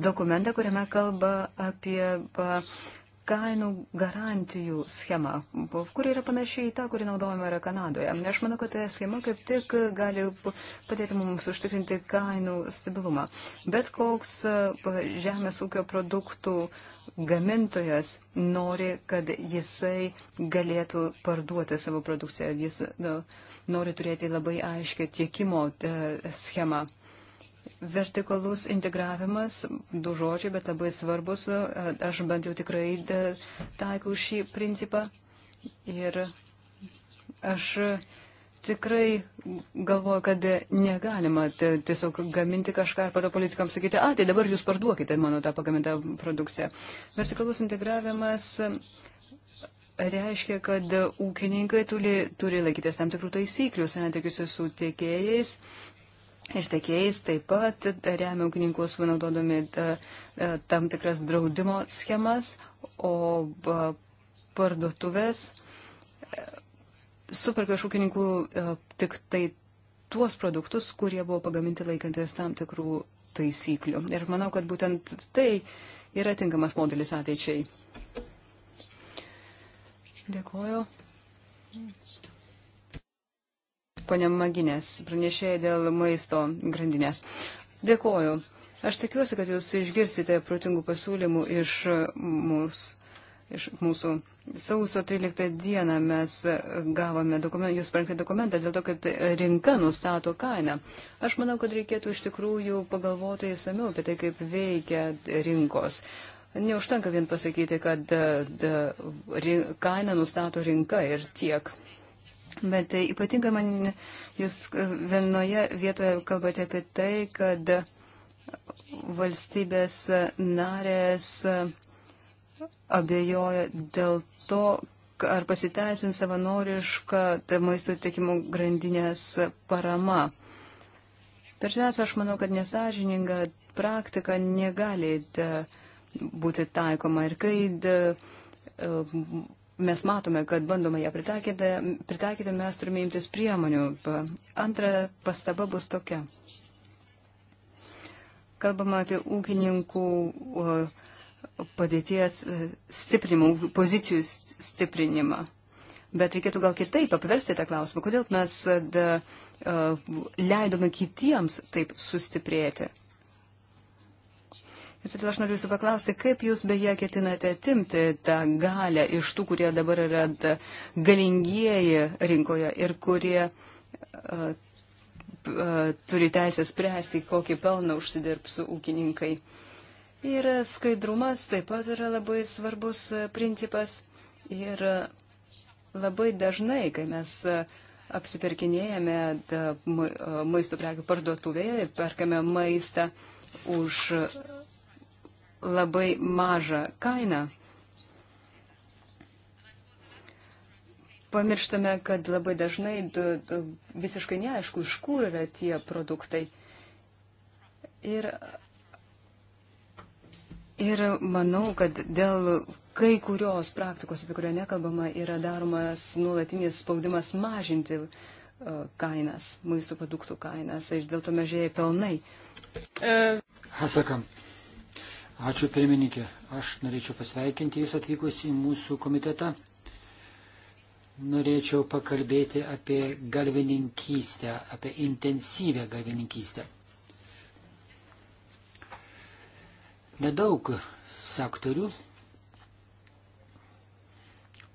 dokumentą, kuriame kalba apie kainų garantijų schemą, kuri yra panašiai į tą, kuri naudojama yra Kanadoje. Aš manau, kad ta schema kaip tik gali padėti mums užtikrinti kainų stabilumą. Bet koks žemės ūkio produktų gamintojas nori, kad jisai galėtų parduoti savo produkciją. Jis nu, nori turėti labai aiškę tiekimo e, schemą. Vertikalus integravimas, du žodžiai, bet labai svarbus, aš bent jau tikrai taikau šį principą. Ir aš tikrai galvoju, kad negalima tiesiog gaminti kažką ir pato politikams sakyti, a, tai dabar jūs parduokite mano tą pagamintą produkciją. Vertikalus integravimas reiškia, kad ūkininkai turi, turi laikytis tam tikrų taisyklių santykiuose su tiekėjais Ištekėjais taip pat remia ūkininkus naudodami e, e, tam tikras draudimo schemas, o e, parduotuvės superka iš ūkininkų tik tai tuos produktus, kurie buvo pagaminti laikantis tam tikrų taisyklių. Ir manau, kad būtent tai yra tinkamas modelis ateičiai. Dėkuoju ponė Maginės, pranešėja dėl maisto grandinės. Dėkoju. Aš tikiuosi, kad jūs išgirsite protingų pasiūlymų iš mūsų. Iš mūsų sausio 13 dieną mes gavome dokumentą, jūs parengtą dokumentą dėl to, kad rinka nustato kainą. Aš manau, kad reikėtų iš tikrųjų pagalvoti įsamiau apie tai, kaip veikia rinkos. Neužtenka vien pasakyti, kad da, da, rin, kainą nustato rinka ir tiek. Bet tai ypatinga man, jūs e, vienoje vietoje kalbate apie tai, kad valstybės narės e, abejoja dėl to, ar pasiteisins savanoriška tai maisto tiekimo grandinės parama. Per šiandien aš manau, kad nesažininga praktika negali e, būti taikoma ir kai mes matome, kad bandoma ją pritaikyti, pritaikyti mes turime imtis priemonių. Antra pastaba bus tokia. Kalbama apie ūkininkų padėties e, stiprinimą, pozicijų stiprinimą. Bet reikėtų gal kitaip apversti tą klausimą. Kodėl mes e, da, e, leidome kitiems taip sustiprėti? Ir todėl aš noriu jūsų paklausti, kaip jūs beje ketinate atimti tą galę iš tų, kurie dabar yra galingieji rinkoje ir kurie uh, turi teisę spręsti, kokį pelną užsidirbs ūkininkai. Ir skaidrumas taip pat yra labai svarbus principas. Ir labai dažnai, kai mes apsipirkinėjame maisto prekių parduotuvėje ir perkame maistą už labai mažą kainą. Pamirštame, kad labai dažnai du, du, visiškai neaišku, iš kur yra tie produktai. Ir, ir manau, kad dėl kai kurios praktikos, apie kurią nekalbama, yra daromas nuolatinis spaudimas mažinti e, kainas, maisto produktų kainas ir dėl to mažėja pelnai. Hasakam. E... Ačiū pirmininkė. Aš norėčiau pasveikinti Jūs atvykus į mūsų komitetą. Norėčiau pakalbėti apie galvininkystę, apie intensyvę galvininkystę. Nedaug sektorių,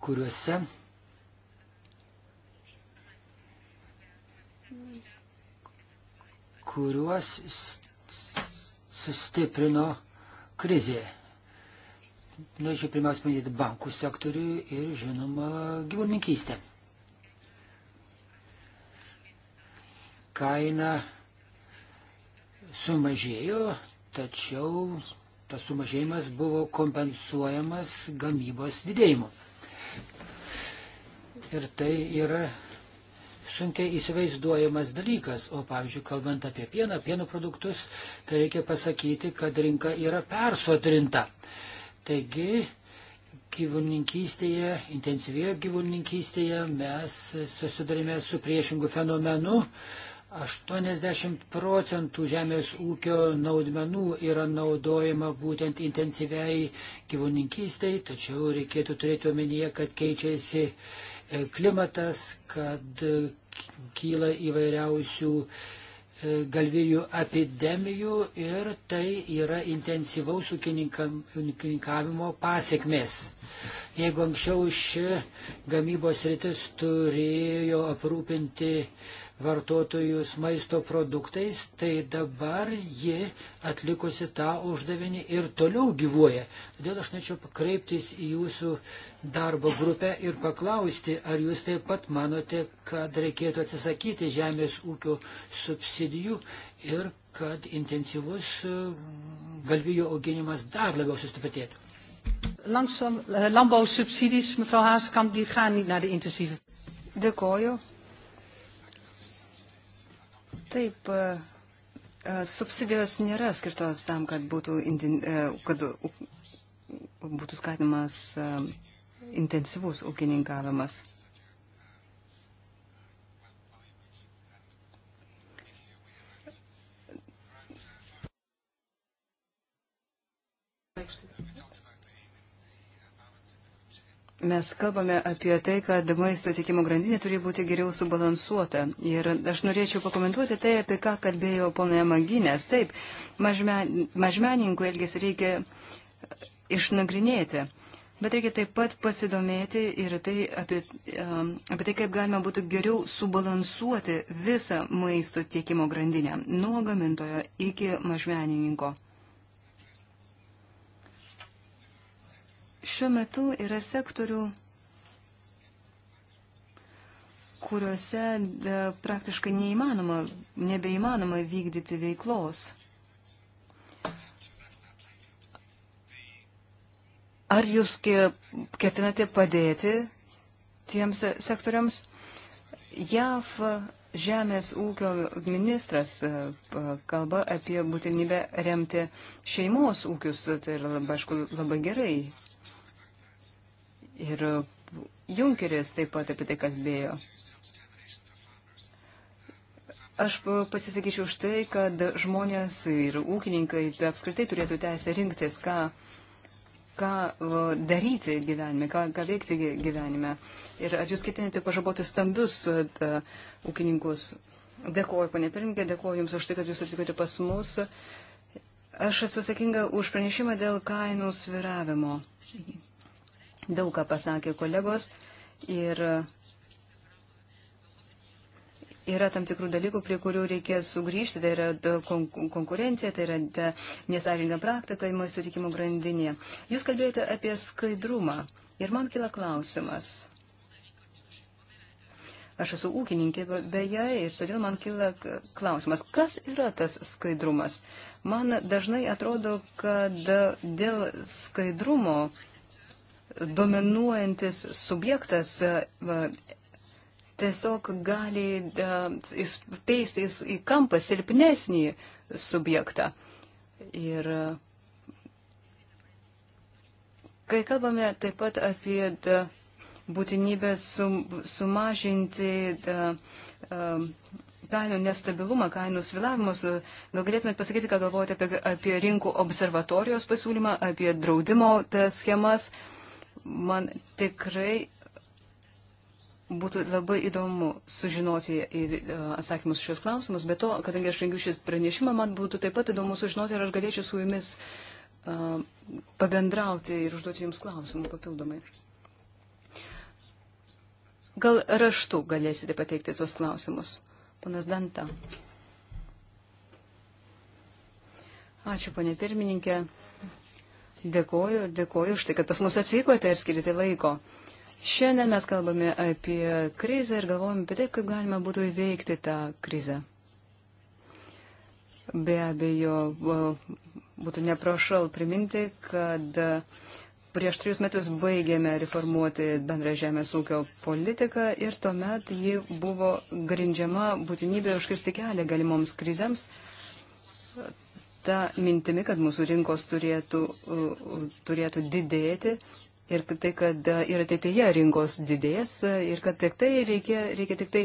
kuriuose kuriuos sustiprino krizė. Norėčiau pirmiausia paminėti bankų sektorių ir, žinoma, gyvulininkystę. Kaina sumažėjo, tačiau tas sumažėjimas buvo kompensuojamas gamybos didėjimu. Ir tai yra sunkiai įsivaizduojamas dalykas. O pavyzdžiui, kalbant apie pieną, pieno produktus, tai reikia pasakyti, kad rinka yra persotrinta. Taigi, gyvulininkystėje, intensyvėje gyvulininkystėje mes susidarėme su priešingu fenomenu. 80 procentų žemės ūkio naudmenų yra naudojama būtent intensyviai gyvulininkystėje, tačiau reikėtų turėti omenyje, kad keičiasi e, klimatas, kad kyla įvairiausių e, galvijų epidemijų ir tai yra intensyvaus ūkininkavimo pasiekmes. Jeigu anksčiau ši gamybos rytis turėjo aprūpinti vartotojus maisto produktais, tai dabar ji atlikusi tą uždavinį ir toliau gyvuoja. Todėl aš norėčiau kreiptis į jūsų darbo grupę ir paklausti, ar jūs taip pat manote, kad reikėtų atsisakyti žemės ūkio subsidijų ir kad intensyvus galvijų auginimas dar labiau sustiprėtų. Langsom eh, landbouwsubsidies, mevrouw Haaskamp, die gaan niet naar de intensieve. Dėkoju. Taip, eh, eh, subsidijos nėra skirtos tam, kad būtų, kad būtų skatimas intensyvus ūkininkavimas. Mes kalbame apie tai, kad maisto tiekimo grandinė turi būti geriau subalansuota. Ir aš norėčiau pakomentuoti tai, apie ką kalbėjo ponoje Maginės. Taip, mažmen, mažmeninkų elgesį reikia išnagrinėti. Bet reikia taip pat pasidomėti ir tai apie, um, apie tai, kaip galima būtų geriau subalansuoti visą maisto tiekimo grandinę nuo gamintojo iki mažmenininko. šiuo metu yra sektorių, kuriuose e, praktiškai neįmanoma, nebeįmanoma vykdyti veiklos. Ar jūs ketinate padėti tiems sektoriams? JAV žemės ūkio ministras e, kalba apie būtinybę remti šeimos ūkius, tai yra, aišku, labai gerai, Ir e, Junkeris taip pat apie tai kalbėjo. Aš pasisakyčiau už tai, kad žmonės ir ūkininkai apskritai turėtų teisę rinktis, ką, ką e, daryti gyvenime, ką, ką veikti gyvenime. Ir ar jūs ketinate pažaboti stambius e, ta, ūkininkus? Dėkuoju, ponė Pirinkė, dėkuoju Jums už tai, kad Jūs atvykote pas mus. Aš esu sakinga už pranešimą dėl kainų sviravimo. Daug ką pasakė kolegos ir yra tam tikrų dalykų, prie kurių reikės sugrįžti, tai yra e, konkurencija, tai yra e, nesažininga praktika įmonių sutikimo grandinė. Jūs kalbėjote apie skaidrumą ir man kila klausimas. Aš esu ūkininkė beje ir todėl man kila klausimas, kas yra tas skaidrumas. Man dažnai atrodo, kad dėl skaidrumo dominuojantis subjektas e, tiesiog gali įspeisti e, į kampą silpnesnį subjektą. Ir e, kai kalbame taip pat apie būtinybę sumažinti kainų nestabilumą, kainų svilavimus. Gal galėtumėt pasakyti, ką galvojate apie, apie rinkų observatorijos pasiūlymą, apie draudimo schemas. Uh, man tikrai būtų labai įdomu sužinoti e, atsakymus šios klausimus, bet to, kadangi aš rengiu šis pranešimą, man būtų taip pat įdomu sužinoti, ar aš galėčiau su jumis uh, pabendrauti ir užduoti jums klausimų papildomai. Gal raštu galėsite pateikti tuos klausimus? Panas Danta. Ačiū, ponė pirmininkė. Dėkoju ir dėkoju už tai, kad pas mus atvykote ir skirite laiko. Šiandien mes kalbame apie krizę ir galvojame apie tai, kaip galima būtų įveikti tą krizę. Be abejo, būtų neprašal priminti, kad prieš trijus metus baigėme reformuoti bendrą žemės ūkio politiką ir tuomet ji buvo grindžiama būtinybė užkirsti kelią galimoms krizėms ta mintimi, kad mūsų rinkos turėtų, turėtų didėti ir tai, kad e, ir ateityje rinkos didės e, ir kad tik tai reikia, reikia tik tai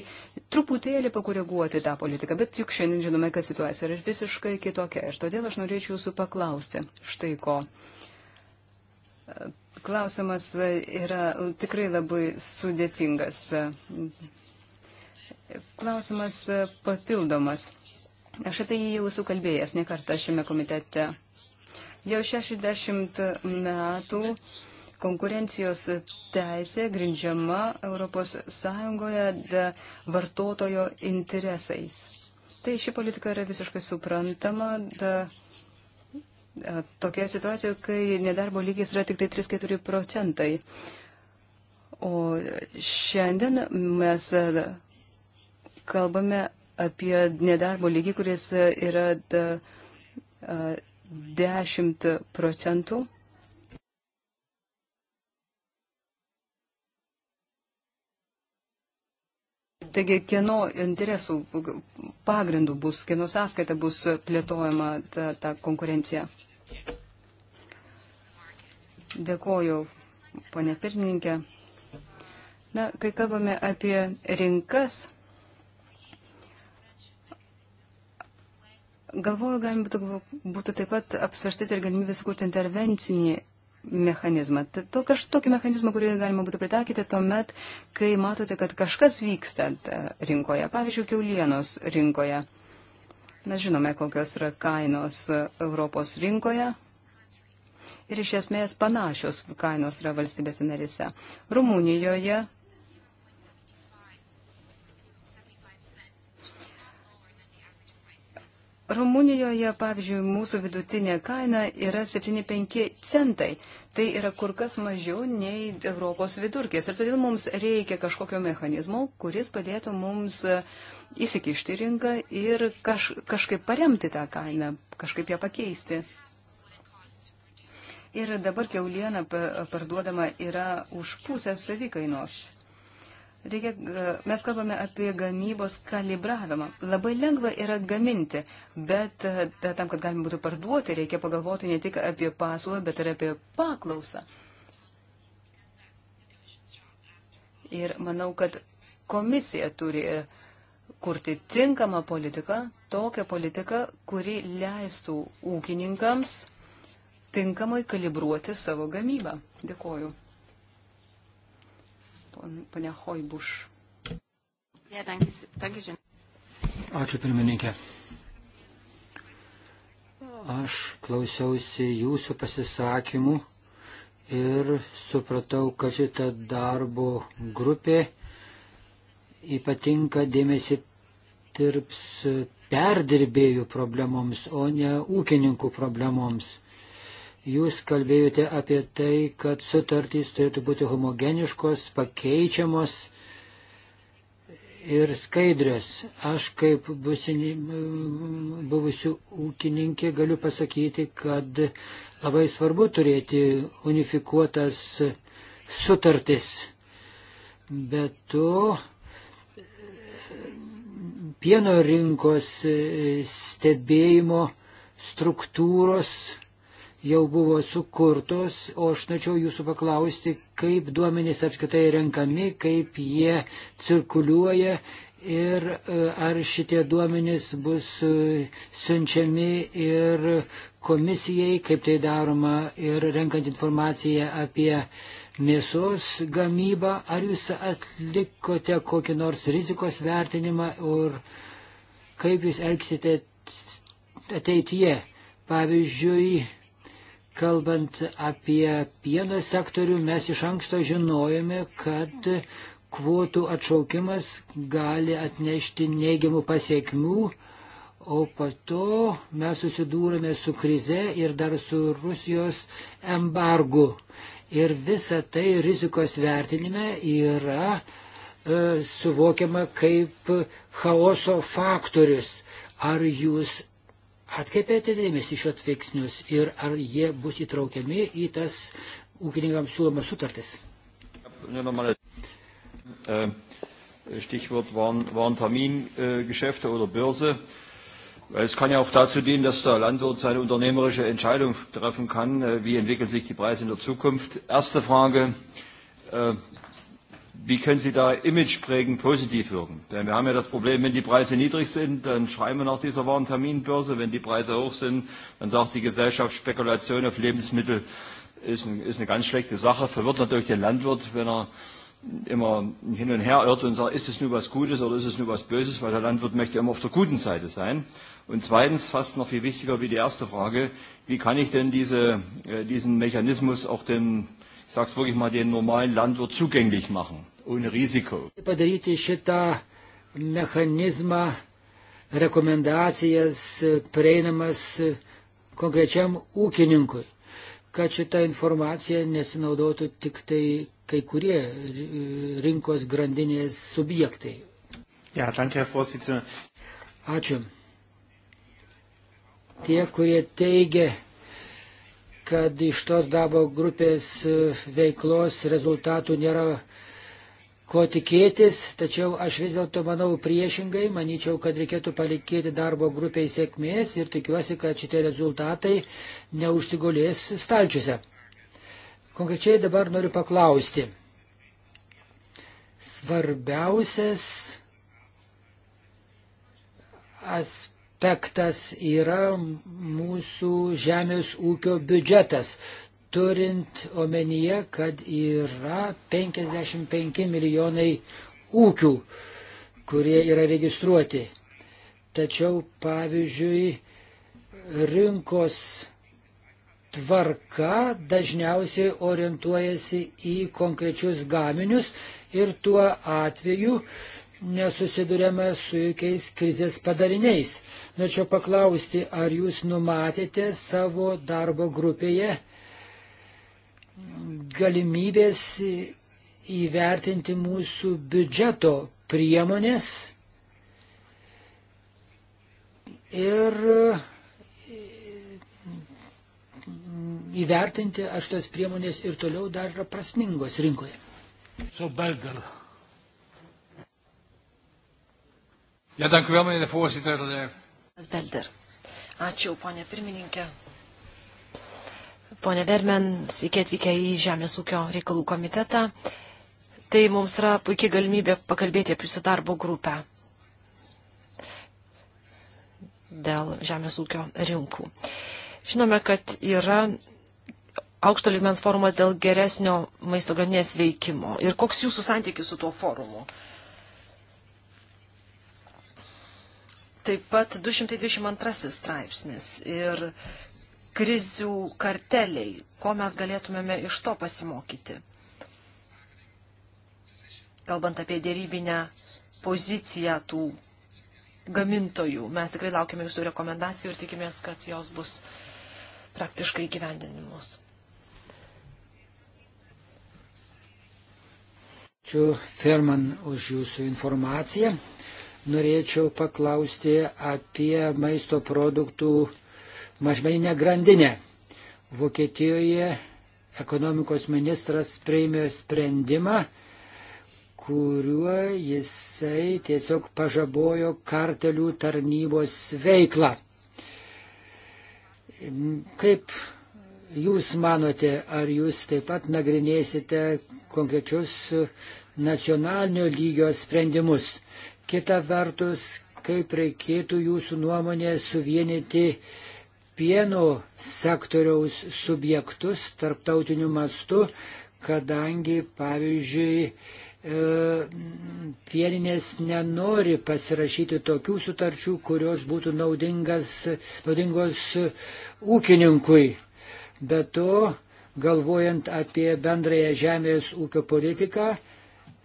truputėlį pakoreguoti tą politiką. Bet juk šiandien žinome, kad situacija yra visiškai kitokia. Ir todėl aš norėčiau jūsų paklausti štai ko. Klausimas e, yra tikrai labai sudėtingas. Klausimas papildomas. Aš apie jį jau esu kalbėjęs ne kartą šiame komitete. Jau 60 metų konkurencijos teisė grindžiama ES vartotojo interesais. Tai ši politika yra visiškai suprantama. Da, Tokia situacija, kai nedarbo lygis yra tik tai 3-4 procentai. O šiandien mes kalbame apie nedarbo lygį, kuris yra 10 procentų. Taigi, kieno interesų pagrindų bus, kieno sąskaita bus plėtojama ta, ta konkurencija. Dėkoju, ponė pirmininkė. Na, kai kalbame apie rinkas, Galvoju, galima būtų, būtų taip pat apsvarstyti ir galimybę sukurti intervencinį mechanizmą. Tai to, kaž, tokį mechanizmą, kurį galima būtų pritaikyti tuomet, kai matote, kad kažkas vyksta rinkoje, pavyzdžiui, keulienos rinkoje. Mes žinome, kokios yra kainos Europos rinkoje. Ir iš esmės panašios kainos yra valstybės narise. Rumunijoje Rumunijoje, pavyzdžiui, mūsų vidutinė kaina yra 75 centai. Tai yra kur kas mažiau nei Europos vidurkis. Ir todėl mums reikia kažkokio mechanizmo, kuris padėtų mums įsikišti rinką ir kaž, kažkaip paremti tą kainą, kažkaip ją pakeisti. Ir dabar keuliena parduodama yra už pusę savikainos reikia, e, mes kalbame apie gamybos kalibravimą. Labai lengva yra gaminti, bet e, tam, kad galima būtų parduoti, reikia pagalvoti ne tik apie pasiūlą, bet ir apie paklausą. Ir manau, kad komisija turi e, kurti tinkamą politiką, tokią politiką, kuri leistų ūkininkams tinkamai kalibruoti savo gamybą. Dėkoju ponia Hoibuš. Ačiū pirmininkė. Aš klausiausi jūsų pasisakymų ir supratau, kad šita darbo grupė ypatinga dėmesį tirps perdirbėjų problemoms, o ne ūkininkų problemoms. Jūs kalbėjote apie tai, kad sutartys turėtų būti homogeniškos, pakeičiamos ir skaidrios. Aš kaip businį, buvusių ūkininkė galiu pasakyti, kad labai svarbu turėti unifikuotas sutartis. Bet to pieno rinkos stebėjimo struktūros jau buvo sukurtos, o aš norėčiau jūsų paklausti, kaip duomenys apskritai renkami, kaip jie cirkuliuoja ir e, ar šitie duomenys bus e, siunčiami ir komisijai, kaip tai daroma ir renkant informaciją apie mėsos gamybą, ar jūs atlikote kokį nors rizikos vertinimą ir kaip jūs elgsite ateityje. Pavyzdžiui, Kalbant apie pieno sektorių, mes iš anksto žinojome, kad kvotų atšaukimas gali atnešti neigiamų pasiekmių, o po to mes susidūrėme su krize ir dar su Rusijos embargu. Ir visa tai rizikos vertinime yra e, suvokiama kaip chaoso faktorius. Ar jūs atkreipėte dėmesį šios veiksnius ir ar jie bus įtraukiami į tas ūkininkams siūlomas sutartis? Äh, Stichwort waren, waren Termingeschäfte oder Börse. Äh, es kann ja auch dazu dienen, dass der Landwirt seine unternehmerische Entscheidung treffen kann, äh, wie entwickeln sich die Preise in der Zukunft. Erste Frage, wie können Sie da imageprägend positiv wirken? Denn wir haben ja das Problem, wenn die Preise niedrig sind, dann schreiben wir nach dieser wahren Terminbörse. Wenn die Preise hoch sind, dann sagt die Gesellschaft, Spekulation auf Lebensmittel ist, ein, ist eine ganz schlechte Sache. Verwirrt natürlich den Landwirt, wenn er immer hin und her irrt und sagt, ist es nur was Gutes oder ist es nur was Böses, weil der Landwirt möchte immer auf der guten Seite sein. Und zweitens, fast noch viel wichtiger wie die erste Frage, wie kann ich denn diese, äh, diesen Mechanismus auch den, ich sage es wirklich mal, den normalen Landwirt zugänglich machen? Tai padaryti šitą mechanizmą, rekomendacijas prieinamas konkrečiam ūkininkui, kad šitą informaciją nesinaudotų tik tai kai kurie rinkos grandinės subjektai. Ja, danke, Ačiū. Tie, kurie teigia, kad iš tos darbo grupės veiklos rezultatų nėra ko tikėtis, tačiau aš vis dėlto manau priešingai, manyčiau, kad reikėtų palikėti darbo grupiai sėkmės ir tikiuosi, kad šitie rezultatai neužsigulės stalčiuose. Konkrečiai dabar noriu paklausti. Svarbiausias aspektas yra mūsų žemės ūkio biudžetas turint omenyje, kad yra 55 milijonai ūkių, kurie yra registruoti. Tačiau, pavyzdžiui, rinkos tvarka dažniausiai orientuojasi į konkrečius gaminius ir tuo atveju nesusidurėme su jokiais krizės padariniais. Norėčiau paklausti, ar jūs numatėte savo darbo grupėje galimybės įvertinti mūsų biudžeto priemonės ir įvertinti, ar šitas priemonės ir toliau dar yra prasmingos rinkoje. Zo Belger. Ja, dank u wel, meneer de voorzitter. Eh, Belder. Ačiū, ponė pirmininkė. Pone Vermen, sveiki atvykę į Žemės ūkio reikalų komitetą. Tai mums yra puikiai galimybė pakalbėti apie jūsų darbo grupę dėl žemės ūkio rinkų. Žinome, kad yra aukšto lygmens forumas dėl geresnio maisto grandinės veikimo. Ir koks jūsų santykis su tuo forumu? Taip pat 222 straipsnis. Ir krizių karteliai, ko mes galėtumėme iš to pasimokyti. Kalbant apie dėrybinę poziciją tų gamintojų, mes tikrai laukiame jūsų rekomendacijų ir tikimės, kad jos bus praktiškai gyvendinimus. Ačiū Ferman už jūsų informaciją. Norėčiau paklausti apie maisto produktų mažmeninę grandinę. Vokietijoje ekonomikos ministras priėmė sprendimą, kuriuo jisai tiesiog pažabojo kartelių tarnybos veiklą. Kaip jūs manote, ar jūs taip pat nagrinėsite konkrečius nacionalinio lygio sprendimus? Kita vertus, kaip reikėtų jūsų nuomonė suvienyti uh, pieno sektoriaus subjektus tarptautiniu mastu, kadangi, pavyzdžiui, e, pieninės nenori pasirašyti tokių sutarčių, kurios būtų naudingas, naudingos ūkininkui. Be to, galvojant apie bendrąją žemės ūkio politiką,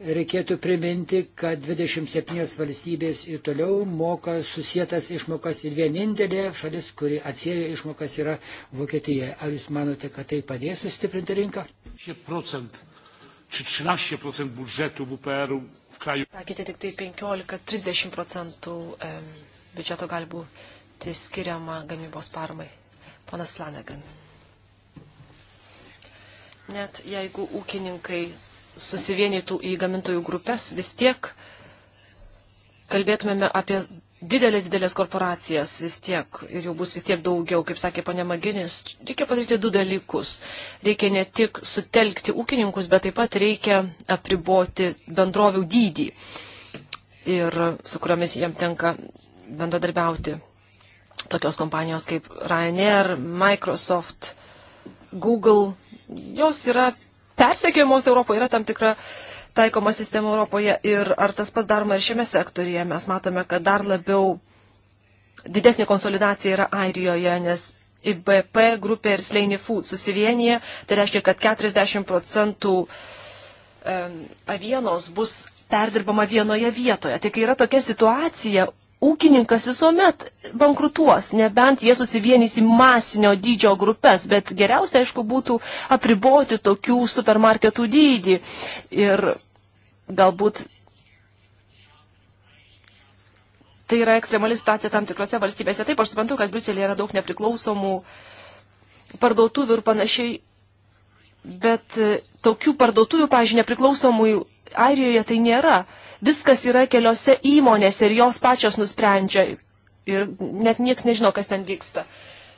reikėtų priminti, kad 27 valstybės ir toliau moka susietas išmokas ir vienintelė šalis, kuri atsieja išmokas, yra Vokietija. Ar jūs manote, kad tai padės sustiprinti rinką? Sakėte tik tai 15-30 procentų biudžeto gali būti skiriama gamybos paramai. Ponas Flanagan. Net jeigu ūkininkai susivienytų į gamintojų grupės, vis tiek kalbėtumėme apie didelės, didelės korporacijas vis tiek, ir jų bus vis tiek daugiau, kaip sakė ponė Maginis, reikia padaryti du dalykus. Reikia ne tik sutelkti ūkininkus, bet taip pat reikia apriboti bendrovių dydį, ir su kuriomis jam tenka bendradarbiauti. Tokios kompanijos kaip Ryanair, Microsoft, Google, jos yra persekiojamos Europoje, yra tam tikra taikoma sistema Europoje ir ar tas pats daroma ir šiame sektorije. Mes matome, kad dar labiau didesnė konsolidacija yra Airijoje, nes IBP grupė ir Sleini Food susivienyje, tai reiškia, kad 40 procentų avienos bus perdirbama vienoje vietoje. Tai kai yra tokia situacija, ūkininkas visuomet bankrutuos, nebent jie susivienys į masinio dydžio grupės, bet geriausia, aišku, būtų apriboti tokių supermarketų dydį ir galbūt tai yra ekstremali situacija tam tikrose valstybėse. Taip, aš suprantu, kad Briuselėje yra daug nepriklausomų parduotuvių ir panašiai, bet tokių parduotuvių, pažiūrėjau, nepriklausomų Airijoje tai nėra viskas yra keliose įmonėse ir jos pačios nusprendžia ir net nieks nežino, kas ten vyksta.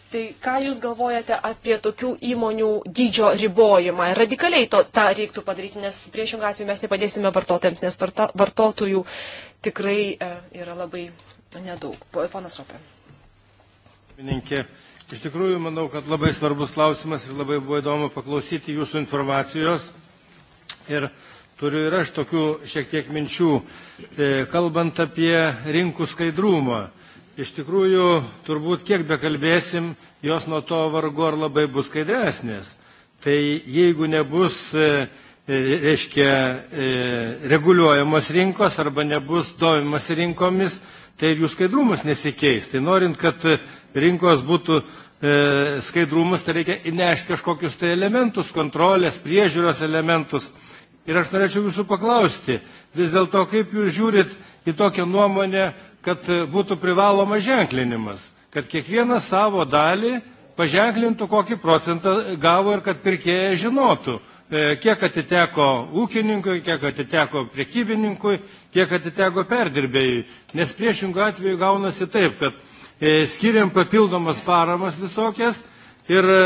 Tai ką Jūs galvojate apie tokių įmonių dydžio ribojimą? Radikaliai to, tą reiktų padaryti, nes priešingą atveju mes nepadėsime vartotojams, nes varta, vartotojų tikrai e, yra labai nedaug. Ponas Ropė. Pirmininkė, iš tikrųjų manau, kad labai svarbus klausimas ir labai buvo įdomu paklausyti Jūsų informacijos. Ir Turiu ir aš tokių šiek tiek minčių, e, kalbant apie rinkų skaidrumą. Iš tikrųjų, turbūt kiek bekalbėsim, jos nuo to vargu ar labai bus skaidresnės. Tai jeigu nebus, e, e, reiškia, reguliuojamos rinkos arba nebus domimas rinkomis, tai ir jų skaidrumas nesikeis. Tai norint, kad rinkos būtų skaidrumas, tai reikia įnešti kažkokius tai elementus, kontrolės, priežiūros elementus. Ir aš norėčiau jūsų paklausti, vis dėlto kaip jūs žiūrit į tokią nuomonę, kad būtų privaloma ženklinimas, kad kiekvienas savo dalį paženklintų, kokį procentą gavo ir kad pirkėjai žinotų, e, kiek atiteko ūkininkui, kiek atiteko priekybininkui, kiek atiteko perdirbėjui. Nes priešingų atveju gaunasi taip, kad e, skiriam papildomas paramas visokias ir, e,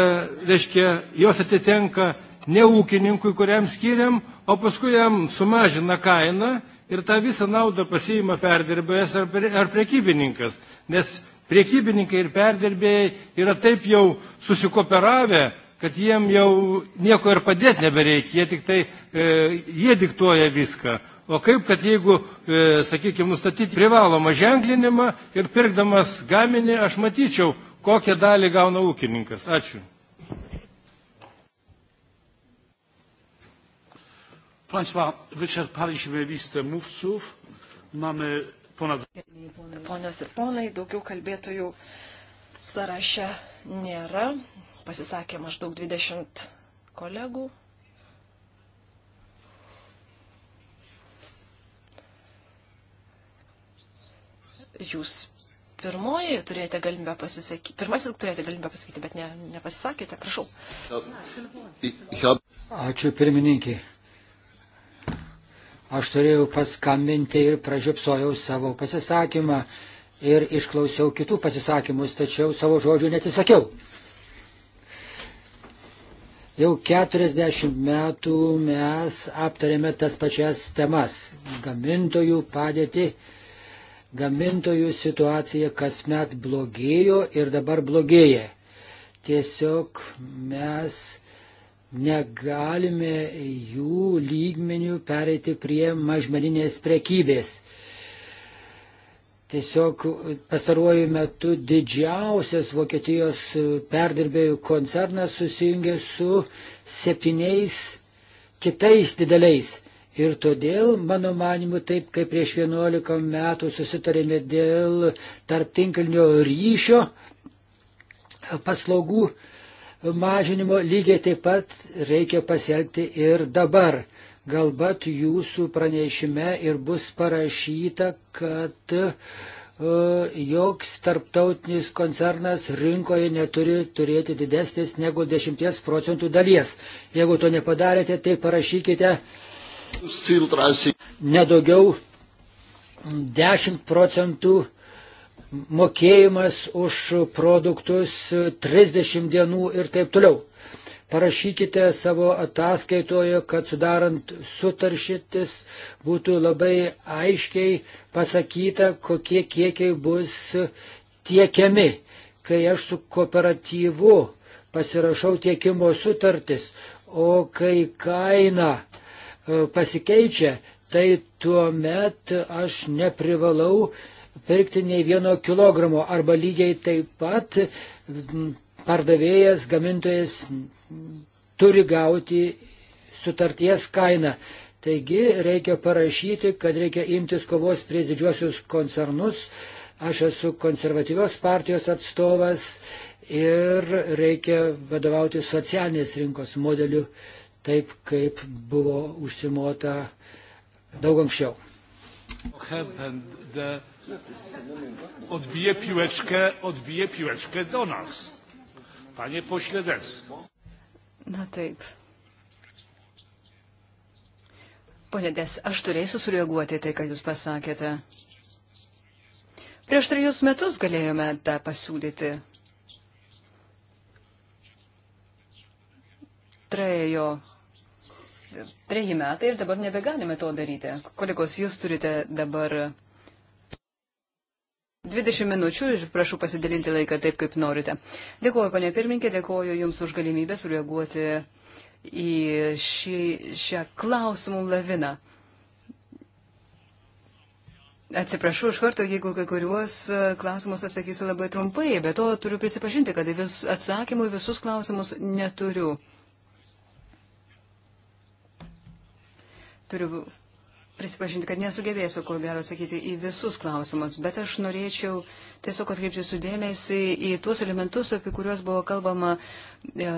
reiškia, jos atitenka ne ūkininkui, kuriam skiriam, o paskui jam sumažina kainą ir tą visą naudą pasiima perdirbėjas ar, pre, ar prekybininkas. Nes priekybininkai ir perdirbėjai yra taip jau susikoperavę, kad jiem jau nieko ir padėti nebereikia, jie tik tai, e, jie diktuoja viską. O kaip, kad jeigu, e, sakykime, nustatyti privalomą ženklinimą ir pirkdamas gaminį, aš matyčiau, kokią dalį gauna ūkininkas. Ačiū. Państwa, wyczerpaliśmy listę mówców. Mamy ponad... Ponios ir ponai, daugiau kalbėtojų sąraše nėra. Pasisakė maždaug 20 kolegų. Jūs pirmoji turėjote galimybę pasisakyti, pirmasis turėjote galimybę pasakyti, bet ne, nepasisakėte, prašau. Ačiū pirmininkė. Aš turėjau paskambinti ir pražiopsojau savo pasisakymą ir išklausiau kitų pasisakymus, tačiau savo žodžių netisakiau. Jau 40 metų mes aptarėme tas pačias temas - gamintojų padėtį, gamintojų situacija kasmet blogėjo ir dabar blogėja. Tiesiog mes negalime jų lygmenių pereiti prie mažmeninės prekybės. Tiesiog pastaruoju metu didžiausias Vokietijos perdirbėjų koncernas susijungė su septyniais kitais dideliais. Ir todėl, mano manimu, taip kaip prieš 11 metų susitarėme dėl tarptinklinio ryšio paslaugų, mažinimo lygiai taip pat reikia pasielgti ir dabar. Galbūt jūsų pranešime ir bus parašyta, kad e, joks tarptautinis koncernas rinkoje neturi turėti didesnės negu 10 procentų dalies. Jeigu to nepadarėte, tai parašykite nedaugiau 10 procentų uh, mokėjimas už produktus 30 dienų ir taip toliau. Parašykite savo ataskaitoje, kad sudarant sutaršytis būtų labai aiškiai pasakyta, kokie kiekiai bus tiekiami. Kai aš su kooperatyvu pasirašau tiekimo sutartis, o kai kaina e, pasikeičia, tai tuo met aš neprivalau pirkti nei vieno kilogramo arba lygiai taip pat pardavėjas, gamintojas turi gauti sutarties kainą. Taigi reikia parašyti, kad reikia imtis kovos prieš didžiuosius koncernus. Aš esu konservatyvios partijos atstovas ir reikia vadovauti socialinės rinkos modeliu, taip kaip buvo užsimota daug anksčiau. Have, Odbije piłeczkę, odbije piłeczkę do nas. Panie pośle Des. Na taip. Pone Des, aš turėsiu sureaguoti tai, ką Jūs pasakėte. Prieš trejus metus galėjome tą pasiūlyti. Trejo treji metai ir dabar nebegalime to daryti. Kolegos, jūs turite dabar 20 minučių ir prašau pasidalinti laiką taip, kaip norite. Dėkuoju, panė pirminkė, dėkuoju Jums už galimybę sureaguoti į šį, šią klausimų laviną. Atsiprašau iš karto, jeigu kai kuriuos e, klausimus atsakysiu labai trumpai, bet to turiu prisipažinti, kad vis, atsakymų į visus klausimus neturiu. Turiu prisipažinti, kad nesugebėsiu, ko gero, atsakyti į visus klausimus, bet aš norėčiau tiesiog atkreipti sudėmėsi į tuos elementus, apie kuriuos buvo kalbama e,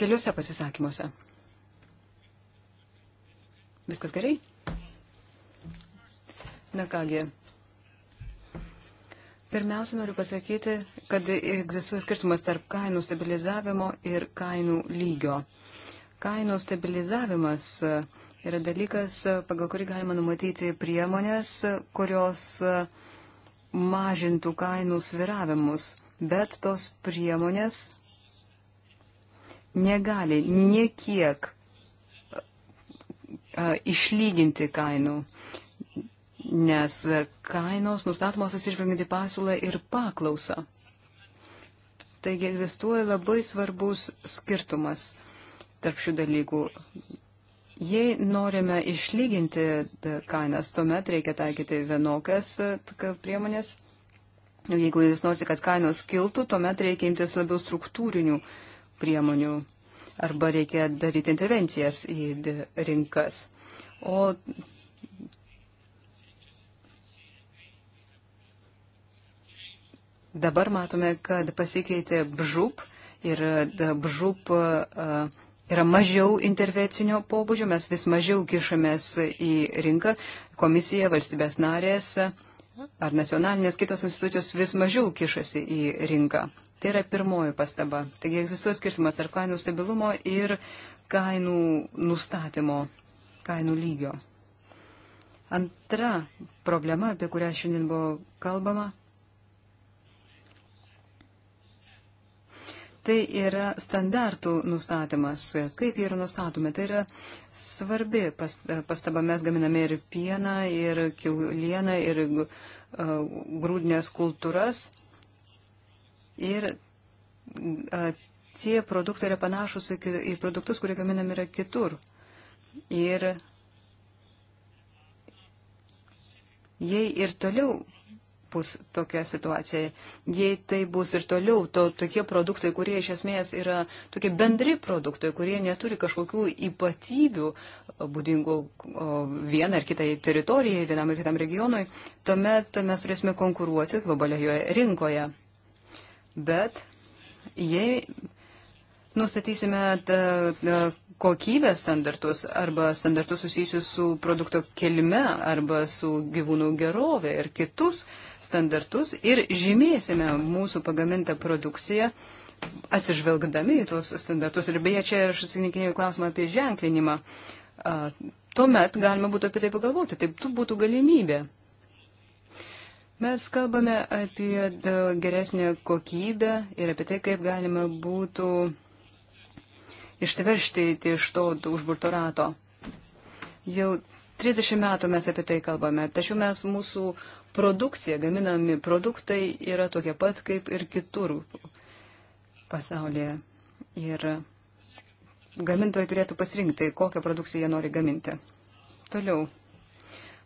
keliuose pasisakymuose. Viskas gerai? Na kągi. Pirmiausia, noriu pasakyti, kad egzistuoja skirtumas tarp kainų stabilizavimo ir kainų lygio. Kainų stabilizavimas yra dalykas, pagal kurį galima numatyti priemonės, kurios mažintų kainų sviravimus, bet tos priemonės negali niekiek išlyginti kainų, nes kainos nustatomos atsižvelgiant į pasiūlą ir paklausą. Taigi egzistuoja labai svarbus skirtumas tarp šių dalykų. Jei norime išlyginti kainas, tuomet reikia taikyti vienokias e, priemonės. Jeigu jūs norite, kad kainos kiltų, tuomet reikia imtis labiau struktūrinių priemonių arba reikia daryti intervencijas į rinkas. O dabar matome, kad pasikeitė bžup ir bžup. Uh, yra mažiau intervencinio pobūdžio, mes vis mažiau kišamės į rinką, komisija, valstybės narės ar nacionalinės kitos institucijos vis mažiau kišasi į rinką. Tai yra pirmoji pastaba. Taigi egzistuoja skirtumas tarp kainų stabilumo ir kainų nustatymo, kainų lygio. Antra problema, apie kurią šiandien buvo kalbama, tai yra standartų nustatymas. Kaip jie yra nustatomi? Tai yra svarbi pastaba. Mes gaminame ir pieną, ir kiaulieną, ir grūdinės kultūras. Ir tie produktai yra panašus į produktus, kurie gaminami yra kitur. Ir jei ir toliau bus tokia situacija. Jei tai bus ir toliau, to tokie produktai, kurie iš esmės yra tokie bendri produktai, kurie neturi kažkokių ypatybių būdingų vieną ar kitai teritorijai, vienam ar kitam regionui, tuomet mes turėsime konkuruoti globalioje rinkoje. Bet jei nustatysime kokybės standartus arba standartus susijusius su produkto kelime arba su gyvūnų gerovė ir kitus standartus ir žymėsime mūsų pagamintą produkciją atsižvelgdami į tuos standartus. Ir beje, čia aš atsinikinėjau klausimą apie ženklinimą. Tuomet galima būtų apie tai pagalvoti, taip tu būtų galimybė. Mes kalbame apie e, geresnę kokybę ir apie tai, kaip galima būtų uh, išsiveršti iš to užburto rato. Jau 30 metų mes apie tai kalbame, tačiau mes mūsų produkcija, gaminami produktai yra tokie pat kaip ir kitur pasaulyje. Ir gamintojai turėtų pasirinkti, kokią produkciją jie nori gaminti. Toliau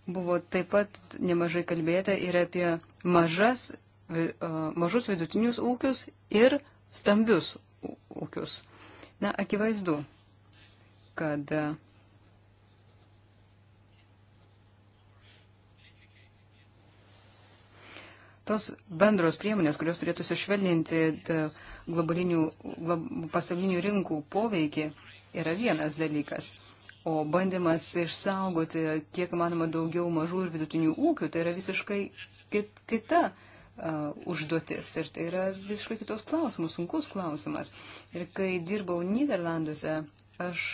buvo taip pat nemažai kalbėta ir apie mažas, mažus vidutinius ūkius ir stambius ūkius. Na, akivaizdu, kad e, tos bendros priemonės, kurios turėtų sušvelninti e, glob, pasaulinių rinkų poveikį, yra vienas dalykas. O bandymas išsaugoti kiek manoma daugiau mažų ir vidutinių ūkių, tai yra visiškai kit, kita užduotis. Ir tai yra visiškai kitos klausimas, sunkus klausimas. Ir kai dirbau Niderlanduose, aš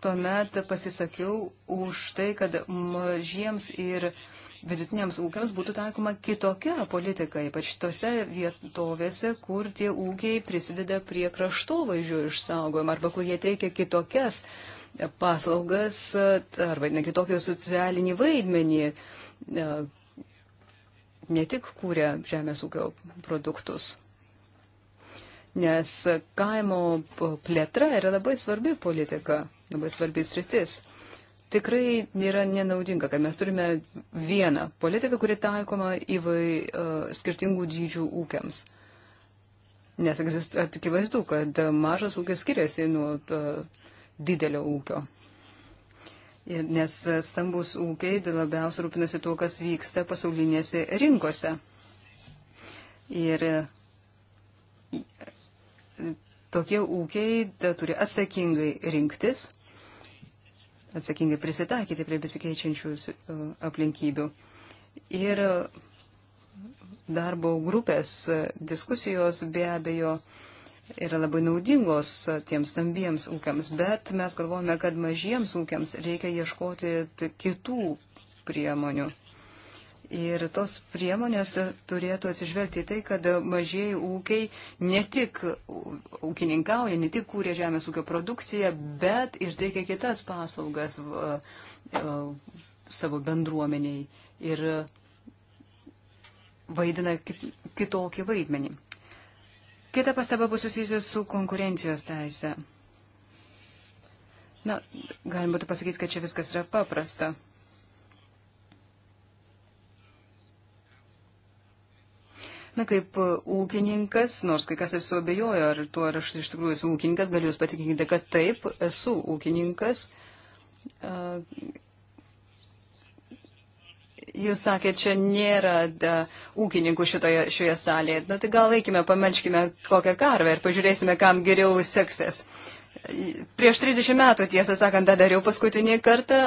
tuomet pasisakiau už tai, kad mažiems ir vidutiniams ūkiams būtų taikoma kitokia politika, ypač tose vietovėse, kur tie ūkiai prisideda prie kraštovaizdžio išsaugojimo arba kur jie teikia kitokias uh, paslaugas e, ar vaidina kitokį socialinį vaidmenį, e, ne tik kūrė žemės ūkio produktus. Nes kaimo plėtra yra labai svarbi politika, labai svarbi sritis tikrai yra nenaudinga, kad mes turime vieną politiką, kuri taikoma įvai uh, skirtingų dydžių ūkiams. Nes akivaizdu, kad mažas ūkis skiriasi nuo uh, didelio ūkio. Ir nes stambus ūkiai labiausiai rūpinasi tuo, kas vyksta pasaulinėse rinkose. Ir tokie ūkiai da, turi atsakingai rinktis, atsakingai prisitaikyti prie besikeičiančių e, aplinkybių. Ir darbo grupės e, diskusijos be abejo yra labai naudingos tiems stambiems ūkiams, bet mes galvojame, kad mažiems ūkiams reikia ieškoti kitų priemonių. Ir tos priemonės turėtų atsižvelgti į tai, kad mažieji ūkiai ne tik ūkininkauja, ne tik kūrė žemės ūkio produkciją, bet ir teikia kitas paslaugas savo bendruomeniai ir vaidina kitokį vaidmenį. Kita pastaba bus susijusi su konkurencijos teise. Na, galim būtų pasakyti, kad čia viskas yra paprasta. Na, kaip ūkininkas, nors kai kas esu abejojo, ar tuo ar aš iš tikrųjų esu ūkininkas, galiu jūs patikinti, kad taip, esu ūkininkas. Uh, jūs sakėt, čia nėra da, ūkininkų šitoje, šioje salėje. Na nu, tai gal eikime, pamelškime kokią karvę ir pažiūrėsime, kam geriau seksis. Prieš 30 metų, tiesą sakant, tą dariau paskutinį kartą,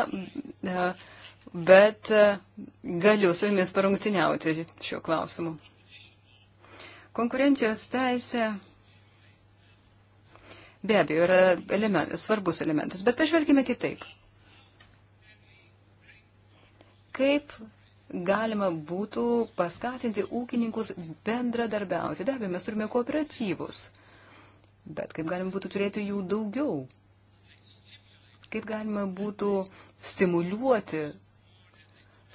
bet galiu su jumis parungtiniauti šiuo klausimu. Konkurencijos teisė be abejo yra element, svarbus elementas, bet pažvelkime kitaip. Kaip galima būtų paskatinti ūkininkus bendradarbiauti. Be abejo, mes turime kooperatyvus, bet kaip galima būtų turėti jų daugiau? Kaip galima būtų stimuliuoti,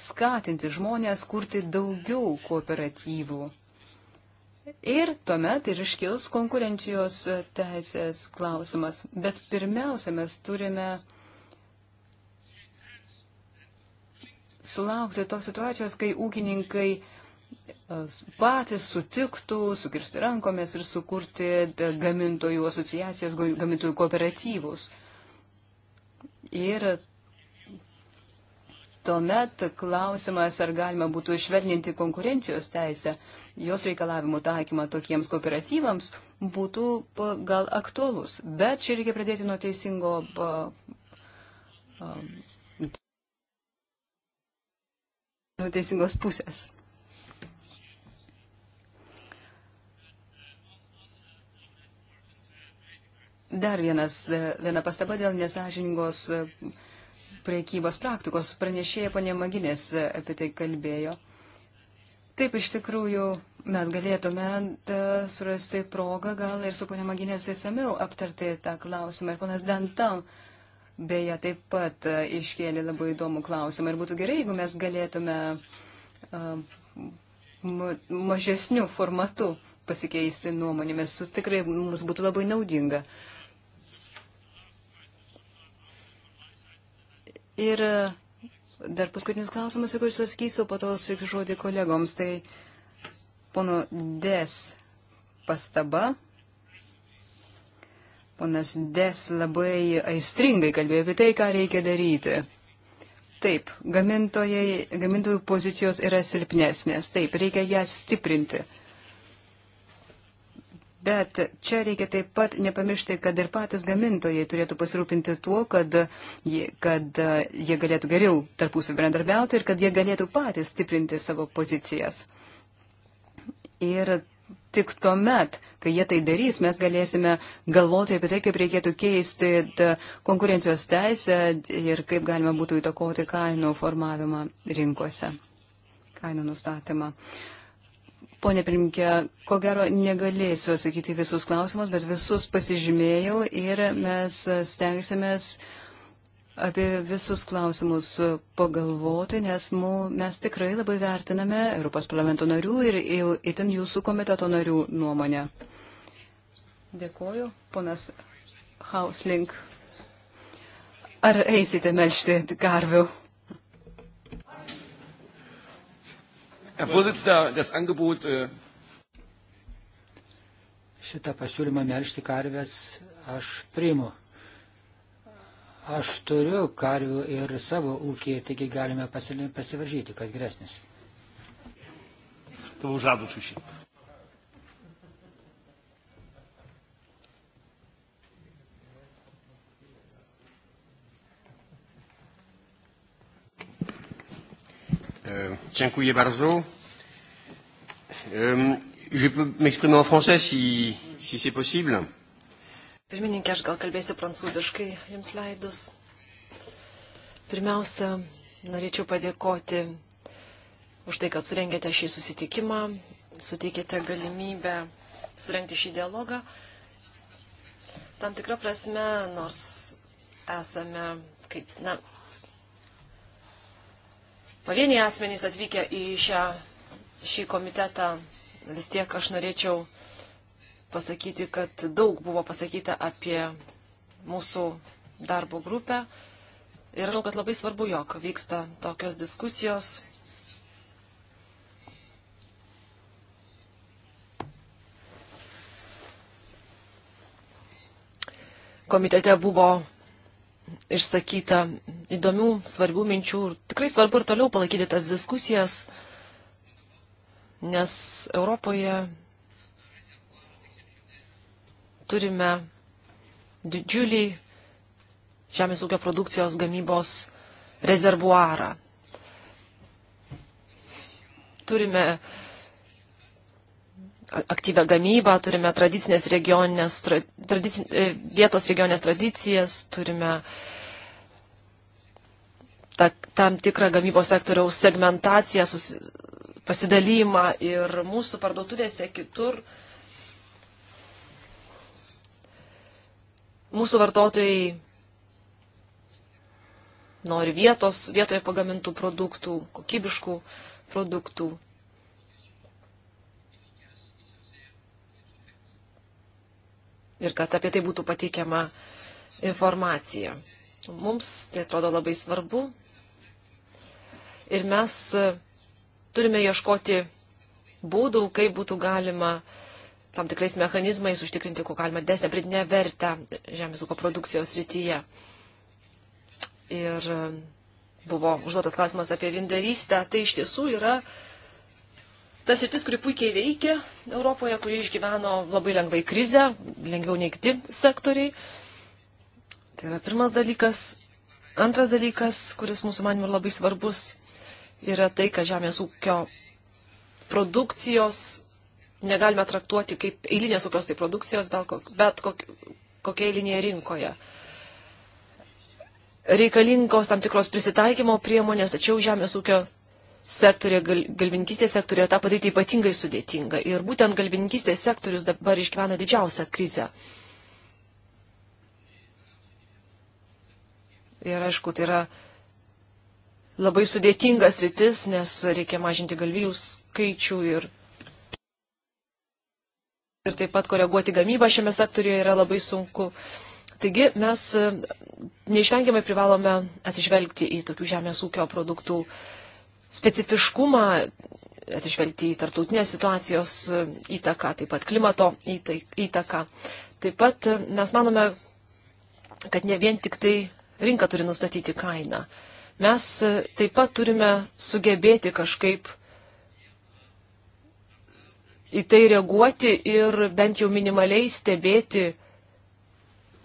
skatinti žmonės kurti daugiau kooperatyvų? Ir tuomet ir iškils konkurencijos teisės klausimas. Bet pirmiausia, mes turime sulaukti tos situacijos, kai ūkininkai e, patys sutiktų sukirsti rankomis ir sukurti gamintojų asociacijas, gamintojų kooperatyvus. Ir tuomet klausimas, ar galima būtų išvelninti konkurencijos teisę, jos reikalavimų taikymą tokiems kooperatyvams būtų gal aktuolus. Bet čia reikia pradėti nuo teisingo nuo teisingos pusės. Dar vienas, viena pastaba dėl nesažiningos e, priekybos praktikos. Pranešėja ponė Maginės e, apie tai kalbėjo. Taip, iš tikrųjų, mes galėtume e, surasti progą gal ir su ponė Maginės įsamiau aptarti tą klausimą. Ir ponas Dantan beje taip pat e, iškėlė labai įdomų klausimą. Ir būtų gerai, jeigu mes galėtume e, mažesniu formatu pasikeisti nuomonėmis. Tikrai mums būtų labai naudinga. Ir e, dar paskutinis klausimas, į kurį sakysiu, po to sutikiu žodį kolegoms. Tai pono Des pastaba Ponas Des labai aistringai kalbėjo apie tai, ką reikia daryti. Taip, gamintojų pozicijos yra silpnesnės, taip, reikia jas stiprinti. Bet čia reikia taip pat nepamiršti, kad ir patys gamintojai turėtų pasirūpinti tuo, kad jie, kad e, jie galėtų geriau tarpusavį bendradarbiauti ir kad jie galėtų patys stiprinti savo pozicijas. Ir tik tuomet, kai jie tai darys, mes galėsime galvoti apie tai, kaip reikėtų keisti konkurencijos teisę ir kaip galima būtų įtakoti kainų formavimą rinkose, kainų nustatymą. Pone pirminkė, ko gero negalėsiu atsakyti visus klausimus, bet visus pasižymėjau ir mes stengsimės uh, apie visus klausimus pagalvoti, nes mū, mes tikrai labai vertiname Europos parlamento narių ir itin jūsų komiteto narių nuomonę. Dėkuoju, ponas Hauslink. Ar eisite melžti karvių? Herr Vorsitzender, das Angebot. Äh, Šitą pasiūlymą melžti karves aš priimu. Aš turiu karvių ir savo ūkį, taigi galime pasivaržyti, kas geresnis. To žadu šišį. E, dziękuję bardzo. E, je peux m'exprimer en français si, si c'est possible. Pirmininkė, aš gal kalbėsiu prancūziškai jums leidus. Pirmiausia, norėčiau padėkoti už tai, kad surengėte šį susitikimą, suteikėte galimybę surengti šį dialogą. Tam tikrą prasme, nors esame kaip, na, pavieniai asmenys atvykę į šią, šį komitetą, vis tiek aš norėčiau pasakyti, kad daug buvo pasakyta apie mūsų darbo grupę. Ir žinau, kad labai svarbu, jog vyksta tokios diskusijos. Komitete buvo išsakyta įdomių, svarbių minčių ir tikrai svarbu ir toliau palaikyti tas diskusijas, nes Europoje turime didžiulį žemės ūkio produkcijos gamybos rezervuarą. Turime aktyvę gamybą, turime tradicinės regioninės, tradici, e, vietos regioninės tradicijas, turime ta, tam tikrą gamybos sektoriaus segmentaciją, sus, pasidalymą ir mūsų parduotuvėse kitur uh, mūsų vartotojai nori vietos, vietoje pagamintų produktų, kokybiškų produktų. Ir kad apie tai būtų pateikiama informacija. Mums tai atrodo labai svarbu. Ir mes turime ieškoti būdų, kaip būtų galima uh, tam tikrais mechanizmais užtikrinti, kuo galima desnę pridinę vertę žemės ūkio produkcijos rytyje. Ir e, buvo užduotas klausimas apie vindarystę. Tai iš tiesų yra tas rytis, kuri puikiai veikia Europoje, kuri išgyveno labai lengvai krizę, lengviau nei kiti sektoriai. Tai yra pirmas dalykas. Antras dalykas, kuris mūsų manimų labai svarbus, yra tai, kad žemės ūkio produkcijos negalime traktuoti kaip eilinės kokios tai produkcijos, bet kokia eilinėje rinkoje. Reikalingos tam tikros prisitaikymo priemonės, tačiau žemės ūkio sektorė, gal, galvininkystės sektorė tą padaryti ypatingai sudėtinga. Ir būtent galvininkystės sektorius dabar išgyvena didžiausią krizę. Ir aišku, tai yra labai sudėtingas rytis, nes reikia mažinti galvijų skaičių ir ir taip pat koreguoti gamybą šiame sektoriuje yra labai sunku. Taigi mes e, neišvengiamai privalome atsižvelgti į tokių žemės ūkio produktų specifiškumą, atsižvelgti į tarptautinės situacijos e, įtaką, taip pat klimato įtaką. Taip pat e, mes manome, kad ne vien tik tai rinka turi nustatyti kainą. Mes taip pat turime sugebėti kažkaip į tai reaguoti ir bent jau minimaliai stebėti,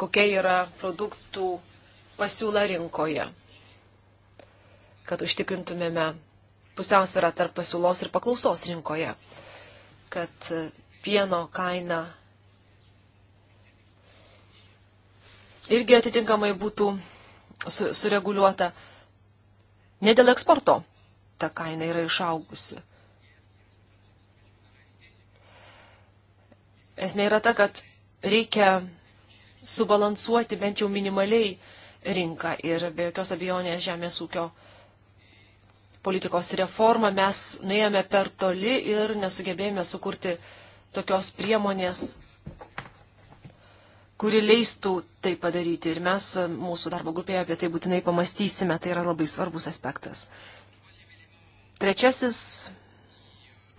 kokia yra produktų pasiūla rinkoje, kad užtikrintumėme pusiausvyrą tarp pasiūlos ir paklausos rinkoje, kad pieno kaina irgi atitinkamai būtų su, sureguliuota. Ne dėl eksporto ta kaina yra išaugusi. esmė yra ta, kad reikia subalansuoti bent jau minimaliai rinką ir be jokios abejonės žemės ūkio politikos reformą mes nuėjome per toli ir nesugebėjome sukurti tokios priemonės, kuri leistų tai padaryti. Ir mes mūsų darbo grupėje apie tai būtinai pamastysime, tai yra labai svarbus aspektas. Trečiasis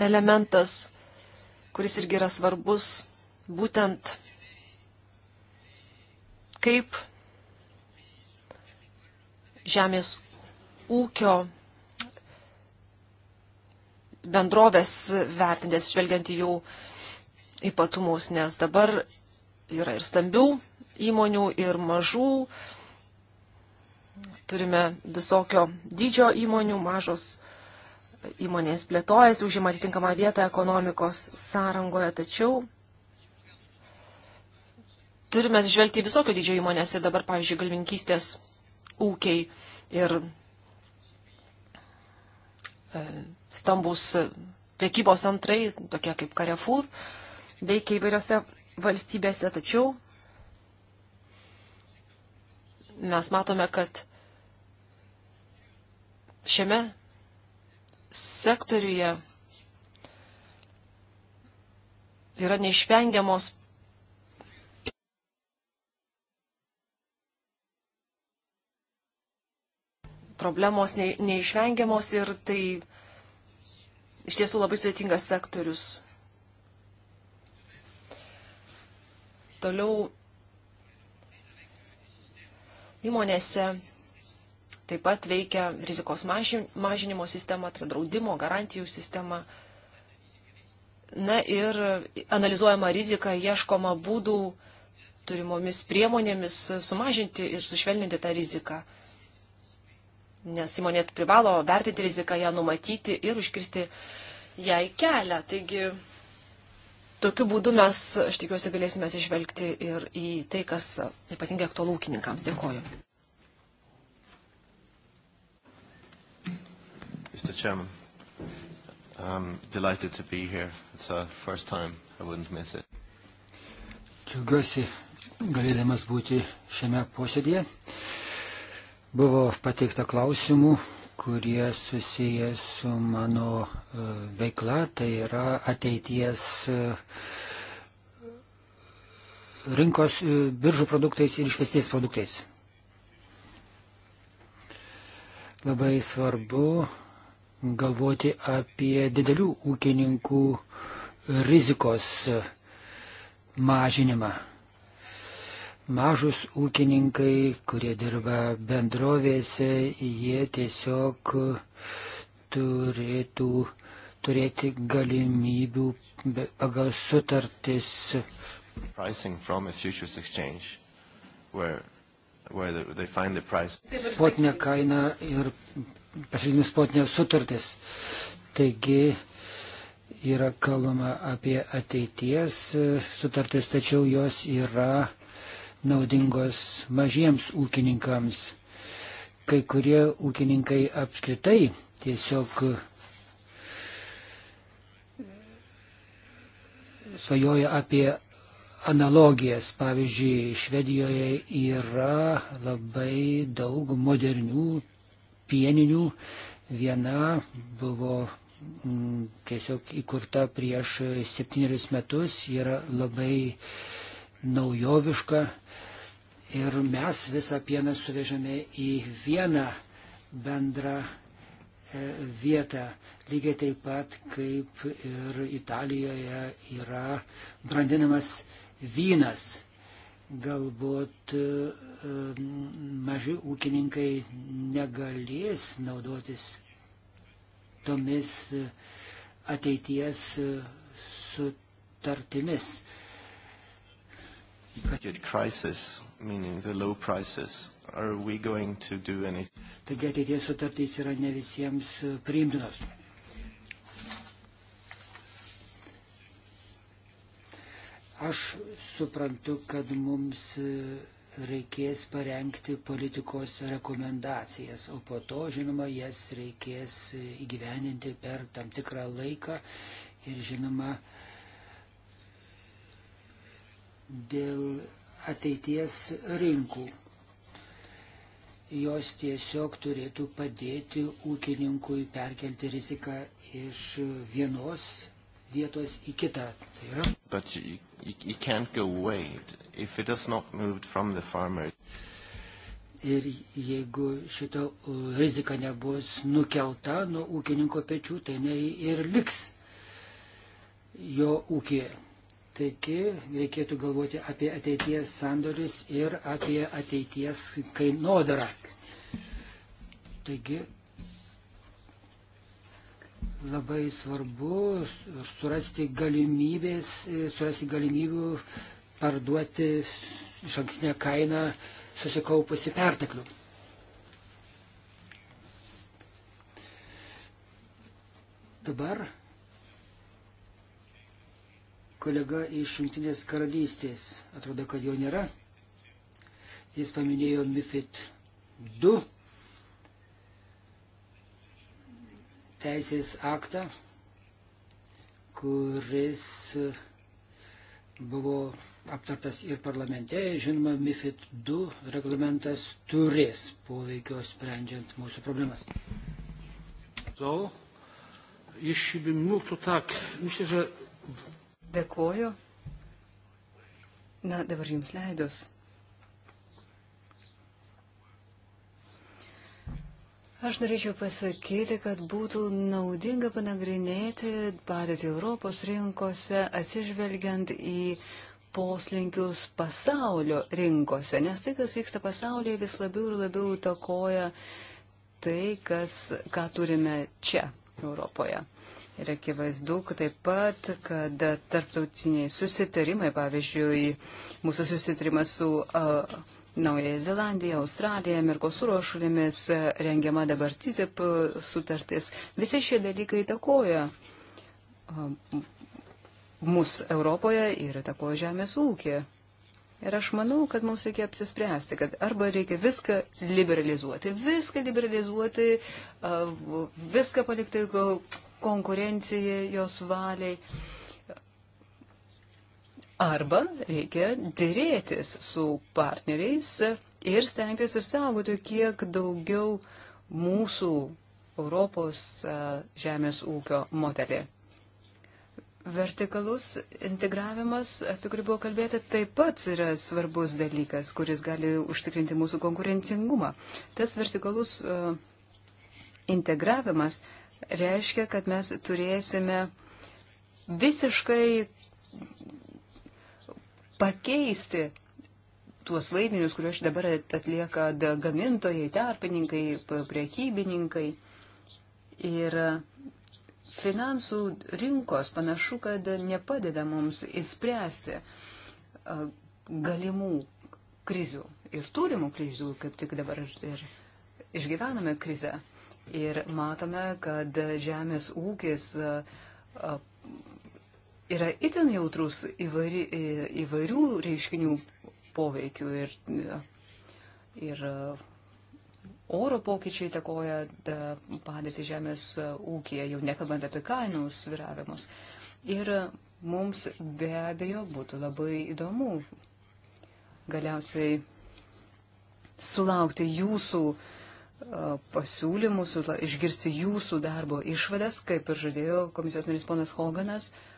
elementas kuris irgi yra svarbus, būtent kaip žemės ūkio bendrovės vertinės, žvelgiant į jų ypatumus, nes dabar yra ir stambių įmonių, ir mažų, turime visokio dydžio įmonių, mažos įmonės plėtojasi, užima atitinkamą vietą ekonomikos sąrangoje, tačiau turime žvelgti visokio didžio įmonės ir dabar, pavyzdžiui, galvinkystės ūkiai ir e, stambus priekybos antrai, tokie kaip Carrefour, veikia įvairiose valstybėse, tačiau mes matome, kad šiame sektoriuje yra neišvengiamos problemos ne, neišvengiamos ir tai iš tiesų labai sudėtingas sektorius. Toliau įmonėse Taip pat veikia rizikos mažinimo sistema, tai draudimo, garantijų sistema. Na ir analizuojama rizika, ieškoma būdų turimomis priemonėmis sumažinti ir sušvelninti tą riziką. Nes įmonė privalo vertinti riziką, ją numatyti ir užkirsti jai kelią. Taigi tokiu būdu mes, aš tikiuosi, galėsime atsižvelgti ir į tai, kas ypatingai aktualu ūkininkams. Dėkoju. Mr. Chairman. I'm delighted to be here. It's our first time. I wouldn't miss it. Džiaugiuosi galėdamas būti šiame posėdėje. Buvo pateikta klausimų, kurie susiję su mano e, veikla, tai yra ateities e, rinkos e, biržų produktais ir išvesties produktais. Labai svarbu galvoti apie didelių ūkininkų rizikos mažinimą. Mažus ūkininkai, kurie dirba bendrovėse, jie tiesiog turėtų turėti galimybių pagal sutartis. Spotinė kaina ir pašalinius potinės sutartis. Taigi yra kalbama apie ateities e, sutartis, tačiau jos yra naudingos mažiems ūkininkams. Kai kurie ūkininkai apskritai tiesiog e, svajoja apie analogijas. Pavyzdžiui, Švedijoje yra labai daug modernių pieninių. Viena buvo mm, tiesiog įkurta prieš septynerius metus, yra labai naujoviška ir mes visą pieną suvežame į vieną bendrą e, vietą. Lygiai taip pat kaip ir Italijoje yra brandinamas vynas galbūt e, maži ūkininkai negalės naudotis tomis e, ateities e, sutartimis. Crisis, Taigi ateities sutartys yra ne visiems priimtinos. Aš suprantu, kad mums reikės parengti politikos rekomendacijas, o po to, žinoma, jas reikės įgyveninti per tam tikrą laiką ir, žinoma, dėl ateities rinkų. Jos tiesiog turėtų padėti ūkininkui perkelti riziką iš vienos vietos į kitą. Tai yra... But you, you, you can't go away if it is not moved from the farmer. Ir jeigu šita rizika nebus nukelta nuo ūkininko pečių, tai jinai ir liks jo ūkėje. Taigi reikėtų galvoti apie ateities sandorius ir apie ateities kainodarą. Taigi labai svarbu surasti galimybės, surasti galimybių parduoti iš ankstinę kainą susikaupusi perteklių. Dabar kolega iš Junktinės karalystės, atrodo, kad jo nėra. Jis paminėjo MIFID 2 teisės aktą, kuris buvo aptartas ir parlamente. Žinoma, MIFID 2 reglamentas turės poveikio sprendžiant mūsų problemas. So, jeśli bym mógł, to tak, myślę, że... Dėkuoju. Na, dabar jums leidus. Aš norėčiau pasakyti, kad būtų naudinga panagrinėti padėtį Europos rinkose, atsižvelgiant į poslinkius pasaulio rinkose, nes tai, kas vyksta pasaulyje, vis labiau ir labiau takoja tai, kas, ką turime čia Europoje. Ir akivaizdu, kad taip pat, kad tarptautiniai susitarimai, pavyzdžiui, mūsų susitarimas su uh, Naująją Zelandiją, Australiją, Merkosūro šalimis e, rengiama dabar TTIP e, sutartis. Visi šie dalykai įtakoja e, mus Europoje ir įtakoja žemės ūkį. Ir aš manau, kad mums reikia apsispręsti, kad arba reikia viską liberalizuoti, viską liberalizuoti, viską palikti konkurencijai, jos valiai. Arba reikia dėrėtis su partneriais ir stengtis išsaugoti kiek daugiau mūsų Europos žemės ūkio modelį. Vertikalus integravimas, apie kurį buvo kalbėta, taip pat yra svarbus dalykas, kuris gali užtikrinti mūsų konkurencingumą. Tas vertikalus integravimas reiškia, kad mes turėsime visiškai pakeisti tuos vaidinius, kuriuos dabar atlieka gamintojai, tarpininkai, priekybininkai. Ir finansų rinkos panašu, kad nepadeda mums įspręsti galimų krizių ir turimų krizių, kaip tik dabar ir išgyvename krizę. Ir matome, kad žemės ūkis yra itin jautrus įvairi, e, įvairių reiškinių poveikių ir, e, ir e, oro pokyčiai takoja padėti žemės ūkija, jau nekalbant apie kainų sviravimus. Ir mums be abejo būtų labai įdomu galiausiai sulaukti jūsų pasiūlymus, išgirsti jūsų darbo išvadas, kaip ir žadėjo komisijos narys ponas Hoganas. Uh,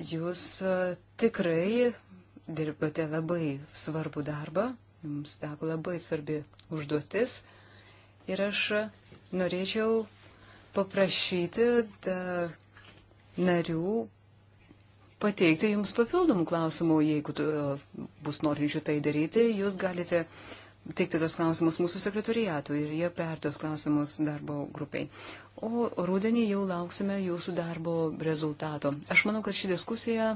Jūs e, tikrai dirbate labai svarbų darbą, jums teko labai svarbi užduotis ir aš norėčiau paprašyti e, narių pateikti jums papildomų klausimų, jeigu tu, e, bus norinčių tai daryti, jūs galite teikti tos klausimus mūsų sekretoriatui ir jie perduos klausimus darbo grupiai o rūdienį jau lauksime jūsų darbo rezultato. Aš manau, kad ši diskusija,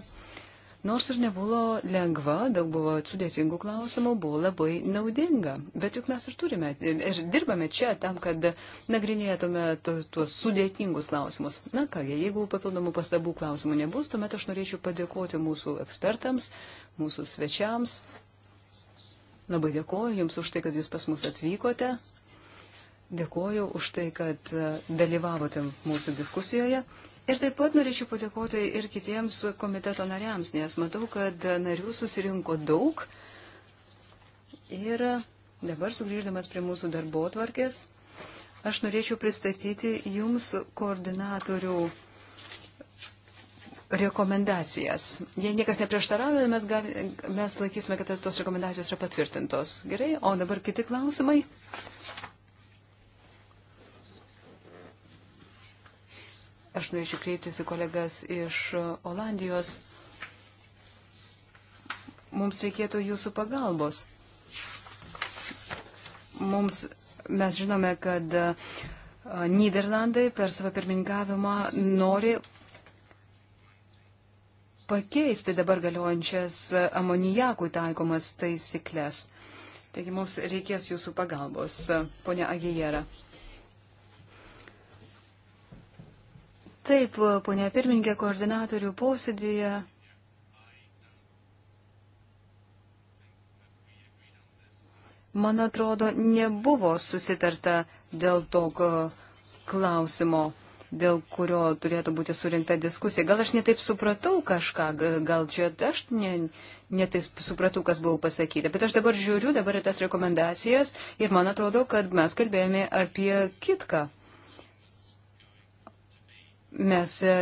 nors ir nebuvo lengva, daug buvo sudėtingų klausimų, buvo labai naudinga. Bet juk mes ir turime ir dirbame čia tam, kad nagrinėtume tuos sudėtingus klausimus. Na ką, jeigu papildomų pastabų klausimų nebus, tuomet aš norėčiau padėkoti mūsų ekspertams, mūsų svečiams. Labai dėkoju Jums už tai, kad Jūs pas mus atvykote. Dėkuoju už tai, kad e, dalyvavote mūsų diskusijoje. Ir taip pat norėčiau padėkoti ir kitiems komiteto nariams, nes matau, kad narių susirinko daug. Ir dabar sugrįždamas prie mūsų darbo tvarkės, aš norėčiau pristatyti jums koordinatorių rekomendacijas. Jei niekas neprieštarauja, mes, gal, mes laikysime, kad tos rekomendacijos yra patvirtintos. Gerai, o dabar kiti klausimai. Aš norėčiau kreiptis į kolegas iš Olandijos. Mums reikėtų jūsų pagalbos. Mums, mes žinome, kad Niderlandai per savo pirmininkavimą nori pakeisti dabar galiojančias amonijakui taikomas taisyklės. Taigi mums reikės jūsų pagalbos, ponia Agijera. Taip, ponia pirmininkė, koordinatorių posėdėje. Man atrodo, nebuvo susitarta dėl to klausimo, dėl kurio turėtų būti surinkta diskusija. Gal aš netaip supratau kažką, gal čia aš ne, netaip supratau, kas buvo pasakyta. Bet aš dabar žiūriu dabar į tas rekomendacijas ir man atrodo, kad mes kalbėjome apie kitką mes e,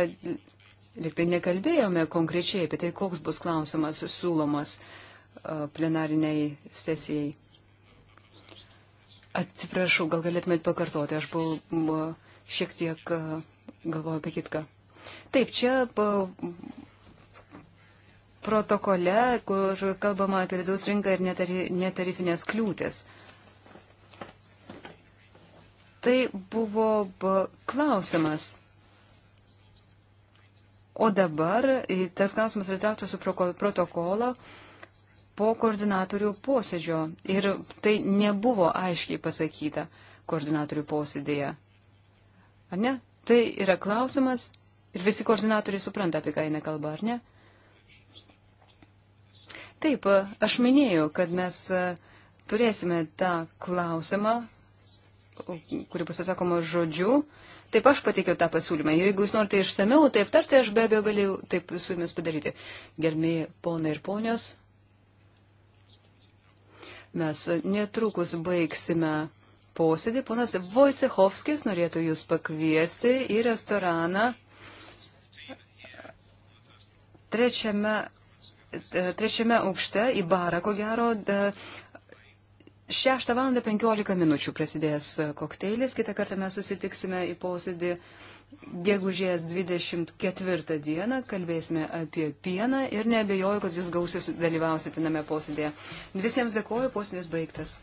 liktai nekalbėjome konkrečiai apie tai, koks bus klausimas siūlomas e, plenariniai sesijai. Atsiprašau, gal galėtumėt pakartoti, aš buvau, buvau šiek tiek e, galvoju apie kitką. Taip, čia protokole, kur kalbama apie vidaus rinką ir netarifinės kliūtis. Tai buvo klausimas, O dabar tas klausimas yra traktas su protokolo po koordinatorių posėdžio. Ir tai nebuvo aiškiai pasakyta koordinatorių posėdėje. Ar ne? Tai yra klausimas ir visi koordinatoriai supranta, apie ką eina kalba, ar ne? Taip, aš minėjau, kad mes e, turėsime tą klausimą, kurį pasisakoma žodžiu, Taip aš pateikiau tą pasiūlymą. Ir jeigu jūs norite išsameu tai aptarti, aš be abejo galiu taip su jumis padaryti. Gerbėjai ponai ir ponios, mes netrukus baigsime posėdį. Ponas Vojcehovskis norėtų jūs pakviesti į restoraną trečiame trečiame aukšte į barą, ko gero, da, 6 val. 15 minučių prasidės kokteilis, kitą kartą mes susitiksime į posėdį gegužės 24 dieną, kalbėsime apie pieną ir nebejoju, kad jūs gausiai dalyvausite tame posėdėje. Visiems dėkoju, posėdis baigtas.